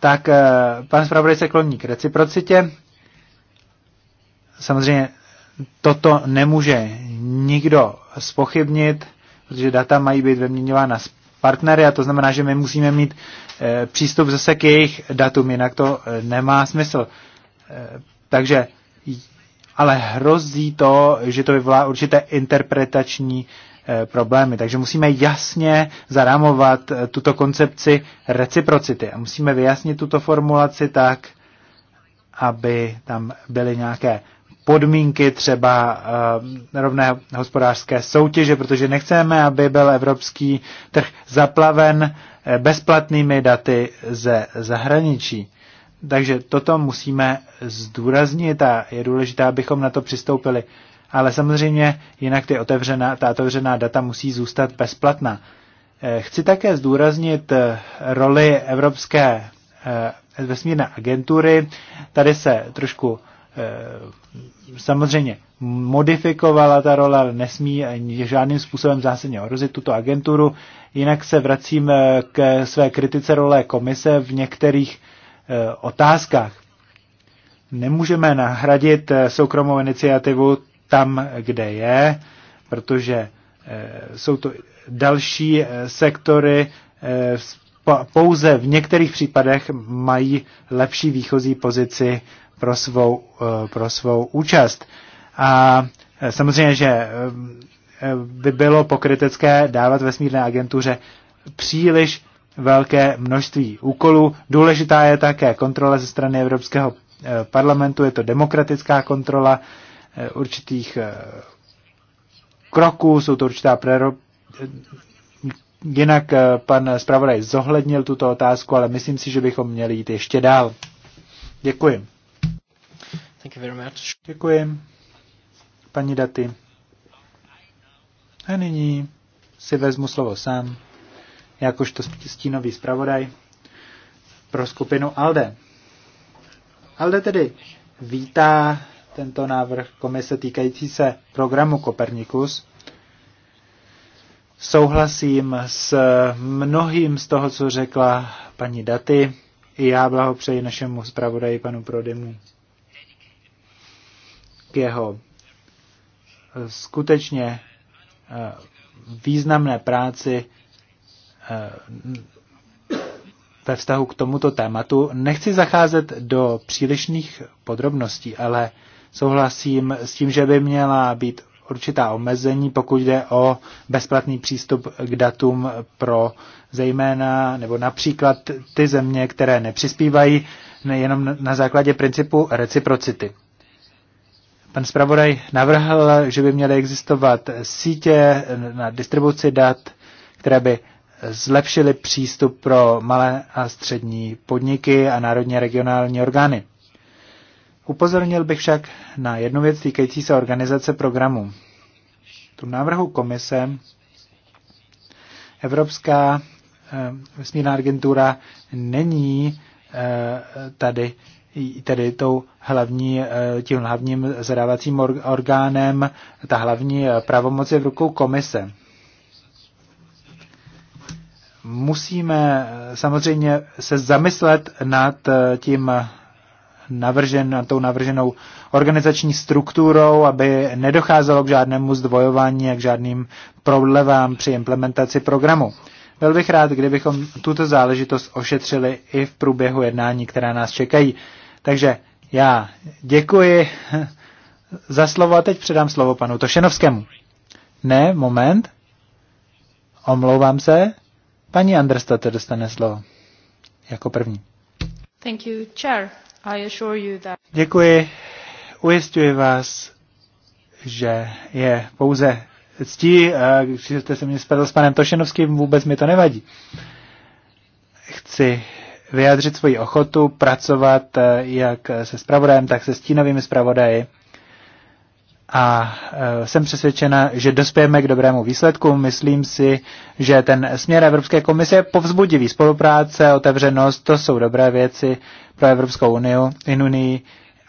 tak pan zpravodaj se kloní k reciprocitě Samozřejmě toto nemůže nikdo spochybnit, protože data mají být vyměňována s partnery a to znamená, že my musíme mít eh, přístup zase k jejich datům, jinak to eh, nemá smysl. Eh, takže, ale hrozí to, že to vyvolá určité interpretační problémy. Takže musíme jasně zarámovat tuto koncepci reciprocity a musíme vyjasnit tuto formulaci tak, aby tam byly nějaké podmínky třeba eh, rovné hospodářské soutěže, protože nechceme, aby byl evropský trh zaplaven eh, bezplatnými daty ze zahraničí. Takže toto musíme zdůraznit a je důležité, abychom na to přistoupili. Ale samozřejmě jinak ty otevřená, ta otevřená data musí zůstat bezplatná. Eh, chci také zdůraznit roli Evropské vesmírné agentury. Tady se trošku Eh, samozřejmě modifikovala ta role, ale nesmí žádným způsobem zásadně ohrozit tuto agenturu. Jinak se vracím k své kritice role komise v některých eh, otázkách. Nemůžeme nahradit eh, soukromou iniciativu tam, kde je, protože jsou to další sektory, pouze v některých případech mají lepší výchozí pozici pro svou, eh, pro svou účast. A eh, samozřejmě, že eh, by bylo pokrytecké dávat vesmírné agentuře příliš velké množství úkolů. Důležitá je také kontrola ze strany Evropského parlamentu, je to demokratická kontrola určitých kroků, jsou to určitá prero... Jinak pan zpravodaj zohlednil tuto otázku, ale myslím si, že bychom měli jít ještě dál. Děkuji. Thank you very much. Děkuji, paní Daty. A nyní si vezmu slovo sám, jakožto stínový zpravodaj pro skupinu ALDE. ALDE tedy vítá tento návrh komise týkající se programu Kopernikus. Souhlasím s mnohým z toho, co řekla paní Daty. I já blahopřeji našemu zpravodaji panu Prodemu k jeho skutečně eh, významné práci eh, ve vztahu k tomuto tématu. Nechci zacházet do přílišných podrobností, ale souhlasím s tím, že by měla být určitá omezení, pokud jde o bezplatný přístup k datům pro zejména nebo například ty země, které nepřispívají jenom na základě principu reciprocity. Pan zpravodaj navrhl, že by měly existovat sítě na distribuci dat, které by zlepšily přístup pro malé a střední podniky a národní a regionální orgány. Upozornil bych však na jednu věc týkající se organizace programu. Tu návrhu komise Evropská eh, vesmírná agentura není eh, tady tedy tou hlavní, eh, tím hlavním zadávacím orgánem, ta hlavní eh, pravomoc je v rukou komise. Musíme eh, samozřejmě se zamyslet nad tím navržen, nad tou navrženou organizační strukturou, aby nedocházelo k žádnému zdvojování a k žádným prodlevám při implementaci programu. Byl bych rád, kdybychom tuto záležitost ošetřili i v průběhu jednání, která nás čekají. Takže já děkuji za slovo a teď předám slovo panu Tošenovskému. Ne, moment. Omlouvám se. Paní Anderstate dostane slovo. Jako první. Thank you, chair. I assure you that... Děkuji. Ujistuji vás, že je pouze ctí, eh, když jste se mě spadl s panem Tošenovským, vůbec mi to nevadí. Chci vyjádřit svoji ochotu pracovat eh, jak se spravodajem, tak se stínovými spravodaji. A eh, jsem přesvědčena, že dospějeme k dobrému výsledku. Myslím si, že ten směr Evropské komise je povzbudivý. Spolupráce, otevřenost, to jsou dobré věci pro Evropskou unii, unii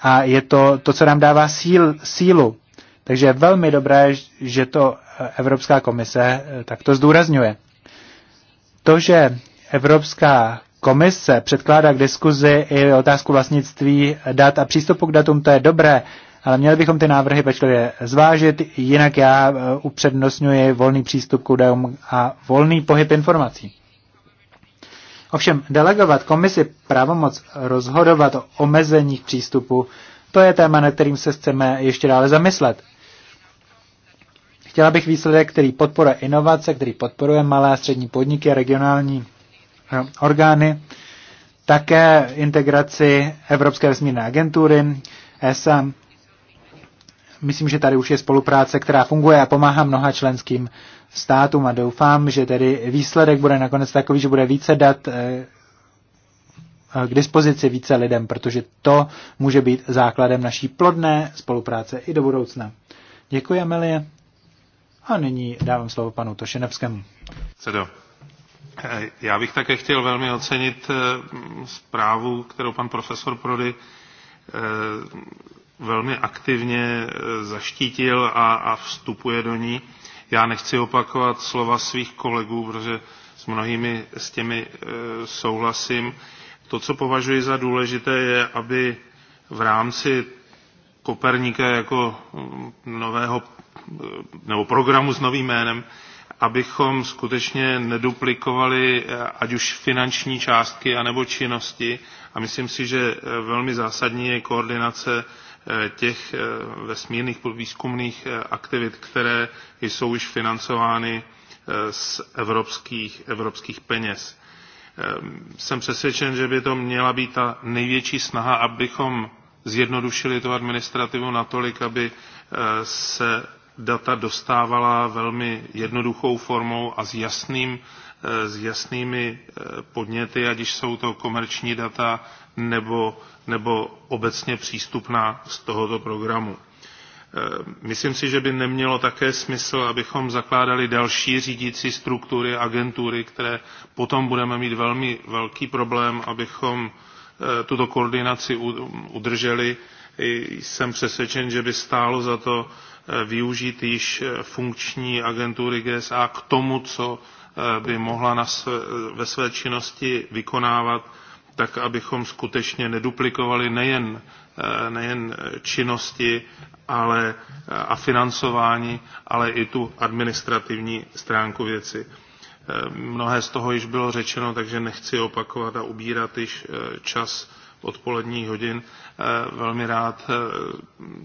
a je to to, co nám dává síl, sílu takže je velmi dobré, že to eh, Evropská komise eh, takto zdůrazňuje. To, že Evropská komise předkládá k diskuzi i otázku vlastnictví eh, dat a přístupu k datům, to je dobré, ale měli bychom ty návrhy pečlivě zvážit, jinak já upřednostňuji volný přístup k údajům a volný pohyb informací. Ovšem, delegovat komisi pravomoc rozhodovat o omezeních přístupu, to je téma, na kterým se chceme ještě dále zamyslet. Chtěla bych výsledek, který podporuje inovace, který podporuje malé a střední podniky a regionální eh, orgány, také integraci Evropské vesmírné agentury, ESA. Myslím, že tady už je spolupráce, která funguje a pomáhá mnoha členským státům a doufám, že tedy výsledek bude nakonec takový, že bude více dat eh, eh, k dispozici více lidem, protože to může být základem naší plodné spolupráce i do budoucna. Děkuji, Amelie. A nyní dávám slovo panu Tošenevskému. Cedo. Já bych také chtěl velmi ocenit eh, zprávu, kterou pan profesor Prody eh, velmi aktivně eh, zaštítil a, a vstupuje do ní. Já nechci opakovat slova svých kolegů, protože s mnohými s těmi souhlasím. To, co považuji za důležité, je, aby v rámci Koperníka jako nového nebo programu s novým jménem, abychom skutečně neduplikovali eh, ať už finanční částky anebo činnosti. A myslím si, že eh, velmi zásadní je koordinace eh, těch vesmírných podvýzkumných aktivit, které jsou už financovány z evropských, evropských peněz. Jsem přesvědčen, že by to měla být ta největší snaha, abychom zjednodušili tu administrativu natolik, aby se data dostávala velmi jednoduchou formou a s, jasným, eh, s jasnými eh, podněty, ať již jsou to komerční data nebo, nebo obecně přístupná z tohoto programu. Eh, myslím si, že by nemělo také smysl, abychom zakládali další řídící struktury, agentury, které potom budeme mít velmi velký problém, abychom Eh, tuto koordinaci udrželi. Jsem přesvědčen, že by stálo za to eh, využít již eh, funkční agentury GSA k tomu, co by mohla na své, ve své činnosti vykonávat, tak abychom skutečně neduplikovali nejen, nejen činnosti ale, a financování, ale i tu administrativní stránku věci Mnohé z toho již bylo řečeno, takže nechci opakovat a ubírat již eh, čas odpoledních hodin. Eh, velmi rád eh,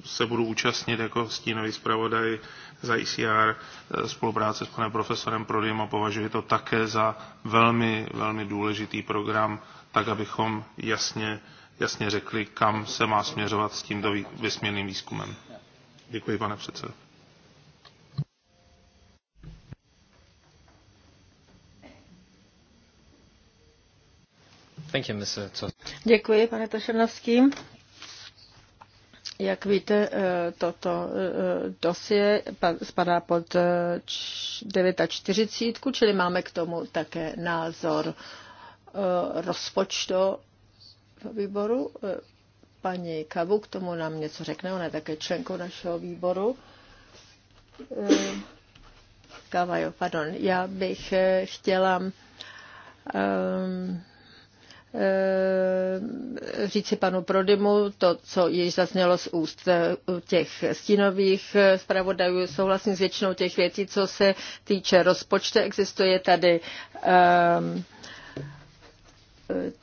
se budu účastnit jako stínový zpravodaj za ICR spolupráce s panem profesorem Prodym a považuji to také za velmi, velmi důležitý program, tak abychom jasně, jasně řekli, kam se má směřovat s tímto vysměným výzkumem. Děkuji, pane předsedo. Thank you, Děkuji, pane Tošenovský. Jak víte, eh, toto eh, eh, dosie spadá pod 49, čili máme k tomu také názor rozpočto výboru. Paní Kavu k tomu nám něco řekne, ona je také členkou našeho výboru. Kavajo, pardon. Já bych chtěla um, Eh, říci panu Prodymu to, co již zaznělo z úst eh, těch stínových eh, zpravodajů. Souhlasím s většinou těch věcí, co se týče rozpočtu. Existuje tady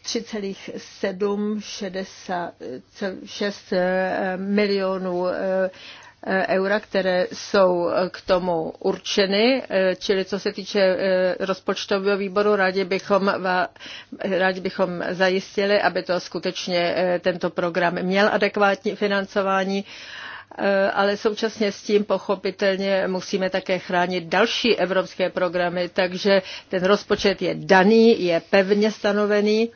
3,766 ehm, milionů Eh, eura, které jsou eh, k tomu určeny, eh, čili co se týče rozpočtového výboru, rádi bychom, rádi bychom zajistili, aby to skutečně tento program měl adekvátní financování ale současně s tím pochopitelně musíme také chránit další evropské programy, takže ten rozpočet je daný, je pevně stanovený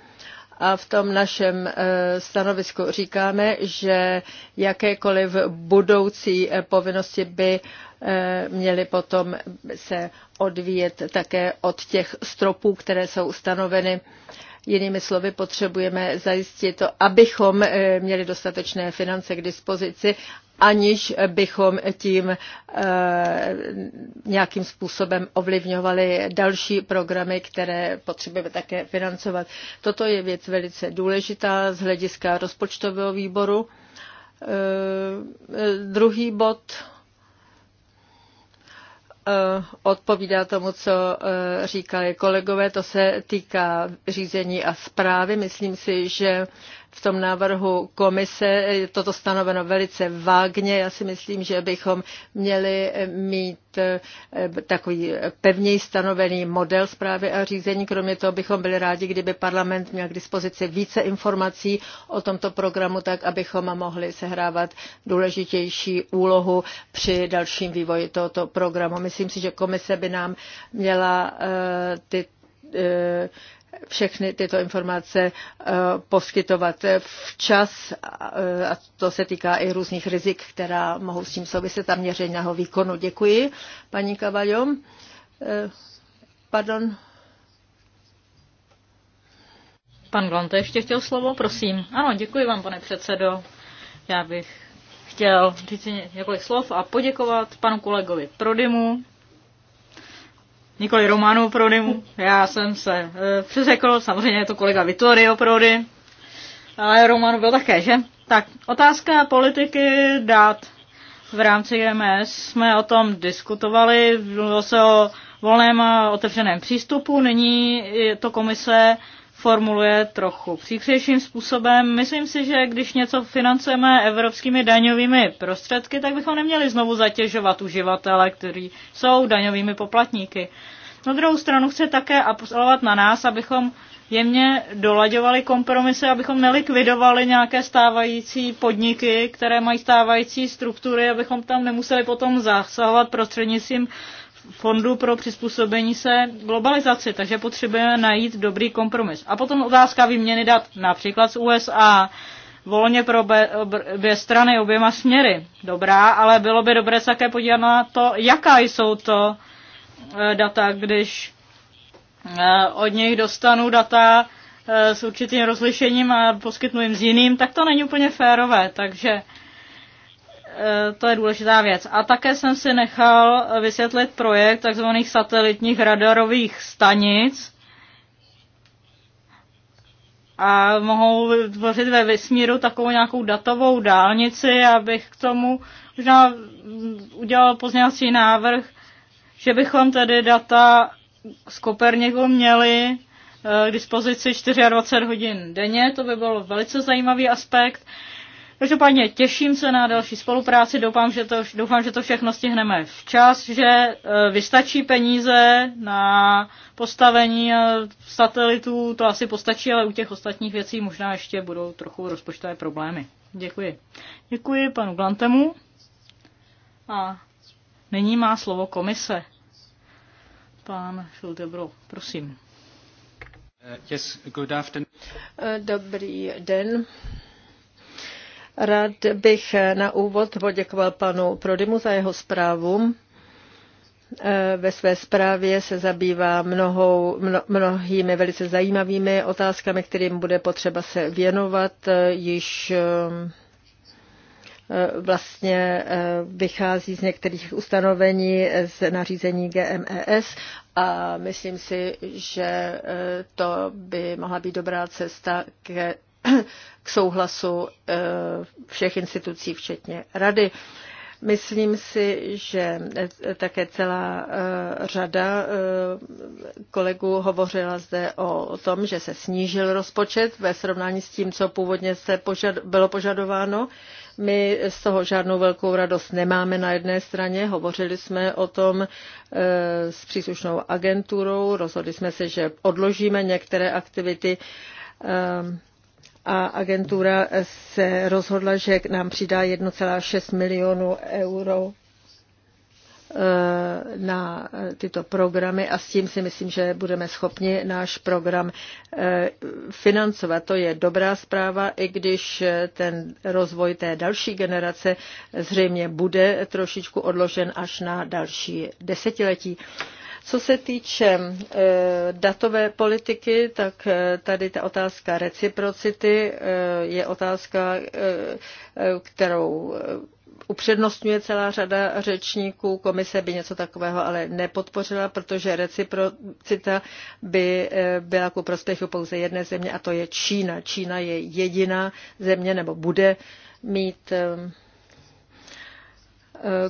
a v tom našem eh, stanovisku říkáme, že jakékoliv budoucí eh, povinnosti by eh, měly potom se odvíjet také od těch stropů, které jsou stanoveny Jinými slovy, potřebujeme zajistit to, abychom eh, měli dostatečné finance k dispozici, aniž bychom tím eh, nějakým způsobem ovlivňovali další programy, které potřebujeme také financovat. Toto je věc velice důležitá z hlediska rozpočtového výboru. Eh, druhý bod Eh, odpovídá tomu, co eh, říkali kolegové. To se týká řízení a zprávy. Myslím si, že v tom návrhu komise je toto stanoveno velice vágně. Já si myslím, že bychom měli mít eh, takový pevněji stanovený model zprávy a řízení. Kromě toho bychom byli rádi, kdyby parlament měl k dispozici více informací o tomto programu, tak abychom mohli sehrávat důležitější úlohu při dalším vývoji tohoto programu. Myslím si, že komise by nám měla eh, ty eh, všechny tyto informace eh, poskytovat včas eh, a to se týká i různých rizik, která mohou s tím souviset a měřeného výkonu. Děkuji, paní Kavaljo. Eh, pardon. Pan Glante ještě chtěl slovo, prosím. Ano, děkuji vám, pane předsedo. Já bych chtěl říct několik slov a poděkovat panu kolegovi Prodymu nikoli Romano prodymu, já jsem se e, přeřekl, samozřejmě je to kolega Vittorio Prody, ale Roman byl také, že? Tak, otázka politiky dát v rámci GMS jsme o tom diskutovali, bylo se o volném a otevřeném přístupu, nyní je to komise formuluje trochu příkřejším způsobem. Myslím si, že když něco financujeme evropskými daňovými prostředky, tak bychom neměli znovu zatěžovat uživatele, kteří jsou daňovými poplatníky. Na druhou stranu chce také apelovat na nás, abychom jemně dolaďovali kompromisy, abychom nelikvidovali nějaké stávající podniky, které mají stávající struktury, abychom tam nemuseli potom zasahovat prostřednictvím fondu pro přizpůsobení se globalizaci, takže potřebujeme najít dobrý kompromis. A potom otázka výměny dat například z USA, volně pro obě, obě strany, oběma směry. Dobrá, ale bylo by dobré se také podívat na to, jaká jsou to eh, data, když eh, od nich dostanu data eh, s určitým rozlišením a poskytnu jim s jiným, tak to není úplně férové, takže Eh, to je důležitá věc. A také jsem si nechal vysvětlit projekt tzv. satelitních radarových stanic. A mohou vytvořit ve vesmíru takovou nějakou datovou dálnici, abych k tomu možná udělal pozněvací návrh, že bychom tedy data z Koperněku měli eh, k dispozici 24 hodin denně, to by byl velice zajímavý aspekt. Každopádně těším se na další spolupráci, doufám, že to, doufám, že to všechno stihneme včas, že e, vystačí peníze na postavení e, satelitů, to asi postačí, ale u těch ostatních věcí možná ještě budou trochu rozpočtové problémy. Děkuji. Děkuji panu Glantemu. A nyní má slovo komise. Pán Šultebro, prosím. Eh, yes, good afternoon. Eh, dobrý den. Rád bych na úvod poděkoval panu Prodymu za jeho zprávu. E, ve své zprávě se zabývá mnohou, mno, mnohými velice zajímavými otázkami, kterým bude potřeba se věnovat e, již e, vlastně vychází z některých ustanovení z nařízení GMES a myslím si, že to by mohla být dobrá cesta ke k souhlasu eh, všech institucí, včetně rady. Myslím si, že eh, také celá eh, řada kolegů hovořila zde o tom, že se snížil rozpočet ve srovnání s tím, co původně se požad, bylo požadováno. My z toho žádnou velkou radost nemáme na jedné straně. Hovořili jsme o tom s příslušnou agenturou, rozhodli jsme se, že odložíme některé aktivity a agentura se rozhodla, že k nám přidá 1,6 milionu euro eh, na tyto programy a s tím si myslím, že budeme schopni náš program eh, financovat. To je dobrá zpráva, i když eh, ten rozvoj té další generace zřejmě bude trošičku odložen až na další desetiletí. Co se týče eh, datové politiky, tak eh, tady ta otázka reciprocity eh, je otázka, kterou upřednostňuje celá řada řečníků. Komise by něco takového ale nepodpořila, protože reciprocita by byla ku prospěchu pouze jedné země a to je Čína. Čína je jediná země nebo bude mít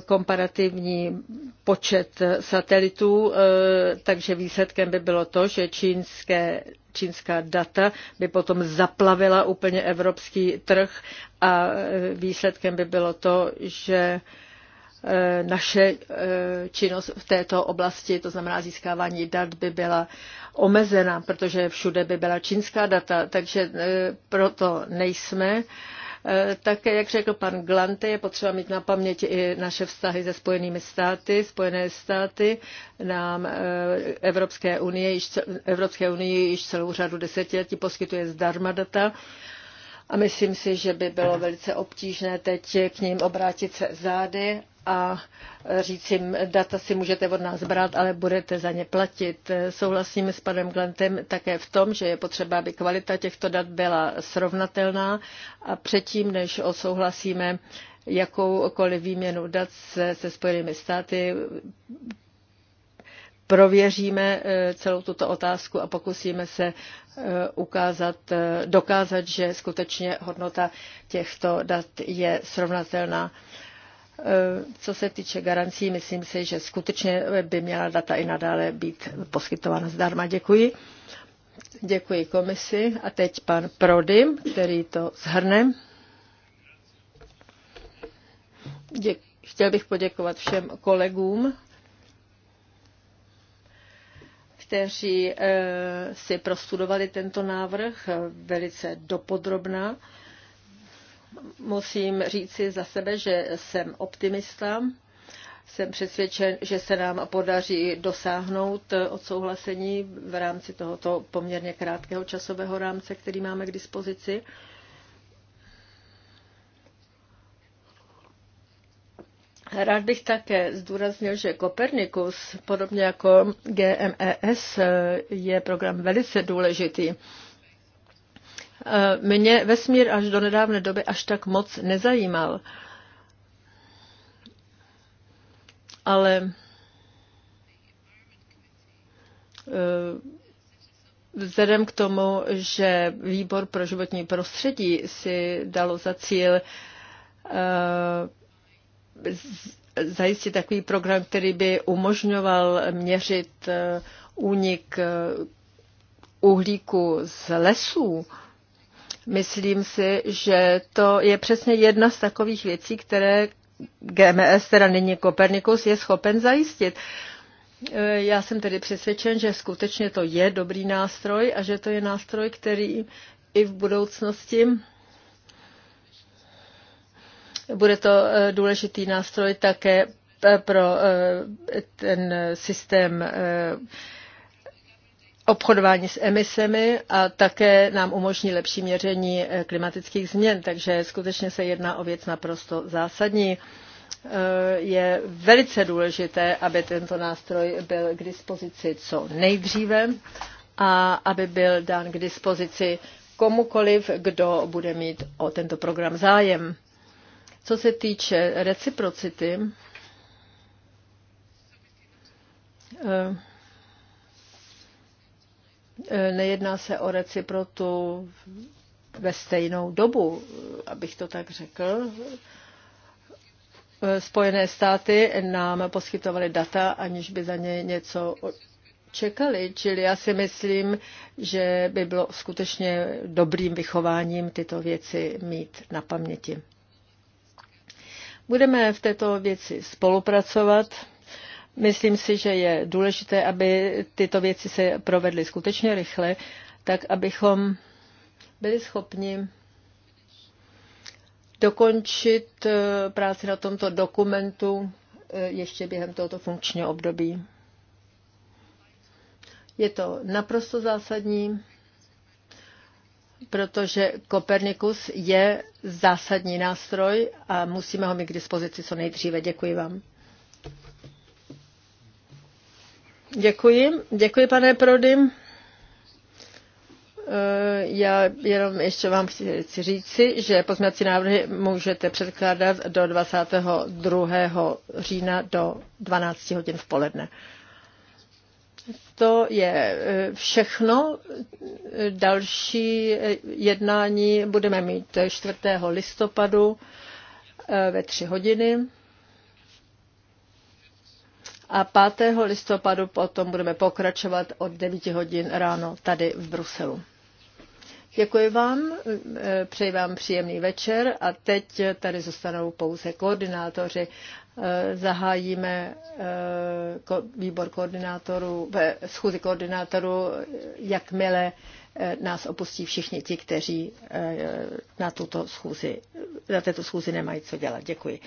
komparativní počet satelitů, eh, takže výsledkem by bylo to, že čínské, čínská data by potom zaplavila úplně evropský trh a eh, výsledkem by bylo to, že eh, naše činnost v této oblasti, to znamená získávání dat, by byla omezena, protože všude by byla čínská data, takže proto nejsme E, také, jak řekl pan Glante, je potřeba mít na paměti i naše vztahy se Spojenými státy. Spojené státy nám e, Evropské unie, Evropské unii již celou řadu desetiletí poskytuje zdarma data a myslím si, že by bylo velice obtížné teď k ním obrátit se zády a říct jim, data si můžete od nás brát, ale budete za ně platit. Souhlasím s panem Glentem také v tom, že je potřeba, aby kvalita těchto dat byla srovnatelná a předtím, než odsouhlasíme jakoukoliv výměnu dat se, se Spojenými státy, prověříme eh, celou tuto otázku a pokusíme se eh, ukázat, eh, dokázat, že skutečně hodnota těchto dat je srovnatelná. Co se týče garancí, myslím si, že skutečně by měla data i nadále být poskytována zdarma. Děkuji. Děkuji komisi. A teď pan Prody, který to zhrne. Děkuji. Chtěl bych poděkovat všem kolegům kteří eh, si prostudovali tento návrh eh, velice dopodrobná. Musím říci za sebe, že jsem optimista. Jsem přesvědčen, že se nám podaří dosáhnout eh, odsouhlasení v rámci tohoto poměrně krátkého časového rámce, který máme k dispozici. Rád bych také zdůraznil, že Kopernikus, podobně jako GMES, je program velice důležitý. Mě vesmír až do nedávné doby až tak moc nezajímal. Ale eh, vzhledem k tomu, že výbor pro životní prostředí si dalo za cíl eh, zajistit takový program, který by umožňoval měřit eh, únik eh, uhlíku z lesů, myslím si, že to je přesně jedna z takových věcí, které GMS, teda nyní Kopernikus, je schopen zajistit. Eh, já jsem tedy přesvědčen, že skutečně to je dobrý nástroj a že to je nástroj, který i v budoucnosti bude to eh, důležitý nástroj také eh, pro eh, ten systém obchodování s emisemi a také nám umožní lepší měření klimatických změn, takže skutečně se jedná o věc naprosto zásadní. Je velice důležité, aby tento nástroj byl k dispozici co nejdříve a aby byl dán k dispozici komukoliv, kdo bude mít o tento program zájem. Co se týče reciprocity, eh, eh, nejedná se o reciprotu ve stejnou dobu, abych to tak řekl. Eh, Spojené státy nám poskytovaly data, aniž by za ně něco čekali. Čili já si myslím, že by bylo skutečně dobrým vychováním tyto věci mít na paměti. Budeme v této věci spolupracovat. Myslím si, že je důležité, aby tyto věci se provedly skutečně rychle, tak abychom byli schopni dokončit eh, práci na tomto dokumentu eh, ještě během tohoto funkčního období. Je to naprosto zásadní protože Kopernikus je zásadní nástroj a musíme ho mít k dispozici co nejdříve. Děkuji vám. Děkuji. Děkuji, pane Prody. Eh, já jenom ještě vám chci říci, že pozměňovací návrhy můžete předkládat do 22. října do 12 hodin v poledne to je e, všechno. Další e, jednání budeme mít 4. listopadu e, ve 3 hodiny. A 5. listopadu potom budeme pokračovat od 9 hodin ráno tady v Bruselu. Děkuji vám, přeji vám příjemný večer a teď tady zůstanou pouze koordinátoři. Eh, zahájíme eh, výbor koordinátorů, schůzi koordinátorů, eh, jakmile nás opustí všichni ti, kteří na, tuto schůzi, na této schůzi nemají co dělat. Děkuji.